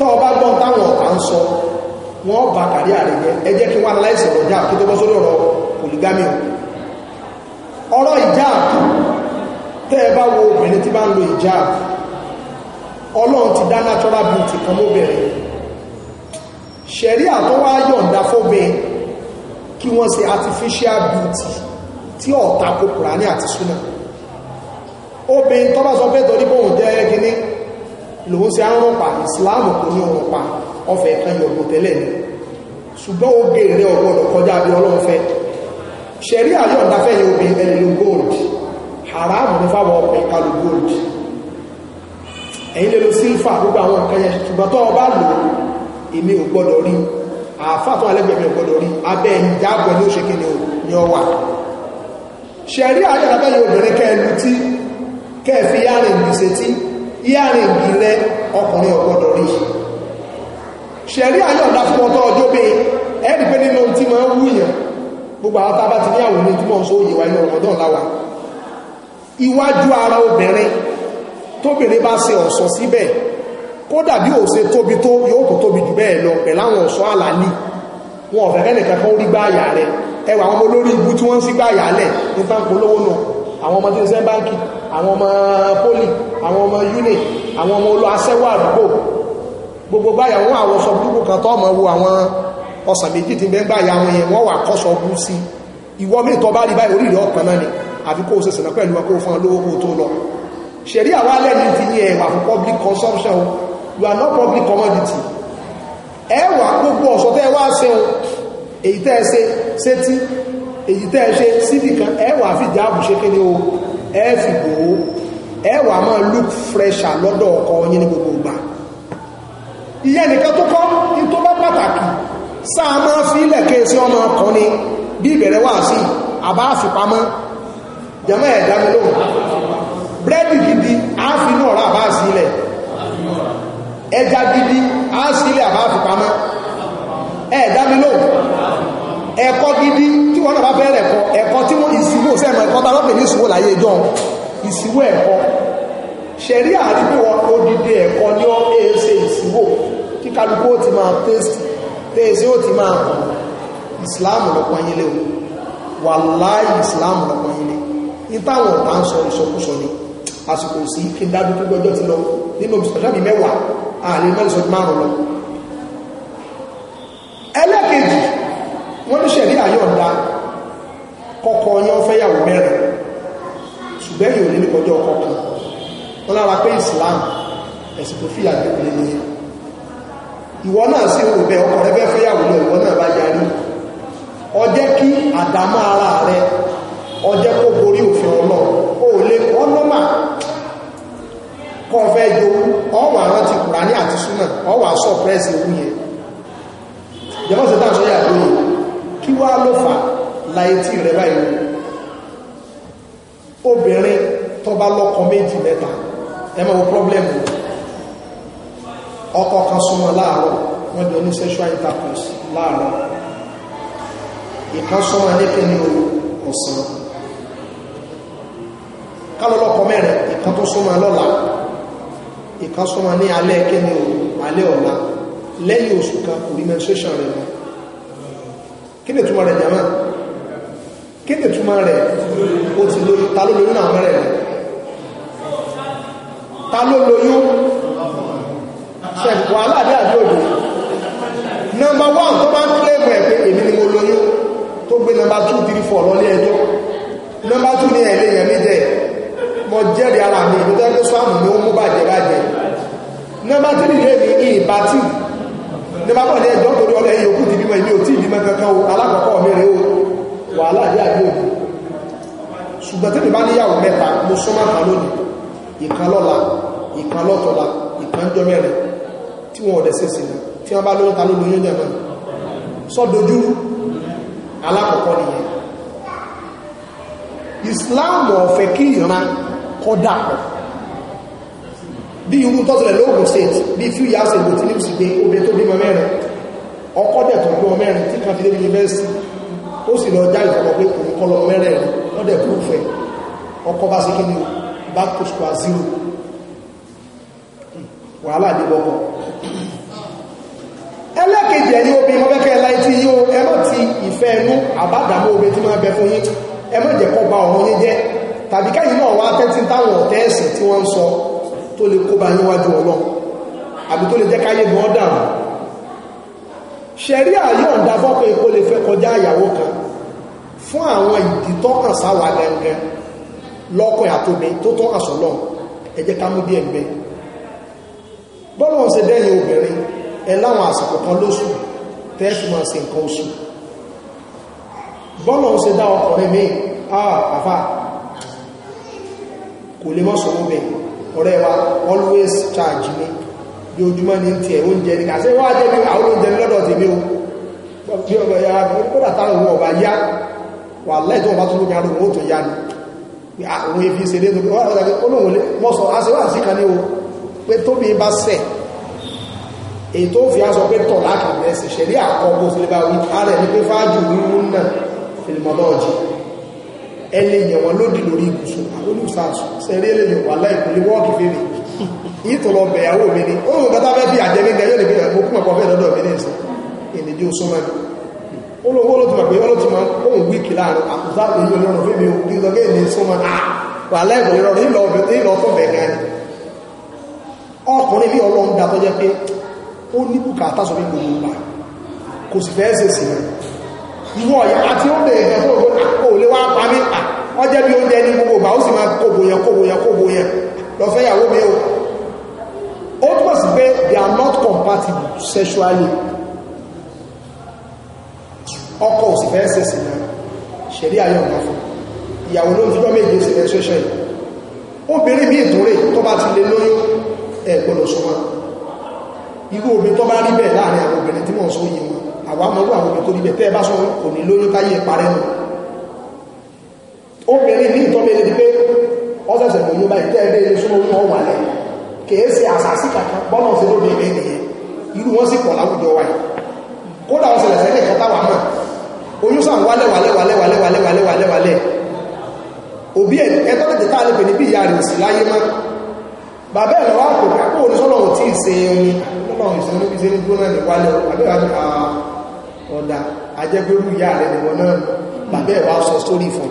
tọ́ ọba gbọ́n táwọn ọ̀tá ń sọ wọ́n bá kàrí ààrẹ jẹ́ ẹ jẹ́ kí wọ́n aláìsí ọ̀rọ̀ jáà kí tó bọ́ sórí ọ̀rọ̀ polygamy ọ̀rọ̀ ìjáàb tẹ́ ẹ bá wo obìnrin tí bá ń lo ìjáàb ọlọ́run ti dá natural beauty kan lóbìnrin ṣẹ̀rí àtọ́wá yọ̀ǹda fóbin kí wọ́n ṣe artificial beauty tí ọ̀ta kòkòrò ní àti súnà obìnrin tó bá sọ pé torí bóun jẹ́ gíní lòun ṣe àrùnpa ìsìláàmù kò ní ọ̀rùn pa ọfẹ́ kan yọ̀gbọ̀n tẹ́lẹ̀ ni ṣùgbọ́n ó gé rẹ̀ ọgbọ̀dọ̀ kọjá bí ọlọ́run fẹ́ ṣẹ̀rí àyọ̀ǹda fẹ́yìn obìnrin ẹni lo gold haram ní fáwọn ọkùnrin ká lo gold ẹ̀yin lè lo silver gbogbo àwọn nǹkan yẹn ṣùgbọ́n tó o bá lò èmi ò gbọ́dọ̀ rí àáfà tó alẹ́ bẹ̀rẹ̀ gbọ́dọ̀ rí abẹ́ ìjábọ̀ ní òṣèké ni ó wà ṣẹ̀rí àyọ̀ǹda fẹ́yìn obìnrin kẹ́ẹ̀lú tí kẹ́ẹ̀fì yárìn gbèsè tí earring rẹ ọkùnrin ọ̀gbọ́dọ̀ rí ṣẹ̀rí àyọ̀dá fún ọtọ́ ọjọ́ pé ẹ̀rí pé nínú tí wọ́n wú yàn gbogbo àwọn tábà ti ní àwọn ní túmọ̀ sọ òye wa ní ọ̀gbọ́dọ̀ láwà iwájú ara obìnrin tóbìnrin bá ṣe ọ̀ṣọ́ síbẹ̀ kódà bí ò ṣe tóbi tó yóò tó tóbi jù bẹ́ẹ̀ lọ pẹ̀lú àwọn ọ̀ṣọ́ àlàní wọn ọ̀fẹ́ kẹ́nìkan kan rí gbá àyà rẹ ẹwà àwọn olórí ibú tí wọ́n ń sí gbá àyà lẹ̀ nípa polówó náà àwọn ọmọ tí ń ṣe báńkì àwọn ọmọ pólì àwọn ọmọ unit àwọn ọmọ olú aṣẹ́wó àdúgbò gbogbo báyà wọn àwọn sọ dúgbò kan tọ́ ọmọ wo àwọn ọ̀sán méjì tí bẹ́ẹ̀ báyà wọn yẹn wọ́n wà kọ́sọ̀ bú sí ìwọ mi tọ́ bá rí báyìí orí ìrẹ́ ọ̀kan náà ni àbí kó o ṣe sìnà pẹ̀lú ọkọ̀ fún olówó kó tó lọ ṣẹ̀rí àwọn alẹ́ni ti ní ẹ̀wà fún public consumption you are not public commodity ẹ̀wà gbogbo ọ̀sọ̀ tẹ́ wá ṣe èyí tẹ́ ṣe ṣe tí èyí tẹ́ ẹ ṣe síbì kan ẹ wà fi jáàbù ṣe kéde o ẹ fi bò ó ẹ wà máa look fresher lọ́dọ̀ ọkọ yín ní gbogbo ìgbà ìyẹn nìkan tó kọ́ ní tó bá pàtàkì sáà máa fi ilẹ̀ kéésì ọmọ ọkàn ni bí ìbẹ̀rẹ̀ wà sí àbá àfipamọ́ jẹ́mọ́ ẹ̀dá mi lóhùn búrẹ́dì gidi á fi inú ọ̀rá àbá sí ilẹ̀ ẹja gidi á sí ilẹ̀ àbá àfipamọ́ ẹ̀dá mi lóhùn ẹ̀kọ́ gidi tí wọ́n náà bá bẹ̀rẹ̀ ẹ̀kọ́ ẹ̀kọ́ tí wọ́n ìṣúwò sẹ́mọ̀ ẹ̀kọ́ bá lọ́pẹ̀ ní ìṣúwò láyé jọ ìṣúwò ẹ̀kọ́ ṣẹ̀rí àdúgbò odidi ẹ̀kọ́ ní ọ́ èéṣe ìṣúwò kí kálukú ó ti máa tẹ́sì tẹ́sì ó ti máa kàn ìsìláàmù lọ́pọ̀ yín lé o wàláì ìsìláàmù lọ́pọ̀ yín lé ní táwọn ọ̀tá ń sọ ìsọkúsọ ni àsìkò sí kí n dájú púpọ̀ wọ́n ní ṣẹ̀rí àyọ̀ǹda kọ́kọ́ yán fẹ́yàwó mẹ́rin ṣùgbẹ́yìn òní nìkọjọ́ ọkọ̀kan wọ́n lára pé Islam ẹ̀sìn tó fìyà gbẹ̀gbẹ̀ ní ìwọ náà sí rò bẹ́ ọkọ rẹ fẹ́ fẹ́yàwó lọ ìwọ náà bá yarí ó jẹ́ kí àdámọ́ ara rẹ ó jẹ́ kó borí òfin Ọlọ́run ó lè ọlọ́mà kọ́ fẹ́ jowú ọwà rántí Kùránì àti súnà ọwà sọ pẹ́ẹ̀sì ewu yẹn jẹ́mọ́sẹ̀ táà sọ́yà lóye kí wá ló fà á láyé tí rẹ̀ báyìí obìnrin tó bá lọ́kọ méjì mẹ́ta ẹ máa wo pọ́blẹ́mù ọkọ kan súnmọ́ láàárọ̀ wọ́n jọ ní sexual intercourse láàárọ̀ ìkan súnmọ́ lẹ́kẹ́ ní ọ̀sán kálọ́lọ́kọ mẹ́rin ìkan tó súnmọ́ lọ́la ìkan súnmọ́ ní alẹ́ kẹ́ ní alẹ́ ọ̀la lẹ́yìn oṣù kan kò rí menstruation rẹ̀ mọ́ kí ni ìtumọ̀ rẹ̀ jàmáà kéde túmọ̀ rẹ̀ ó ti lóyún ta ló lóyún náà mẹ́rẹ̀ rẹ̀ ta ló lóyún ṣẹ̀kù aládé àdóòdò nọmba one tó bá ń kílẹ̀mù ẹ̀ pé èmi ni mo lóyún tó gbé nọmba two three four lọ ní ẹjọ́ nọmba two ní ẹ̀lẹ́ yẹn mi jẹ́ mo jẹ́rìí ara mi ìlú tẹ́lẹ̀ sọ́ọ̀mù ni ó mú bàjẹ́ bàjẹ́ nọmba three lé mi ní ìbátì nọmba four ní ẹjọ́ torí ọlẹ́yìn yòókù ti bímọ ìmí ò tí ì bímọ kankan o alákọ̀ọ́kọ́ mi rèé o wàhálà yà yóò ṣùgbọ́n tí mi bá níyàwó mẹ́ta mo súnmọ́ kan lónìí ìkan lọ́la ìkan lọ́tọ̀la ìkan jọ mẹ́rin tí wọ́n ọ̀dẹ̀ sẹ́sì ní tí wọ́n bá lóyún ta ló lóyún dẹ̀ mọ́ sọ́dojú alákọ̀ọ́kọ́ nìyẹn Islam ọ̀fẹ́ kí ìran kọ́ dàpọ̀ bí irú tọ́sílẹ̀ lóògùn state bí few years ago tí ní ìsìgbé obìnrin tó bímọ mẹ́rin ọkọ́ dẹ̀ tó bímọ mẹ́rin tí kan fi dé yunifásitì ó sì lọ jáde fún ọ pé òun kọ́ lọ mẹ́rẹ̀ rẹ̀ wọ́n dẹ̀ kúrò fẹ́ ọkọ̀ bá sí kíni back to square zero wàhálà dé bọ́kọ̀ ẹlẹ́kejì ẹ̀yìn omi ọbẹ̀kẹ́ láì tí yíó ẹmọ́ ti ìfẹ́ ẹnu àbádàmọ́ omi tí máa bẹ fún yín ẹmọ́ jẹ́ kọ́ ba ọ̀run yín jẹ́ tàbí káyìn náà wá tẹ́tí táwọn ọ̀tẹ́ ẹ̀sìn tí wọ́n ń sọ tó lè kó ba níwájú ọlọ́run àbí tó lè jẹ́ káyé gan dàrú ṣẹ̀rí àyọ̀ǹda fọ́pẹ́ kó lè fẹ́ kọjá ìyàwó kan fún àwọn ìdí tọ́kàn sáwà gẹngẹn lọ́kọ̀ àtòmí tó tọ́kàn sọ́lọ́ ẹ jẹ́ ká mú bí ẹ̀gbẹ́ bọ́lọ̀ ṣe dẹ́yìn obìnrin ẹ láwọn àsìkò kan lóṣù tẹ́ẹ̀sùmọ̀ sí nǹkan oṣù bọ́lọ̀ ṣe dá ọkùnrin mi àfà kò lè mọ́ sọ́wọ́ bẹ́ẹ̀ ọ̀rẹ́ wa always charge me bí ojúmọ́ ní ti ẹ̀ oúnjẹ ní kàṣẹ́ wá jẹ́ o ya wà lẹ́yìn tó wọ́n bá tún lóbi arúgbó tó yá ni àwọn ibi ìṣeré tó wọ́n rẹ̀ rẹ̀ ah, olóhùn lé wọ́n sọ aṣèwà sí kan ní o pé tóbi bá sẹ̀ èyí tó fi aṣọ pé tọ̀ lákàtà ẹ̀sìn ṣẹ̀rí àkọ́kọ́ sílẹ̀ bá wí ààrẹ ní pé fáájú wíwú náà fìlìmọ́lọ́ọ̀jì ẹlẹ́yìn wọn lódì lórí ibùsùn olùsàtù sẹ́rí ẹlẹ́yìn wà láìpínlẹ̀ wọ́ọ̀kì fèrè ìtọ̀lọ̀ bẹ̀yàwó mi ni ó mú bàtà fẹ́ fi àjẹ́ mi gẹ̀ yóò lè bí ẹ̀mọ́kùnmọ̀kọ́ fẹ́ lọ́dọ̀ mi ní olówó ló ti mọ̀ pé ọlọ́tí máa kóhùn wíìkì láàrin àkùsá èyí olórùn fún mi ò kí lọ́gẹ́ ìní súnmọ́ ah, wà lẹ́gbọ̀n ìrọ̀rùn ìlọ ìlọ fún bẹ̀rẹ̀ ni ọkùnrin ní ọlọ́run dá tó jẹ́ pé ó ní bùkátà sọ pé gbogbo gbà kò sì fẹ́ ṣe sí ìwọ ọ̀yà àti ó bẹ̀rẹ̀ yẹn fún òun kò ah, lè wá pa mí à ah, ọ jẹ́ bí oúnjẹ ní gbogbo gbà ó sì máa kóbo yẹn kóbo yẹn kóbo yẹn lọ fẹ́ yàwó mi o ó túbọ̀ sí pé they are not compatible sexually ọkọ òsì fẹ́ ṣẹ̀ṣì náà ṣẹ̀rí ayọ̀ ọ̀nà fún ìyàwó ló ń fíjọ́ méje sí menstruation yìí obìnrin míì tó rè tó bá ti lè lóyún ẹ̀ gbọ́dọ̀ súnmọ́ irú obìnrin tó bá rí bẹ́ẹ̀ láàrin àwọn obìnrin tí mò ń sọ yìí wọn àwa mọ́lú àwọn obìnrin tó rí bẹ́ẹ̀ tẹ́ ẹ bá sọ kò ní lóyún táyé parẹ́ nù obìnrin ní ìtọ́lẹ̀ ní pé ọ́sẹ̀sẹ̀ lòyún báyìí tẹ́ ẹgbẹ́ ilé súnmọ́ wọn wà lẹ̀ kìí ṣe àṣàṣì kankan bọ́nà sí lóbi ẹgbẹ́ nìyẹn irú wọn sì pọ̀ láwùjọ wa yìí kódà ọ̀sẹ̀lẹ̀sẹ̀ nìkan táwa náà oyún sàn wálẹ̀ wálẹ̀ wálẹ̀ wálẹ̀ wálẹ̀ wálẹ̀ wálẹ̀ wálẹ̀ òbí ẹ̀ ẹ̀tọ́ tètè tá a lè pè ní bí ìyá rẹ̀ sí láyé mọ́ bàbá ẹ̀ lọ́wọ́ àpò pé àpò oníṣọ́lọ̀ ò tí ì ṣe omi lọ́wọ́ ìṣẹ́ olóbi ṣe ní gbóná ní wálẹ̀ àbẹ́wà ní ah, ọ̀dà ajẹ́gbérú ìyá rẹ̀ nìwọ̀n náà bàbá ẹ̀ wá sọ sórí fún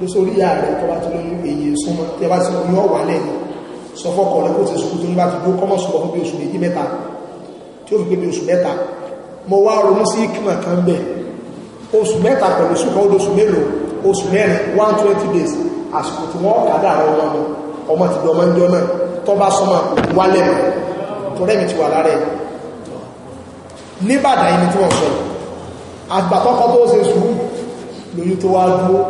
ló sórí ìyá rẹ̀ tó bá ti lóyún èyí súnmọ́ tẹ́ bá ti lóyún ọ̀wà lẹ́yìn sọ fọ́kọ̀ rẹ̀ kó ti sùkú tó ń bá ti gbó kọ́mọ̀ sùkọ̀ fún bí oṣù méjì mẹ́ta tí ó fi pé bí oṣù mẹ́ta mo wá ronú sí ìkìmọ̀ kan bẹ́ẹ̀ oṣù mẹ́ta pẹ̀lú oṣù kan oṣù mélòó oṣù mẹ́rin one twenty days àsìkò tí wọ́n kàdá àwọn ọmọ mi ọmọ ti dọmọ ń jọ náà tó bá sọmọ wálẹ̀ mọ́ tó rẹ́mi ti wà lára ẹ̀ níbàdàn yìí ni tí wọ́n sọ àgbàkọ́kọ́ tó ṣe sùúrù lóyún tó wá dúró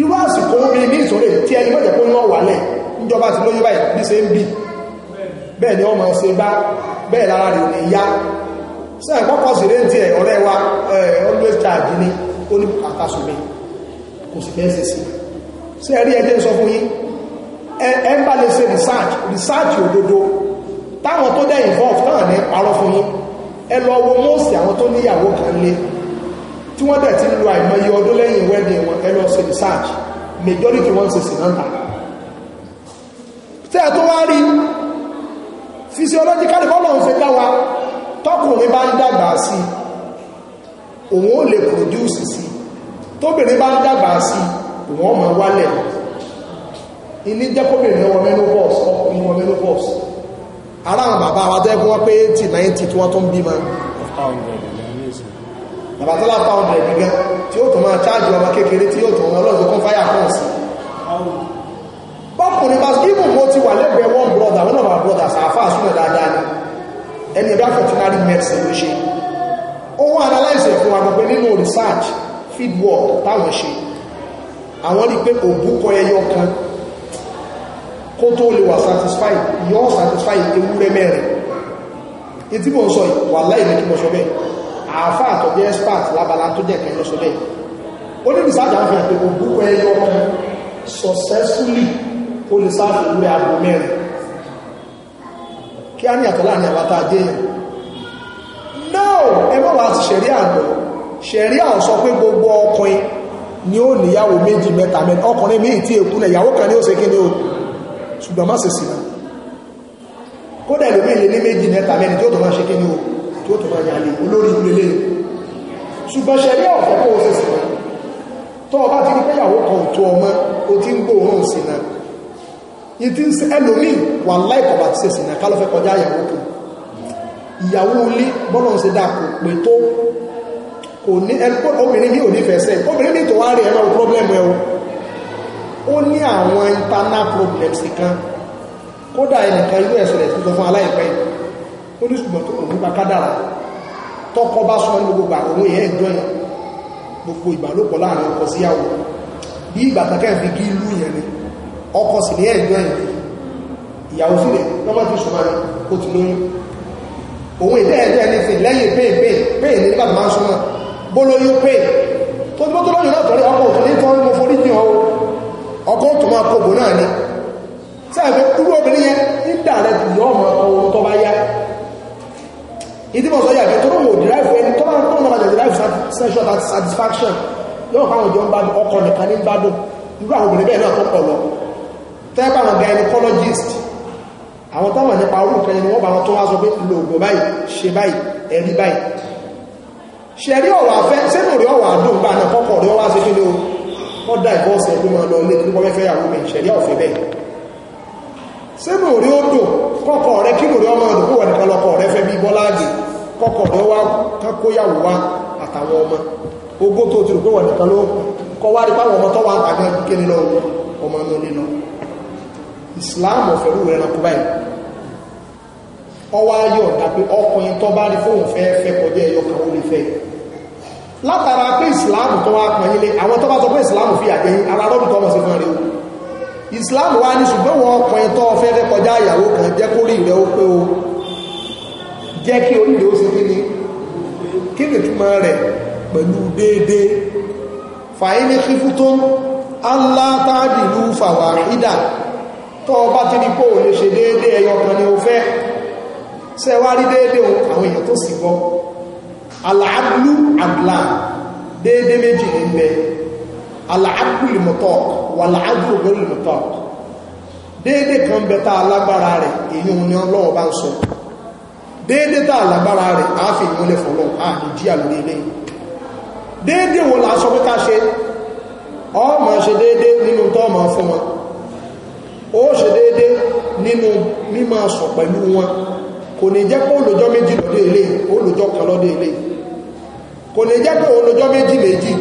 irú àsìkò omi ní ìsòrè tí ẹni mọ́jẹ̀ kó náà wálẹ̀ níjọba ti lóyún báyìí bí ṣe ń bì bẹ́ẹ̀ ni ọmọ ṣe bá bẹ́ẹ̀ lára rẹ̀ ò ní yá sẹ́yìn àpapọ̀ sí rédíò ẹ̀ ọ̀rẹ́ wa always charge ní ó ní bùkátà sùnmí kò sì fẹ́ ṣe sí sí ẹ̀rí ẹjẹ́ sọ fún yín ẹ ń bá lè ṣe research research òdodo táwọn tó dẹ̀ involve náà ní parọ́ fún yín ẹ lọ wo mọ́ọ̀sì àwọn tó níyàwó kan lé tí wọ́n dẹ̀ ti ń lo àìmọye ọdún lẹ́yìn wedding wọn ẹ lọ ṣe research majority wọn ṣe sí náà tẹ́ ẹ tó wá rí physiological bọ́ọ̀lù ń ṣe dá wa tọkùnrin bá ń dàgbà sí òun ó lè produce sí tóbìnrin bá ń dàgbà sí òun ó máa wálẹ̀ ilé jẹ́kọ́bìnrin wọ menopause ọkùnrin wọ menopause ara àwọn bàbá wa tẹ́kọ́ wọ́n pé 80 90 tí wọ́n tún bímọ bàbá tó lápá ọ̀dẹ̀ gíga tí ó tún máa chájì ọmọ kékeré tí ó tún ọmọ ọlọ́dún kún fáyà kan sí bọ́kùnrin bá gígùn mo ti wà lẹ́gbẹ̀ẹ́ one brother one of our brothers àfáà súnmọ̀ dáadáa ni ẹni ẹ̀dá veterinary medicine ló ṣe ohun analyze fún wa gbogbo nínú research field work táwọn ṣe àwọn rí pé òbúkọ ẹyọ kan kó tó lè was satisfied. yóò satisfy ewúrẹ́ mẹ́rin etí mò ń sọ yìí wà láì ní kí mo sọ the àáfà àtọ̀jẹ́ expert lábala tó jẹ́ kẹ́yìn lọ sọ bẹ́ẹ̀ ó ní research àfihàn pé òbúkọ ẹyọ successfully ó lè sáà fún ewúrẹ́ abo kí á ní àtọ́ láàrin àwátá ajéyàn no ẹ má wá ti ṣẹ̀rí àgbọ̀ ṣẹ̀rí àwọn sọ pé gbogbo ọkùnrin ni ó níyàwó méjì mẹ́ta mẹ́ta ọkùnrin míì tí èkú náà ìyàwó kan ní ó ṣe kí ni ó ṣùgbọ́n má ṣe sí náà kódà ìlú míì lè ní méjì mẹ́ta mẹ́ni tí ó tó máa ṣe kí ni ó tí tó máa yà o ṣe o bá o ti ń gbóòórùn ìtí ń ṣe ẹlòmíì wà láìpọ̀ bá ti ṣe sìnà ká ló fẹ́ kọjá ìyàwó kan ìyàwó ilé bọ́lọ̀ ń ṣe dáa kò pé tó kò ní ẹgbọ́ obìnrin ní onífẹ̀ẹ́sẹ̀ obìnrin ní tó wá rí ẹ̀rọ problem ẹ̀ ó ní àwọn internal problems kan kódà ẹnìkan inú ẹ̀sẹ̀lẹ̀ tó sọ fún aláìpẹ́ ó ní ṣùgbọ́n tó òun bá kádàrà tọkọ bá sọ ní gbogbo àwọn èèyàn ẹ̀jọ́ yẹn gbogbo ìbálòpọ̀ láàrin ọkọ síyàwó bí ìgbà kankan fi gí ìlú yẹn ni ọkọ sì ní ẹ̀jọ́ ẹ̀ ìyàwó sílẹ̀ lọ́mọ tó sọ máa kó ti lóyún òun ilé ẹ̀jọ́ ẹ̀ nífẹ̀ẹ́ lẹ́yìn pé pé pé ní nígbà tó máa ń sọ náà bó lóyún pé tó tó tó lọ́yún náà tọ́lé ọkọ̀ òtún ní tọ́rí mo forí jìn ọ́ ọkọ̀ tó máa kó bò náà ni sáàfẹ́ kúrú obìnrin yẹn ń dà rẹ̀ tì yọ ọmọ ohun tó bá yá ìdíbọ̀sọ yàgbẹ́ tó lóun ò dìráìfù ẹni tó máa ń tó náà dìráìfù sexual satisfaction yóò fáwọn jọ ń bá ọkọ̀ nìkan ní bá dùn irú àwọn obìnrin bẹ́ẹ̀ náà tó pọ̀ lọ tẹ́gbà àwọn gynecologist àwọn tó wà nípa orúkọ ẹni wọ́n bá wọn tó wá sọ pé lo ògùn báyìí ṣe báyìí ẹ̀rí báyìí ṣe rí ọ̀wà fẹ́ sẹ́nu rí ọ̀wà àdùn bá náà kọ́kọ́ rí ọwá sí kí ló wọ́n dá ìbọn ọ̀sẹ̀ tó máa lọ ilé tó kọ́kọ́ fẹ́ yàwó mi ṣẹ̀rí ọ̀fẹ́ bẹ́ẹ̀ sẹ́nu rí ó dùn kọ́kọ́ rẹ kí ló rí ọmọ ọdún kó wà nìkan lọkọ̀ rẹ fẹ́ bí bọ́láàgì kọ́kọ̀ rẹ wá kákóyàwó wá àtàwọn ọmọ ogó tó ti rò pé wà nìkan ló kọ́ wá rí páwọn ọmọ tó wà àtàgbẹ́ kéde lọ ọmọ náà nínú islam ọ̀fẹ́rú rẹ̀ ẹranko báyìí ọwọ́ ayé ọ̀dà pé ọkùnrin tó bá rí fóun fẹ́ fẹ́ kọjá ẹyọ kan ó lè fẹ́ látara pé islam tó wá pọ̀ yín lé àwọn tó bá sọ pé islam fi àjẹ́ yín ara lọ́dún tó mọ̀ sí fún rẹ̀ islam wá ní ṣùgbọ́n wọn ọkùnrin tó fẹ́ fẹ́ kọjá ìyàwó kan jẹ́ kó rí rẹ̀ pé o jẹ́ kí orí rẹ̀ ó ṣe kíni kí ni túmọ̀ rẹ̀ pẹ̀lú déédéé fàyín ní kíkú tó ń aláàtàdìlú fàwárídà tọ́ ọba ti ní kó o lè ṣe déédé ẹyọ kan ni o fẹ́ ṣe wá rí déédé o àwọn èèyàn tó sì gbọ́ aláàbùlù àgbà déédé méjì ní bẹ aláàbùlù mọ̀tọ́ wà láàbùlù gbẹ́lù mọ̀tọ́ déédé kan bẹ tá alágbára rẹ̀ èyí òun ni ọlọ́wọ́ bá ń sọ déédé tá alágbára rẹ̀ àáfin ìmúlẹ̀ fọlọ́ àmì jíà lórí eléyìí déédé wo la sọ pé ká ṣe ọmọ ṣe déédé nínú tọ́ ọmọ fún wọn ó ṣe déédé nínú mímọ̀ sọ pẹ̀lú wọn kò ní jẹ́ pé olójọ́ méjì lọ́dé ilé olójọ́ kan lọ́dé ilé kò ní jẹ́ pé olójọ́ méjì méjì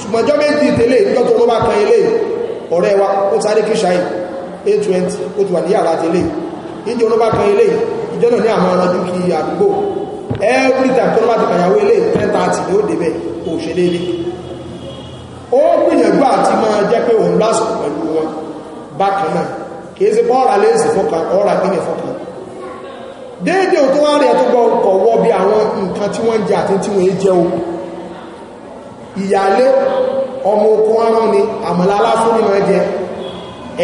ṣùgbọ́njọ́ méjì tẹ́lẹ̀ níjọ́ tó ló bá kan ilé ọ̀rẹ́ wa ó sáré kí ṣáì 820 ó ti wà ní yàrá tẹ́lẹ̀ níjọ́ ló bá kan ilé ìjọ́ náà ní àwọn ọ̀rọ̀ dúkì àdúgbò every time tó ló bá ti kàyàwó ilé 1030 ni ó débẹ̀ kò ṣe déédé ó gbìyànjú àti máa jẹ́ pé òun lásìkò pẹ̀lú wọn bákan náà kìí ṣe pọ́ ọ̀rà léèsì fọ́kàn ọ̀rà gíní fọ́kàn déédé ò tó wá rí ẹ̀tọ́ gbọ́ wọ́ bí àwọn nǹkan tí wọ́n ń jẹ àti tí wọ́n ń jẹ o ìyálé ọmọ okun arán ni àmàlà aláṣọ́ ní máa jẹ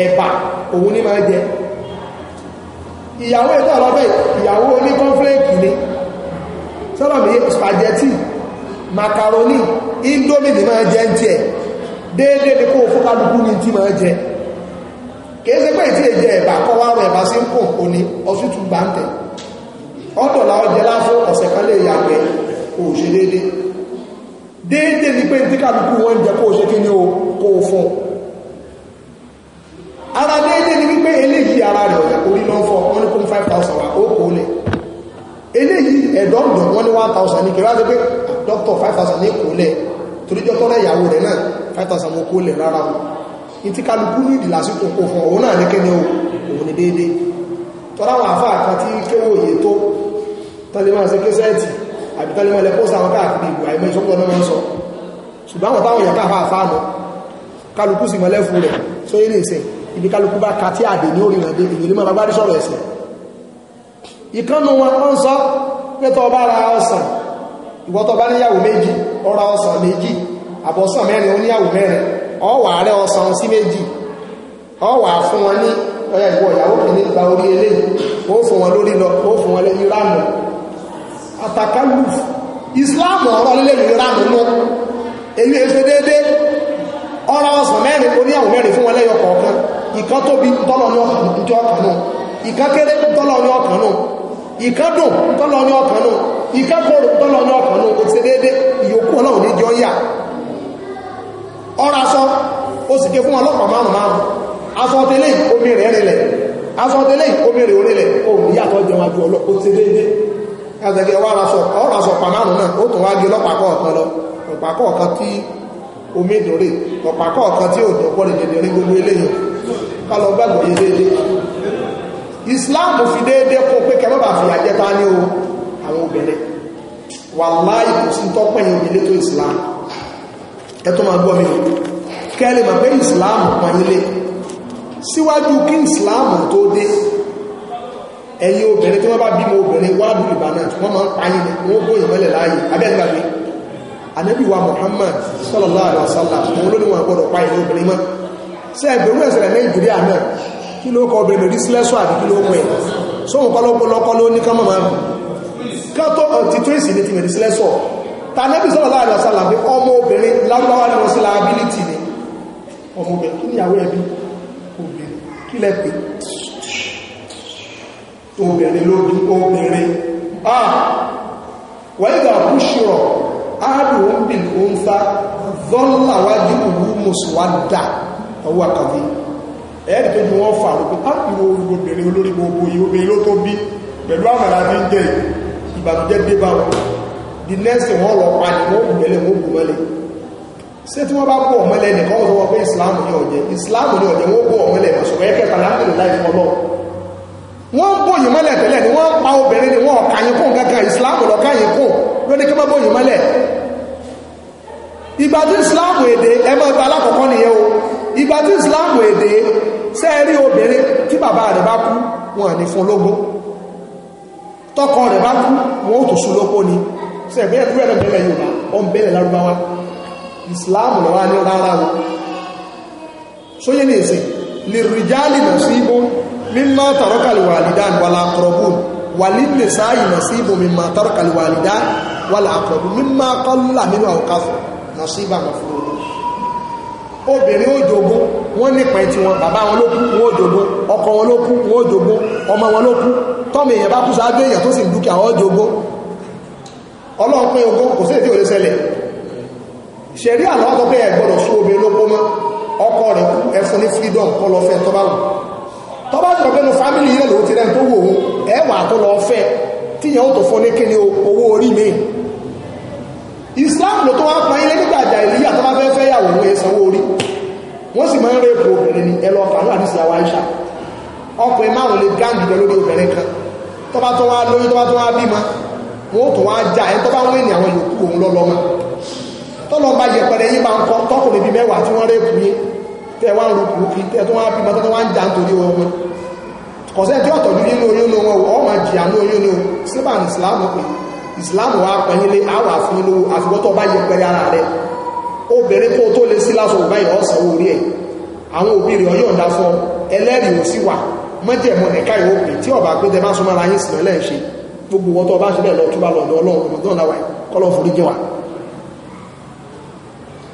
ẹ̀bà òun ní máa jẹ ìyàwó ètò ọlọ́bẹ̀ ìyàwó oní kọ́nflẹ́ẹ̀kì ni sọ́dọ̀ mi spaghetti macaroni indomie ni máa jẹ ń tiẹ̀ déédé ni kó fún kálukú ní ti máa jẹ kìí ṣe pé ìtí èjẹ ẹ̀bà kọ́ wá rọ ẹ̀bà sí ń kò kò ní ọsútù gbáǹtẹ̀ ọ̀dọ̀ làwọn jẹ láfún ọ̀sẹ̀ kan lè yàgbẹ́ kò ṣe déédé déédé ni pé ní wọn jẹ kó ṣe kí ni o kó fún ara déédé ni wípé eléyìí ara rẹ̀ ọ̀yà orí lọ́n fọ wọn ní kó five thousand wa ó kò lẹ̀ eléyìí ẹ̀dọ́ ń dùn wọn ní one thousand ní kí wọ́n pé ah, doctor five thousand ní kò lẹ̀ toríjọ́ tọ́lẹ̀ ìyàwó rẹ̀ náà five thousand mo kò lẹ̀ rárá o ìtí kálukú ní ìdí lásìkò kò fún òun náà ní kíni o òun ni déédé tọ́lá àwọn àfáà kan tí kéwò òye tó tọ́lẹ́mọ̀ sí késẹ́ẹ̀tì àbí tọ́lẹ́mọ̀ lẹ́pọ́sà àwọn káàkiri ìgbò àìmọ́ ìṣọ́pọ̀ náà wọ́n sọ ṣùgbọ́n àwọn táwọn yàtọ̀ àfáà fáà mọ́ kálukú sì mọ́lẹ́fù rẹ̀ sóyé ní ìsìn ibi kálukú bá kàtí àdè ní orí ìrìnàdé ìyẹ̀lẹ́ máa bá rí sọ̀rọ̀ ọwà rẹ ọsàn sí méjì ọwà fún wọn ní ọyà ìwọ ìyàwó kìíní gba orí eléyìí ó fún wọn lórí lọ ó fún wọn lé ìrànà àtàkálù islam ọ̀rọ̀ lílé ìrànà mú èyí èso déédé ọ̀rọ̀ ọsàn mẹ́rin oníyàwó mẹ́rin fún wọn lẹ́yọ kọ̀ọ̀kan ìkan tóbi tọ́lọ̀ ní ọkàn náà ìkan kéré tọ́lọ̀ ní ọkàn náà ìkan dùn tọ́lọ̀ ní ọkàn náà ìkan kóró tọ́lọ̀ ní ọkàn náà kò ti déédé ìyókù ọlọ́run níjọ ọ̀rọ̀ aṣọ ó sì ké fún ọlọ́pàá márùn márùn aṣọ tẹ́lẹ̀ omi rẹ̀ rẹ̀lẹ̀ aṣọ tẹ́lẹ̀ omi rẹ̀ orílẹ̀ òun yàtọ̀ jẹun àjò ọlọ́pàá ó ti déédé kàtàkì ọ̀rọ̀ aṣọ ọ̀rọ̀ aṣọ pàmárùn náà ó tún wá gé ọlọ́pàá kọ̀ọ̀kan lọ ọ̀pàá kọ̀ọ̀kan tí omi dòrè ọ̀pàá kọ̀ọ̀kan tí òdò pọ̀ nìyẹn ní gbogbo eléyìí kálọ̀ gbàgbọ́ yé déédé Islam fi déédé kún pé kẹmọ́bà fìyà jẹ́ta ní o àwọn obìnrin wàláì kò sí tọ́pẹ̀yìn obìnrin tó Islam ẹ̀tọ́ máa gbọ́ mi kẹ́lẹ̀ mọ̀ pé islam pàyílé síwájú kí islam tó dé ẹ̀yin obìnrin tí wọ́n bá bímọ obìnrin wà ní ìbànà wọ́n máa ń pàyílé wọ́n bó ìmọ́lẹ̀ láàyè abẹ́gbàgbé ànábì wa Muhammad sallallahu alaihi wasallam òun ló ní wọn gbọ́dọ̀ pàyílé obìnrin mọ́ sí ẹgbẹ̀rún ẹ̀sẹ̀rẹ̀ Nàìjíríà náà kí ló kọ obìnrin lórí sílẹ̀ṣọ́ àti kí ló pẹ̀ sóhun kọ́lọ́pọ̀lọpọ̀ ló ní kọ́mọ̀ máa kátó ọ̀tí tó èsì ní ti mẹ̀rí sílẹ̀ṣọ́ tànẹ́bí sọ́rọ̀ láàrin ọ̀sálà pé ọmọ obìnrin lágbáwá ní wọ́n sí liability ni ọmọ obìnrin kí níyàwó ẹbí obìnrin kí lẹ́pẹ̀ obìnrin lóbi obìnrin ah wẹ́gbà kúṣùrọ̀ áàrùn òǹbì òǹfà zọ́nà wájú òwú mùsùlùmá ọwọ́ àkàdé ẹ̀ẹ́dì tó ju wọ́n fà rò pé pápìrò obìnrin olórí gbogbo yìí obìnrin ló tó bí pẹ̀lú àmàlà bí ń jẹ ìbànújẹ́ dé bá the next thing wọ́n lọ pa ni wọ́n gbẹ̀lẹ̀ wọ́n gbù mọ́lẹ̀ ṣé tí wọ́n bá bọ̀ mọ́lẹ̀ nìkan ó sọ pé islam ní ọ̀jẹ́ islam ní ọ̀jẹ́ wọ́n bọ̀ mọ́lẹ̀ ṣùgbọ́n ẹ̀kẹ́ kàlámìlì láì fún ọlọ́ wọ́n bòyìn mọ́lẹ̀ tẹ́lẹ̀ ni wọ́n pa obìnrin ni wọ́n kàyín kún kankan islam lọ káyín kún lóní kí wọ́n bòyìn mọ́lẹ̀ ìgbà tí islam èdè ẹ mọ́ ẹgbẹ́ alákọ̀ọ́kọ́ nìyẹn o ìgbà tí islam èdè sẹ́ẹ̀rí obìnrin tí bàbá rẹ̀ bá kú wọn à ní fún lógún tọkọ rẹ̀ bá kú wọn ò tó sún lógún ni sọ ẹ̀gbẹ́ ẹ̀kúrẹ́ náà bẹ̀rẹ̀ Yorùbá ọ̀n bẹ̀rẹ̀ lárúbáwá Islam lọ́wọ́ ní rárá wọn sóyè ní ìsìn lè rìjálì nà sí ibò mímọ́ tàrọ́kàlì wàlìdán wàlà àkọ̀rọ̀bùn wàlì lè sáàyì nà sí ibò mímọ́ tàrọ́kàlì wàlìdán wàlà àkọ̀rọ̀bùn mímọ́ kọ́lá nínú àwòkáfọ̀ nà sí ibà fún òun obìnrin ó jogún wọ́n nípa ẹ̀tí wọn bàbá wọn ló kú wọ́n ó jogún ọkọ wọn ló kú wọ́n ó jogún ọmọ wọn ló kú tọ́mọ èèyàn bá kú sáájú èèyàn tó sì dúkìá wọ́n ó jogún ọlọ́run pín ogún kò sí èdè òlé ṣẹlẹ̀ ṣẹ̀rí àlọ́ tó pé ẹ̀gbọ́dọ̀ sún obìnrin ló gbọ́mọ́ ọkọ rẹ̀ kú ẹfun ní freedom kọ́ lọ fẹ́ tó bá wù tó bá jọ pé nu family yẹn lòó ti rẹ̀ tó wò ó ẹ̀wà tó lọ fẹ́ tíyẹn ó tó fún ní kíni owó orí mi Islam ló tó wá pa ilé nígbàjà ìlíyà tó bá fẹ́ fẹ́ yàwó ní sanwó orí wọ́n sì máa ń rèé po obìnrin ni ẹ lọ kàánú àdìsí àwa Aisha ọkùnrin márùn-ún lè gáǹgì lọ lórí obìnrin kan tó tó wá lóyún tó tó wá bímọ wọ́n tó wá já ẹ tó bá wọ́n ènìyàn àwọn yòókù òun lọ́lọ́mọ tọ́lọ́ bá yẹpẹrẹ yín bá ń kọ́ tọkùnrin bíi mẹ́wàá tí wọ́n rẹ́pù yín tẹ́ wá ń ro tẹ́ tó wá bímọ tó wá ń jà nítorí ọmọ kọ̀sẹ́ tí ọ̀tọ̀ dúdú inú oyún ló wọn ọmọ jìyà ní oyún ni o síbà ní ìsìláàmù pé ìsìláàmù wa pẹ̀yìn lé àwà fún àfikọ́tọ̀ bá yẹpẹrẹ ara rẹ̀ obìnrin kó tó lè sí lásán òbá ìyá ọ̀sán orí ẹ̀ àwọn òbí rẹ̀ ọyọ́ ọ̀dá ẹlẹ́rìí ò sí wà mọ́jẹ̀mọ́ nìka ìwọ́pẹ̀ tí ọ̀bà pé tẹ bá súnmọ́ ara yín sílẹ̀ lẹ́ẹ̀ṣe gbogbo wọn tó bá ṣe bẹ́ẹ̀ lọ túbá lọ́dọ̀ ọlọ́run ọmọdé ọ̀nà wáyé kọ́lọ̀ fún oríjẹ́wà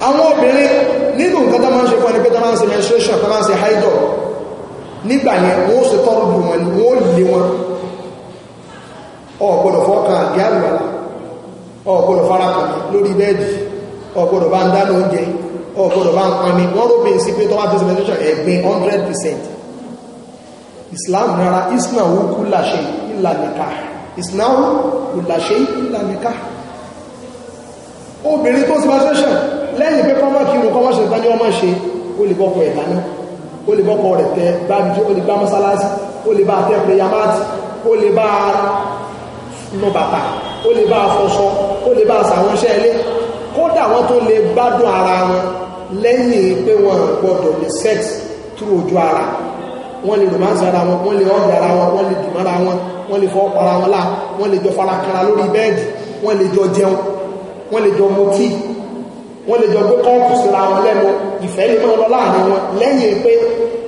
àwọn obìnrin nínú nǹkan tó máa ń ṣe fún ẹni pé tó máa ń ṣe menstruation tó máa ń ṣe haidọ̀ nígbà yẹn wọ́n ó ṣe tọ́rọ bù wọn ni wọ́n ó lé bá ń dáná wọ́n rò bẹ́ẹ̀ sí pé tó bá ti ṣe 100% Islam rárá isna wukú làṣẹ ìlànà káà ìsìnáwó kò làṣẹ ìlànìká obìnrin tó civilization lẹ́yìn pé kọ́mọ́ kí irun kọ́mọ́ ṣe tání ọmọ ṣe ó lè bọ́kọ̀ ẹ̀dá náà ó lè bọ́kọ̀ rẹ̀ tẹ gbábíjú ó lè gbá mọ́sálásí ó lè bá tẹ́ pẹ̀yàmáàtì ó lè bá nu bàtà ó lè bá fọṣọ ó lè bá sàwọnṣẹ́ ilé kódà wọ́n tó lè gbádùn ara wọn lẹ́yìn pé wọ́n gbọ́dọ̀ lè sex through ojú ara wọ́n lè romance ara wọn wọ́n lè ọ̀dà ara wọn wọ́n lè dùn ara wọn wọ́n lè fọ́ para wọn lá wọ́n lè jọ fara kanra lórí bẹ́ẹ̀dì wọ́n lè jọ jẹun wọ́n lè jọ mutí wọ́n lè jọ gbé kọ́ọ̀pù síra wọn lẹ́nu ìfẹ́ lè máa lọ láàrin wọn lẹ́yìn pé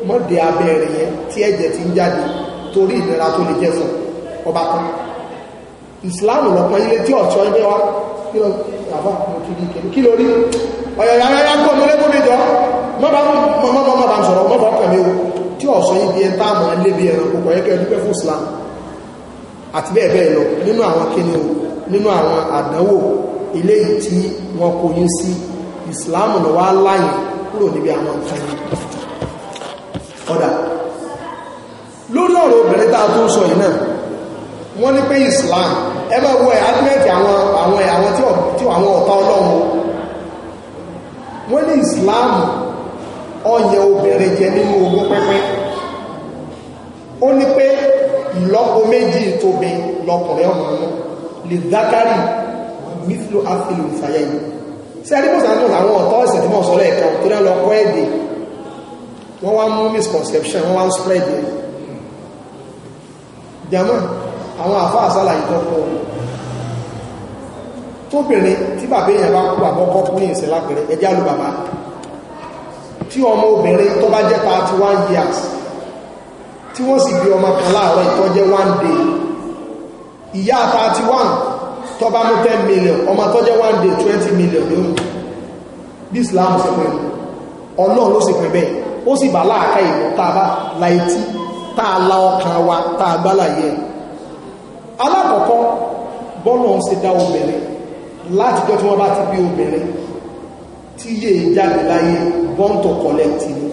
mọ́dẹ̀ abẹ́rẹ̀ yẹn tí ẹ̀jẹ̀ ti ń jáde torí ìlera tó lè jẹ́ fún ọba kan ìsìláàmù lọ́pọ̀ ilé tí ọ̀tọ́ ẹgbẹ́ wa kí lọ àbá mo kí ní kẹ́lú kí lórí ọ̀yọ̀yọ̀ ayọ́yá gbọ́ mi lẹ́gbọ́n mi jọ mọ́bà mọ́bà mọ́bà sọ̀rọ̀ mọ́bà ọkọ̀ mi o tí ọ̀sọ́ yìí bí ẹ táàmù ẹ lébi ẹran kò kọ̀ yẹ kẹ́ ẹ dúpẹ́ fún ìsìláàmù àti bẹ́ẹ̀ bẹ́ẹ̀ lọ nínú àwọn kíni o nínú àwọn àdánwò eléyìí tí wọ́n kó yín sí ìsìláàmù lọ wá kúrò níbi àwọn nǹkan yìí ọ̀dà lórí ọ̀rọ̀ obìnrin tá a tó ń sọ yìí náà wọ́n ní pé islam ẹ bá wọ ẹ̀ádúrẹ́tì àwọn àwọn àwọn tí àwọn ọ̀tá ọlọ́run wọ́n ní ọ̀yẹ̀ obìnrin jẹ nínú ìlọ́po méjì tóbi lọkùnrin ọmọ ọmọ lè dákàrí mithlo afilu ìfàyà yìí sí adébòsàn náà àwọn ọ̀tọ́ ẹ̀sẹ̀ tí wọ́n sọ lẹ́ẹ̀kan tó dá lọ́pọ̀ èdè wọ́n wá mú misconception wọ́n wá ń spread it jama àwọn àfa àsálà ìtọ́pọ̀ tóbìnrin tí bàbá èèyàn bá kú àbọ́kọ́ kú ní ìsìn lápẹ̀rẹ̀ ẹjá lu bàbá tí ọmọ obìnrin tó bá jẹ́ 31 years tí wọ́n sì bí ọmọ kan láàárọ̀ ìtọ́jẹ́ one day ìyá thirty one tó mú ten million ọmọ tọ́jẹ́ one day twenty million ló ń bí Islam ṣe pẹ́ ọlọ́run ló sì pẹ́ bẹ́ẹ̀ ó sì bá láàká ìwọ̀n tá a bá la etí tá a la ọkàn wa tá a gbá láyé ẹ̀ alákọ̀ọ́kọ́ bọ́ọ̀lù ọ̀hún ṣe dá obìnrin látijọ́ tí wọ́n bá ti bí obìnrin tí yé e jáde láyé born to collect ni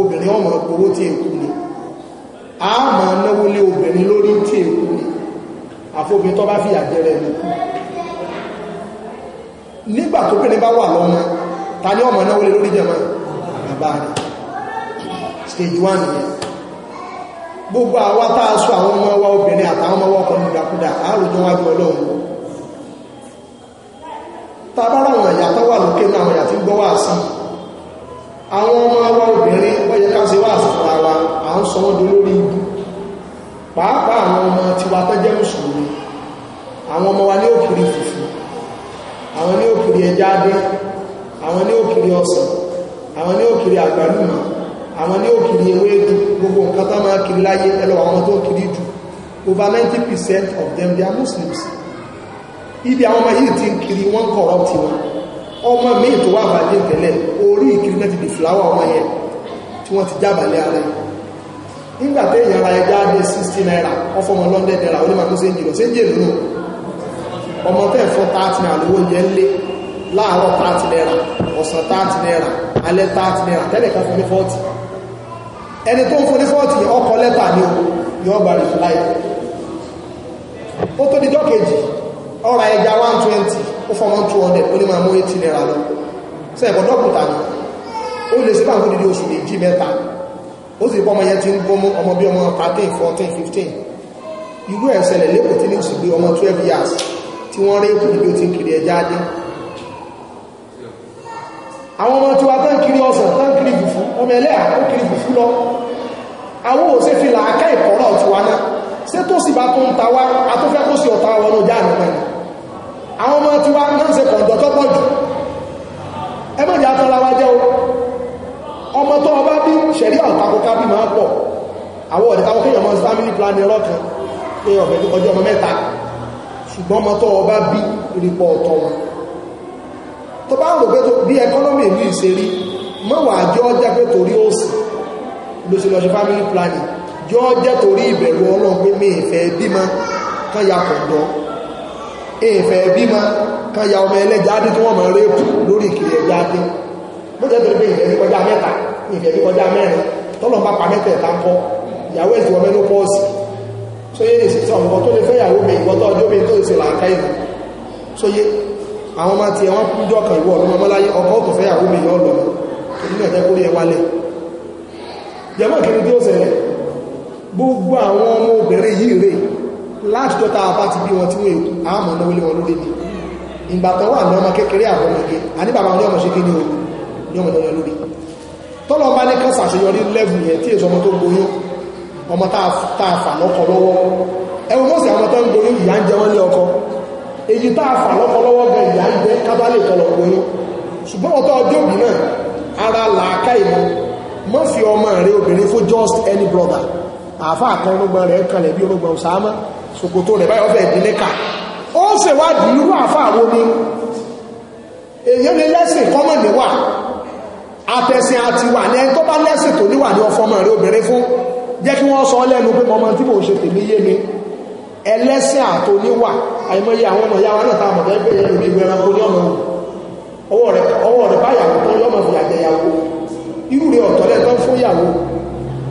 obìnrin ọmọ ìpòwó tí èkú ni a máa náwó lé obìnrin lórí tí èkó ni àfobìn tó bá fi àjẹrẹ ní kú nígbà tó pínlẹ̀ bá wà lọ́mọ ta ní ọmọ náwó lé lórí jẹmọ́ bàbá rẹ̀ stage one yẹn gbogbo àwa tá a sọ àwọn ọmọ wa obìnrin àtàwọn ọmọ wa ọkùnrin ìdàkúdà àrùjọ wájú ọlọ́run tabára àwọn ìyàtọ̀ wà lókè ní àwọn ìyàtí gbọ́wọ́ àsìkò àwọn ọmọ wa obìnrin wọ́n yẹ ká ṣe wá àsìkò wa à ń sọ wọ́n di lórí ibi pàápàá àwọn ọmọ tiwa tó jẹ́ mùsùlùmí àwọn ọmọ wa ní òkiri fùfú àwọn ní òkiri ẹja adé àwọn ní òkiri ọsàn àwọn ní òkiri àgbàlùmọ̀ àwọn ní òkiri ewédú gbogbo nǹkan tó máa kiri láyé ẹlọ àwọn tó kiri jù over ninety percent of them they are muslims ibi àwọn ọmọ yìí ti ń kiri wọ́n corrupt wọn ọmọ míì tó wà bàjẹ́ tẹ́lẹ̀ orí ìkiri náà ti di fìláwà ọmọ yẹn tí wọ́n ti jábàlẹ̀ nígbà ara ẹja dé sixty naira london naira ó máa ọmọ tẹ́ fọ́ thirty naira lówó lé láàárọ̀ o yọ ọgbà ó tó di dọ́kejì one twenty ó fọ́ wọn 200 ó ní máa mú 80 naira lọ ṣe ẹ̀kọ́ dọ́kùtà ni ó lè sí báńkì nílé oṣù méjì mẹ́ta ó sì bọ́ ọmọ yẹn ti ń gbọ́mú ọmọ bí ọmọ 13 14 15 irú ẹ̀ ṣẹlẹ̀ lẹ́kọ̀ọ́ tí ní oṣù gbé ọmọ 12 years tí wọ́n rí èkó níbi ó ti ń kiri ẹja dé àwọn ọmọ tí wa tán kiri ọsàn tán kiri fùfú ọmọ ẹlẹ́à ó kiri fùfú lọ àwọn òṣè fi làákà ìkọ́rọ̀ tiwa náà ṣé tó sì bá tó ń ta wá atúfẹ́ ọ̀tá wọnú jáàmù pẹ̀lú àwọn ọmọ tiwa náà ṣe kọ̀ǹdọ̀ tó pọ̀ jù ẹ má jà tọ́ra wa jẹ́ o ọmọ tó ọba bí ṣẹ̀rí ọ̀tàkùnká bí máa pọ̀ àwọn ọ̀dẹ̀kàwọ́ kéèyàn mọ́ family plan ẹ̀rọ kan pé ọ̀fẹ́ tó kọjú ọmọ mẹ́ta ṣùgbọ́n ọmọ tó ọba bí rípọ̀ ọ̀tọ̀ wọn tó bá rò pé bí ẹkọ́nọ́mì ìlú ìṣerí mọ́wàá jọ jẹ́ pé torí òsì ló ṣe lọ ṣe family planning jọ jẹ́ torí ìbẹ̀rù ọlọ́run pé mi ìfẹ́ bímọ kan ya kọ̀dọ̀ èèfẹ̀ bímọ kan ya ọmọ ẹlẹ́jà dé tí wọ́n mọ̀ rẹ́pù lórí ìkìlẹ̀ ẹ̀yà dé bó jẹ́ tó dé ìfẹ́ bí kọjá mẹ́ta ìfẹ́ bí kọjá mẹ́rin tọ́lọ̀ bá pa mẹ́tẹ̀ẹ̀ta ń kọ́ ìyàwó ẹ̀sìn wọn mẹ́nu pọ́ọ̀sì so yé èsì sọ nǹkan tó lè fẹ́ ìyàwó mi ìwọ́tọ́ ọjọ́ mi tó èsì làákà ìlú so yé àwọn máa ti ẹ̀wọ́n kú jọ́kàn ìwọ̀ ọ̀nà ọmọláyé ọkọ̀ òkò fẹ́ ìyàwó mi yọ lọ nínú ẹ̀jẹ̀ kórè ẹ̀ wálẹ̀ jẹ́mọ̀ láti dọ́ta àbá ti bí wọn tí wọ́n èkó àmọ́ náwó lé wọn lóde ní ìgbà tó wà ní ọmọ kékeré àbọ̀mọ̀gé àní bàbá wọn ní ọmọ ṣe kí ni o ní ọmọ náwó lóde tọ́lọ bá ní kásà ṣe yọrí lẹ́bù yẹn tí èso ọmọ tó gboyún ọmọ táa fà lọ́kọ lọ́wọ́ ẹwọ mọ́sí àwọn tó ń gboyún ìyá ń jẹ wọ́n ní ọkọ èyí táa fà lọ́kọ lọ́wọ́ gan ìyá ń jẹ kábá lè tọ̀lọ̀ gboyún ṣùgbọ́n ọ̀tọ́ ọjọ́ òbí náà ara làákà ìmọ̀ mọ́ fi ọmọ rẹ obìnrin fún just any brother àáfàá kan ológbọn rẹ̀ kalẹ̀ bí ológbọn Usama ṣòkòtò rẹ̀ báyọ̀ fẹ́ ìdílé kà ó ṣèwádìí irú àfáà wo ni èyí ni lẹ́sìn kọ́mọ̀ níwà àtẹ̀sìn àti wà ní ẹni tó bá lẹ́sìn tó níwà ní ọfọmọ rẹ̀ obìnrin fún jẹ́ kí wọ́n sọ ọ́ lẹ́nu pé mọ́mọ́ tí mò ń ṣe tèmi yé mi ẹlẹ́sìn àtò níwà àìmọye àwọn ọmọ ìyá wa náà táwọn ọmọdé bẹ̀rẹ̀ lórí ìwé ẹranko ní ọmọ ọwọ́ rẹ̀ báyàwó tó yọmọ fìyàjẹyàwó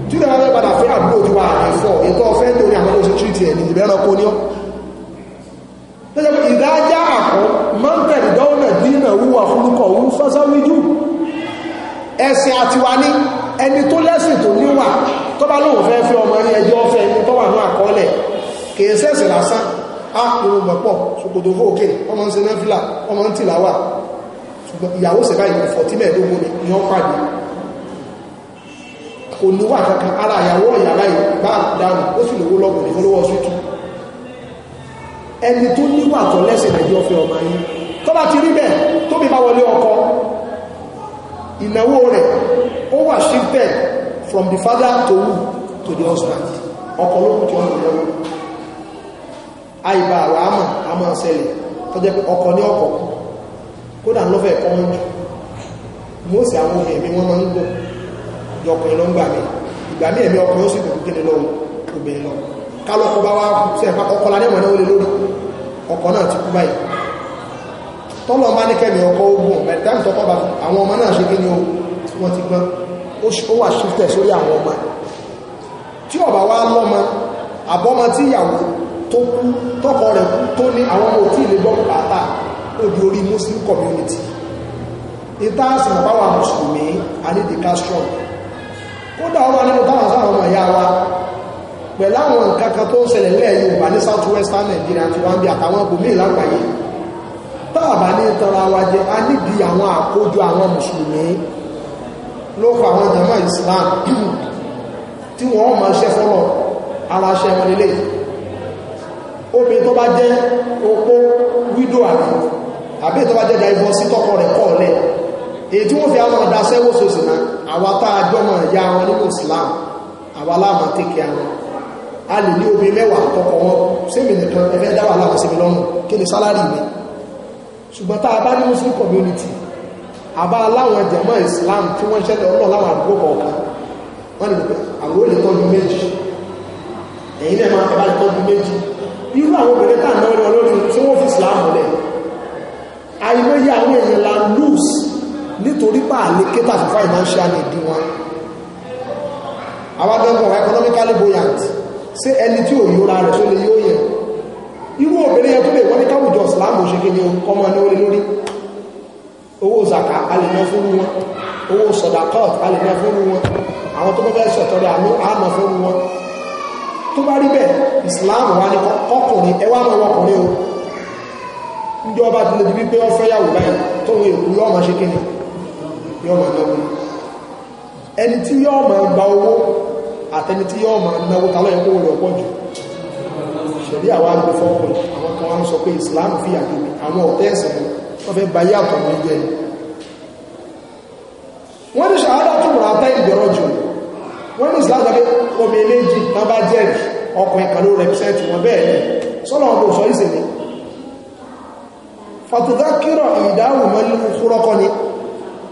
tí ó dára padà fẹ́ àbúrò tí wà àfẹ́fọ́ ìtọ́ ọ̀fẹ́ lórí àwọn oṣù tìrìtì ẹ̀ ní ìbẹ̀rẹ̀ kó ní ọ́ lọ́jọ́ pé ìdájá àkọ́ mountain dọ́ọ̀nà dínà wúwà fúnukọ̀ òun fọ́sọ́wíjú ẹ̀sìn àtiwá ní ẹni tó lẹ́sìn tó níwà tó bá lóun fẹ́ fẹ́ ọmọ ní ẹjọ́ fẹ́ ní tó wà ní àkọọ́lẹ̀ kìí sẹ́sìn lásán á irun mọ̀pọ̀ ṣòkòtò fóòkè ọmọ ń ṣe nẹ́fìlà ọmọ ń tìlàwà ṣùgbọ́n ìyàwó sẹ̀ká ìwọ̀n fọ̀tímẹ̀ẹ́dógún ni wọ́n pàdé kò níwà kankan ara àyàwó ọ̀yà láì bá dáhùn ó sì lówó lọ́gbọ̀n ní olówó ọsítù ẹni tó níwà tó lẹ́sìn ẹ̀jẹ̀ ọ̀fẹ́ ọmọ yín tó bá ti rí bẹ́ẹ̀ tóbi bá wọlé ọkọ ìnáwó rẹ̀ ó wà shifted from the father to who to the husband ọkọ ló kù tí wọ́n lè lọ́wọ́ àìbá àwọn àmà àmà ṣẹlẹ̀ tó jẹ́ pé ọkọ ní ọkọ kódà lọ́fẹ̀ẹ́ kọ́mọ́jù mọ́ọ̀sì àwọn obìnrin wọn máa ń gbọ́ lọ́kùnrin ló ń gbà mí ìgbà mí ẹ̀mí ọkùnrin ó sì tó kéde lọ obìnrin lọ kálọ́kọ bá wá sí ẹ̀fà ọkọ̀ lálẹ́ ìwọ̀n náà ó lè lórí ọkọ̀ náà ti kú báyìí tọ́lọ̀ bá ní kẹ́mi ọkọ̀ ogun mẹ́tàmì tọ́kọ̀ bá àwọn ọmọ náà ṣe kí ni o wọ́n ti gbọ́n ó wà ṣíftẹ̀ sórí àwọn ọmọ tí ọba wá lọ́mọ àbọ́mọ tí ìyàwó tó kú tọ́kọ rẹ̀ kú tó ní àwọn ọmọ òtí ìlé gbọ́n pàtà ó di orí muslim community ìta àsìmọ̀ báwa mùsùlùmí a ní the castrol kódà ọmọ nínú táwọn sáwọn ọmọ ìyá wa pẹ̀lú àwọn nǹkan kan tó ń ṣẹlẹ̀ lẹ́ Yorùbá ní south western Nigeria ti wá ń bí àtàwọn ibòmíì lágbàáyé táàbà ní tọrọ wa jẹ a níbi àwọn àkójọ àwọn mùsùlùmí ló fa àwọn jama Islam tí wọ́n mọ̀ ṣẹ́ fọ́lọ̀ ara ṣẹ́ wọn lélẹ̀ obìnrin tó bá jẹ́ opó wídò àbí àbí tó bá jẹ́ divorce tọkọ rẹ̀ kọ́ ọ̀lẹ́ èyí tí wọ́n fi àwọn ọ̀dà sẹ́wọ́ sòsì náà àwa tá a jọmọ ìyá wọn nínú Islam àwa láàmà tẹ́kẹ̀ àwọn a lè ní obìnrin mẹ́wàá tọkọ wọn sẹ́mi nìkan ẹgbẹ́ dáwà láwọn sẹ́mi lọ́rùn kí ni sálárì mi ṣùgbọ́n tá a bá ní Muslim community àbá láwọn jẹ̀mọ́ Islam tí wọ́n ṣẹlẹ̀ ọlọ́run láwọn àdúgbò kọ̀ọ̀kan wọ́n lè pẹ́ àwọn olè tọ́jú méjì ẹ̀yin náà máa fẹ́ bá tọ́jú méjì irú àwọn obìnrin tá à ń lọ́rọ̀ lórí tí wọ́n fi Islam lẹ̀ àìmọye àwọn èèyàn la lose nítorí pà lè kéta sí financial need wọn àwọn agbẹ́gbọ̀n economically buoyant ṣé ẹni tí ò yóra rẹ̀ tó lè yóò yẹ irú obìnrin yẹn tó lè wọ́n ní káwùjọ ìsìláàmù ṣe kí ni ọmọ ní orí lórí owó zaka a lè ná fún wọn owó sọdakọt a lè ná fún wọn àwọn tó bá fẹ́ sọ̀tọ̀rẹ̀ àánú àánà fún wọn tó bá rí bẹ́ẹ̀ ìsìláàmù wa ní ọkùnrin ẹwà mọ́ ọkùnrin o ń jọba tó lè di wípé ọ fẹ́ yàwó báyìí tóun èkú yọ́ ọmọ ṣe kí ni yọ́ ma náwó ẹni tí yọ́ ma gba owó àtẹni tí yọ́ ma náwó tàlọ́ ẹ̀kọ́ rẹ̀ pọ̀ jù ṣẹ̀rí àwọn agbó fọ́pọ̀ àwọn kan wọ́n sọ pé Islam fi àgbègbè àwọn ọ̀tẹ́ ẹ̀sìn wọ́n fẹ́ bayé àtọ̀mọ́ jẹ́ wọ́n ní ṣàádà tó rà tá ìgbẹ̀rọ̀ jù wọ́n ní Islam tàbí omi méjì tán bá jẹ́rìí ọkùnrin kan ló rẹpẹ́sẹ̀tì wọn bẹ́ẹ̀ ni sọ́nà ọdún sọ ìsìn ni fàtàkìrọ̀ ìdáhùn mọ́lẹ́kùn kúrọ́kọ́ ni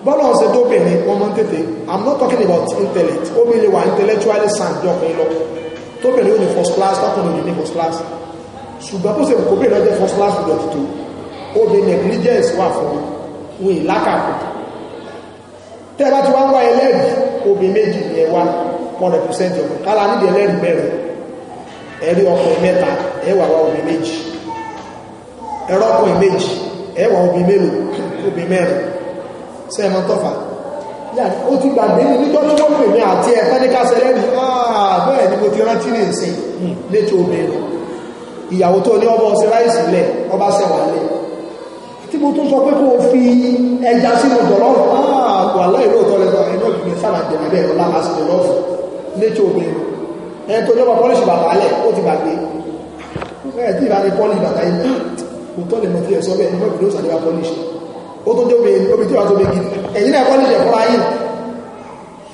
bọ́lọ̀ ṣe tó bẹ̀rẹ̀ wọ́n mọ́ tètè i'm not talking about intellect ó mi lè wà intellectually sound jọkùn lọ tó bẹ̀rẹ̀ ó ní first class tọkùn ní ní first class ṣùgbọ́n tó ṣe kò bẹ̀rẹ̀ lọ́jọ́ first class lọ tó ó bẹ negligence wà fún wọn ìlákàkù tẹ́ bá ti wá ń wá ẹlẹ́rìí obì méjì ní ẹwà 100% ọkùn kálá níbi ẹlẹ́rìí mẹ́rin ẹ̀rí ọkùnrin mẹ́ta ẹwà wá obì méjì ẹ̀rọ ọkùnrin méjì ẹwà obì mélòó obì mẹ́rin sẹ́ẹ̀mọ́ tọ́fà ó ti gbàgbé ní níjọ́ tí wọ́n pè mí àti ẹ̀ pẹ́níkà sẹ́lẹ́rì ah, bẹ́ẹ̀ ni mo ti rántí ní ìsìn létò obìnrin ìyàwó tó ní ọmọ ọsẹ láìsí lẹ̀ ọba sẹ̀wà lẹ̀ tí mo tún sọ pé kó o fi ẹja sínú dọ̀lọ́fù ah, àgbà láìlóòtọ́ lẹ́tọ̀ ẹ̀nà ìgbìmọ̀ sábà jẹ̀rẹ̀ bẹ́ẹ̀ ọlá máa sì dọ̀lọ́fù létò obìnrin ẹni tó jọba pọ́líṣì bàbá lẹ̀ ó ti gbàgbé ẹ̀ tí ìbá ní pọ́líṣì bàbá yìí kò tọ́ lè mọ̀ tí ó tó jó omi tí wà tó méjì ẹ̀yìn náà kọ́lù jẹ̀ fúnra yìí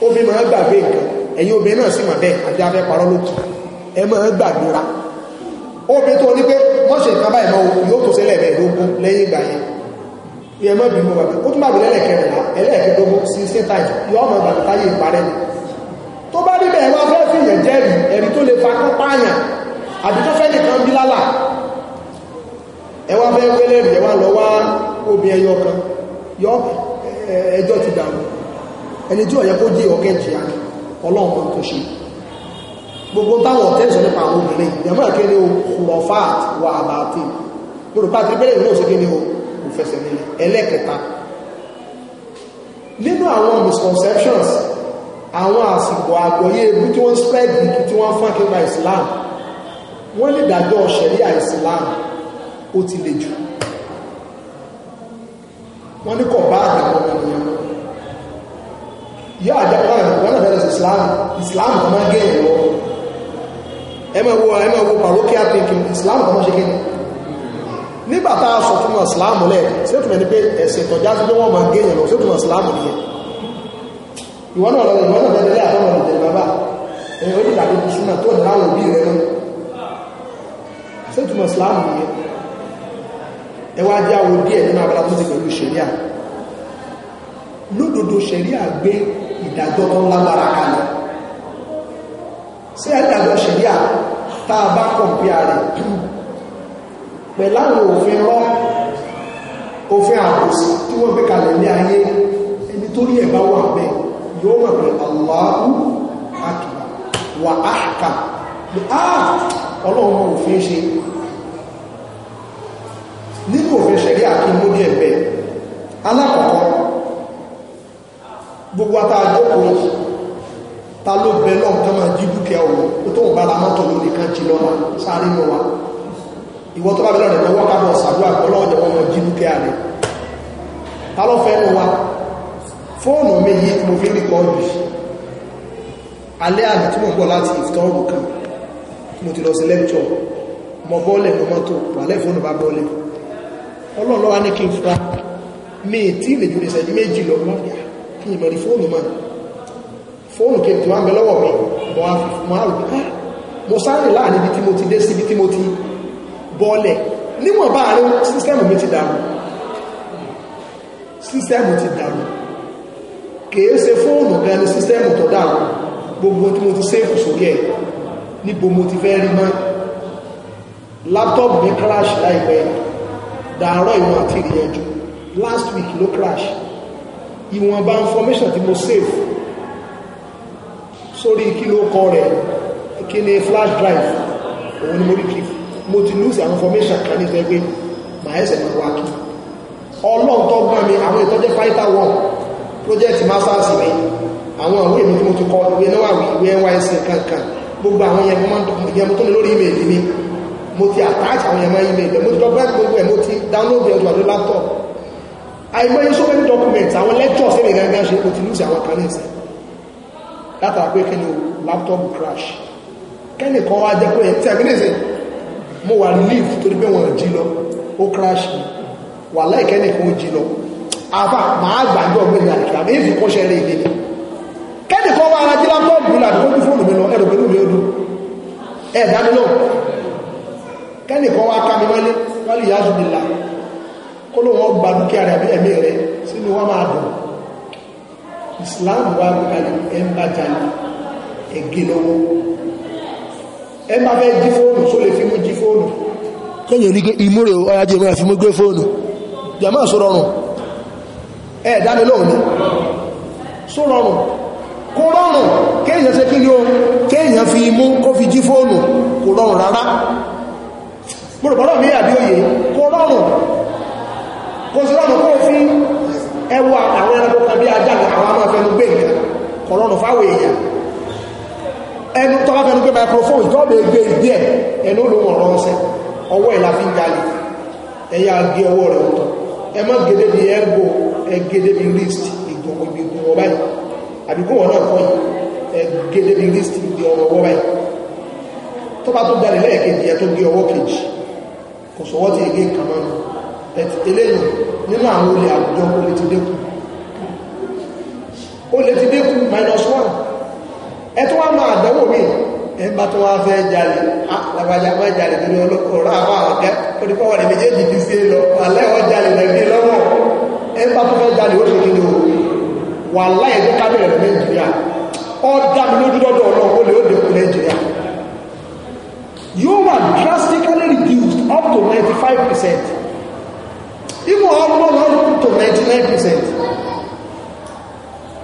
omi máa ń gbàgbé nǹkan ẹ̀yìn obìnrin náà sì mà bẹ́ẹ̀ àti afẹ́ parọ́ lókè ẹ máa ń gbàgbéra obìnrin tó ní pé wọ́n ṣe nǹkan báyìí náà yóò tó sílẹ̀ bẹ́ẹ̀ lógún lẹ́yìn ìgbà yẹn ní ẹ má bínú bàbá ó tún bàbá lẹ́lẹ̀kẹrìnlá ẹlẹ́ẹ̀kẹdógún sixteen times yọ ọmọ bàbá táyé ìparẹ́ ni tó bá níbẹ̀ wá fẹ́ fìyàn jẹ́rìí ẹ̀rí tó le fa kápáyàn àbí tó fẹ́ nìkan bí lálà ẹwà fẹ́ pẹ́lẹ̀ rẹ̀ wà lọ wá omi ẹyọ kan yọ ẹjọ́ ti dàrú ẹni tí ọ̀yẹ́ kó jẹ́ ọ̀gẹ́jì àmì ọlọ́run tó ṣe gbogbo táwọn tẹ́sọ̀ nípa àwọn obìnrin ìyàmọ́ ìkéde o kùrọ̀fáà wà àbáàtì lórúkọ àti bẹ́lẹ̀ ìlú òṣèké ni o kò fẹsẹ̀ nílẹ̀ ẹlẹ́kẹta nínú àwọn misconceptions àwọn àsìkò àgbọ̀yé ebi tí wọ́n spread bí tí wọ́n fún akínpa Islam wọ́n lè dájọ́ ṣẹ̀ríà Islam ó ti le jù wọ́n ní kọ̀ bá àgbàgbọ́ ènìyàn yóò àjọ wọn náà fẹ́rẹ̀ ìsìláàmù ìsìláàmù kan máa gé ẹ̀rọ ẹ máa wo ẹ máa wo parochial thinking ìsìláàmù kan máa ṣe kí ni nígbà tá a sọ fún ìsìláàmù lẹ̀ sétùmẹ̀ ni pé ẹ̀sìn tọ́já sí pé wọ́n máa gé ẹ̀rọ sétùmẹ̀ ìsìláàmù nìyẹn ìwọ náà lọ ìwọ náà bẹ̀rẹ̀ lé àtọ́nà ìdè bàbá ẹ̀yìn ó dìgbà tó súnmọ́ tó ní láwọn òbí rẹ̀ náà sétùmẹ̀ ìsìláàmù nìyẹn ẹwà jẹ́ àwọn díẹ̀ nínú abala tó ti pẹ̀lú ṣẹ̀ríà lódodo ṣẹ̀ríà gbé ìdájọ́ tó lágbára kalẹ̀ sí ìdájọ́ ṣẹ̀ríà tá a bá kọ̀m̀pìà rẹ̀ pẹ̀láwọn òfin rọ́ òfin àkóso tí wọ́n gbé kalẹ̀ ní ayé ẹni tó rí ẹ̀bá wà bẹ́ẹ̀ yóò mọ̀ pé Allahu akbar wà áhàkà ah! ọlọ́run òfin ṣe nínú òfin ṣẹ̀rí àkínbó ní ẹ̀bẹ̀ alákọ̀ọ́kọ́ gbogbo àtàjọ́kùn ta ló bẹ lọ́n kán máa jí dúkẹ́ ọ̀rọ̀ ó tó ń bá la mọ́tò lórí kan jí lọ́nà sáré mọ́ wa ìwọ tó bá bẹ lọ́rẹ̀ lọ́wọ́ ká bọ̀ sàdúrà ọlọ́wọ́ jẹ́ ọmọ jí dúkẹ́ àrẹ ta ló fẹ́ nu wa fóònù mi yìí mo fi ń rí kọ́ọ̀lù alẹ́ àná tí mo ń bọ̀ láti ìfitọ́rù kan mo ti lọ sí lẹ́kítọ̀ mo bọ́ọ̀lẹ̀ mo mọ́tò wà lẹ́fọ́nù bá bọ́ọ̀lẹ̀ ọlọ́run wá ní kí n fura mi tí lè ju ìṣẹ́jú méjì lọ lọ́dà kí n mọ̀rí fóònù mọ́ fóònù kí n tí wá ń bẹ lọ́wọ́ mi bọ́ a ah, ti dé síbi ti bọ́ọ̀lẹ̀ níwọ̀n bá àárín sísẹ́mù mi ti dàrú sísẹ́mù ti dàrú kìí ṣe fóònù gan ni sísẹ́mù tó dàrú gbogbo tí mo ti séèfù sórí ẹ̀ níbo mo ti fẹ́ rí mọ́ láptọ́ọ̀bù mi kíláàṣì láìpẹ́ yìí dàárọ̀ ìwọ̀n àti ìrìnàjò last week ló crash ìwọ̀nba information tí mo save sórí kí ló kọ rẹ̀ kí ni flash drive òun ni mo rí kìí mo ti lose àwọn information kan ní ìfẹ́gbé màá ẹsẹ̀ máa wá kí ọlọ́run tó gbọ́n mi àwọn ìtọ́jẹ́ fighter one project masters mi àwọn àwọn èmi tí mo ti kọ ìwé náwà ìwé nysc kankan gbogbo àwọn yẹn mo tó ní lórí email mi mo ti attach àwọn ẹ̀mọ́ email mo ti document gbogbo ẹ̀ mo ti download ẹ̀ lórí laptop àìmọye so many documents àwọn lectures ẹ̀rẹ̀ gangan ṣe mo ti lose àwọn kan nìsẹ̀ látara pé kí ni laptop crash kẹ́ni kan wá jẹ́ pé tí àmì nìsẹ̀ mo wà leave torí pé wọ́n jí lọ ó crash mi wà láì kẹ́ni kan ó jí lọ àfà màá gbàgbé ọgbẹ́ni àlèkè àmì ìfì kọ́ ṣẹlẹ̀ ìdè ni kẹ́ni kan wá ara jí laptop mi làdúgbò fóònù mi lọ ẹ̀rọ pẹ̀lú mi ó dùn ẹ̀ẹ́dá mi náà kẹ́nì kan wá ká mi mọ́lé wálé ìyá zùmílà kó ló wọ́n gba dúkìá rẹ̀ àbí ẹ̀mí rẹ̀ sínú wọn máa dùn Islam wa gbọ́kalẹ̀ ẹ̀ ń bá jalè ẹ̀gẹ́ lọ́wọ́ ẹ̀ máa fẹ́ jí fóònù sólè fi mú jí fóònù kẹ́yìn orí imúre ọ̀yájú ìmúra fi mú gbé fóònù jàmá sọ̀rọ̀rùn ẹ̀ dáni lóhùn ní sọ̀rọ̀rùn kò rọrùn kéèyàn ṣe kí ni ó kéèyàn fi imú kó fi jí fóònù kò rọrùn rárá mọ̀rọ̀bọ̀rọ̀ mi àbí òye kò rọrùn kò sí rọrùn kó fi ẹwà àwọn ẹranko kan bí ajá ní àwọn amáfẹ́ ní gbé ìgbà kò rọrùn fáwọn èèyàn ẹnu tọ́lá fẹ́ ní gbé microphone tó lè gbé ìdí ẹ̀ ẹnu ló wọ̀n ránṣẹ́ ọwọ́ ẹ̀ la fi ń jalè ẹ̀yà gbé ọwọ́ rẹ̀ ọ̀tọ̀ ẹ má gèdè bí ẹgbò ẹgèdè bí wrist ìgbọ̀ngbọ̀n ìgbọ̀ngbọ̀n báyìí àbíkú wọn náà kọ́ yìí ẹgèdè bí wrist ìgbọ̀ngbọ̀n báyìí tó bá tó jalè lẹ́ẹ̀kejì ẹ tó gbé ọwọ́ kejì kò sọwọ́ tí ègé ìkàmọ́nù eléyìn nínú àwọn olè àwùjọ olè ti dẹ́kù olè ti dẹ́kù minus one ẹ̀tọ́ wá máa àdánwò mi ẹ̀ tó wá fẹ́ jalè àlàbàjá ah, máa jalè torí ọlọ́kọ̀ rà wà ọ̀gá wà láyé yóò wà drastically reduced up to 95%. Even ọgbọ́n náà up to 99%.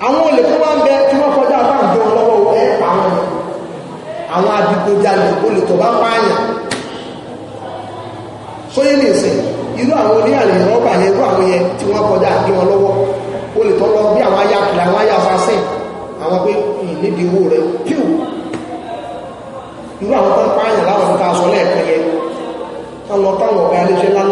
Àwọn olè tó wá ń bẹ tí wọ́n kọjá bá ń jọ lọ́wọ́ ẹ àwọn àwọn adigunjalè olè tó bá pààyàn. Sóyé ní ìsìn, irú àwọn oníyàlè rọ́bà yẹn irú àwọn yẹn tí wọ́n kọjá wọn lọ́wọ́. Olè lọ bí àwọn àwọn àwọn pé owó 那我干我干，你去拉拉。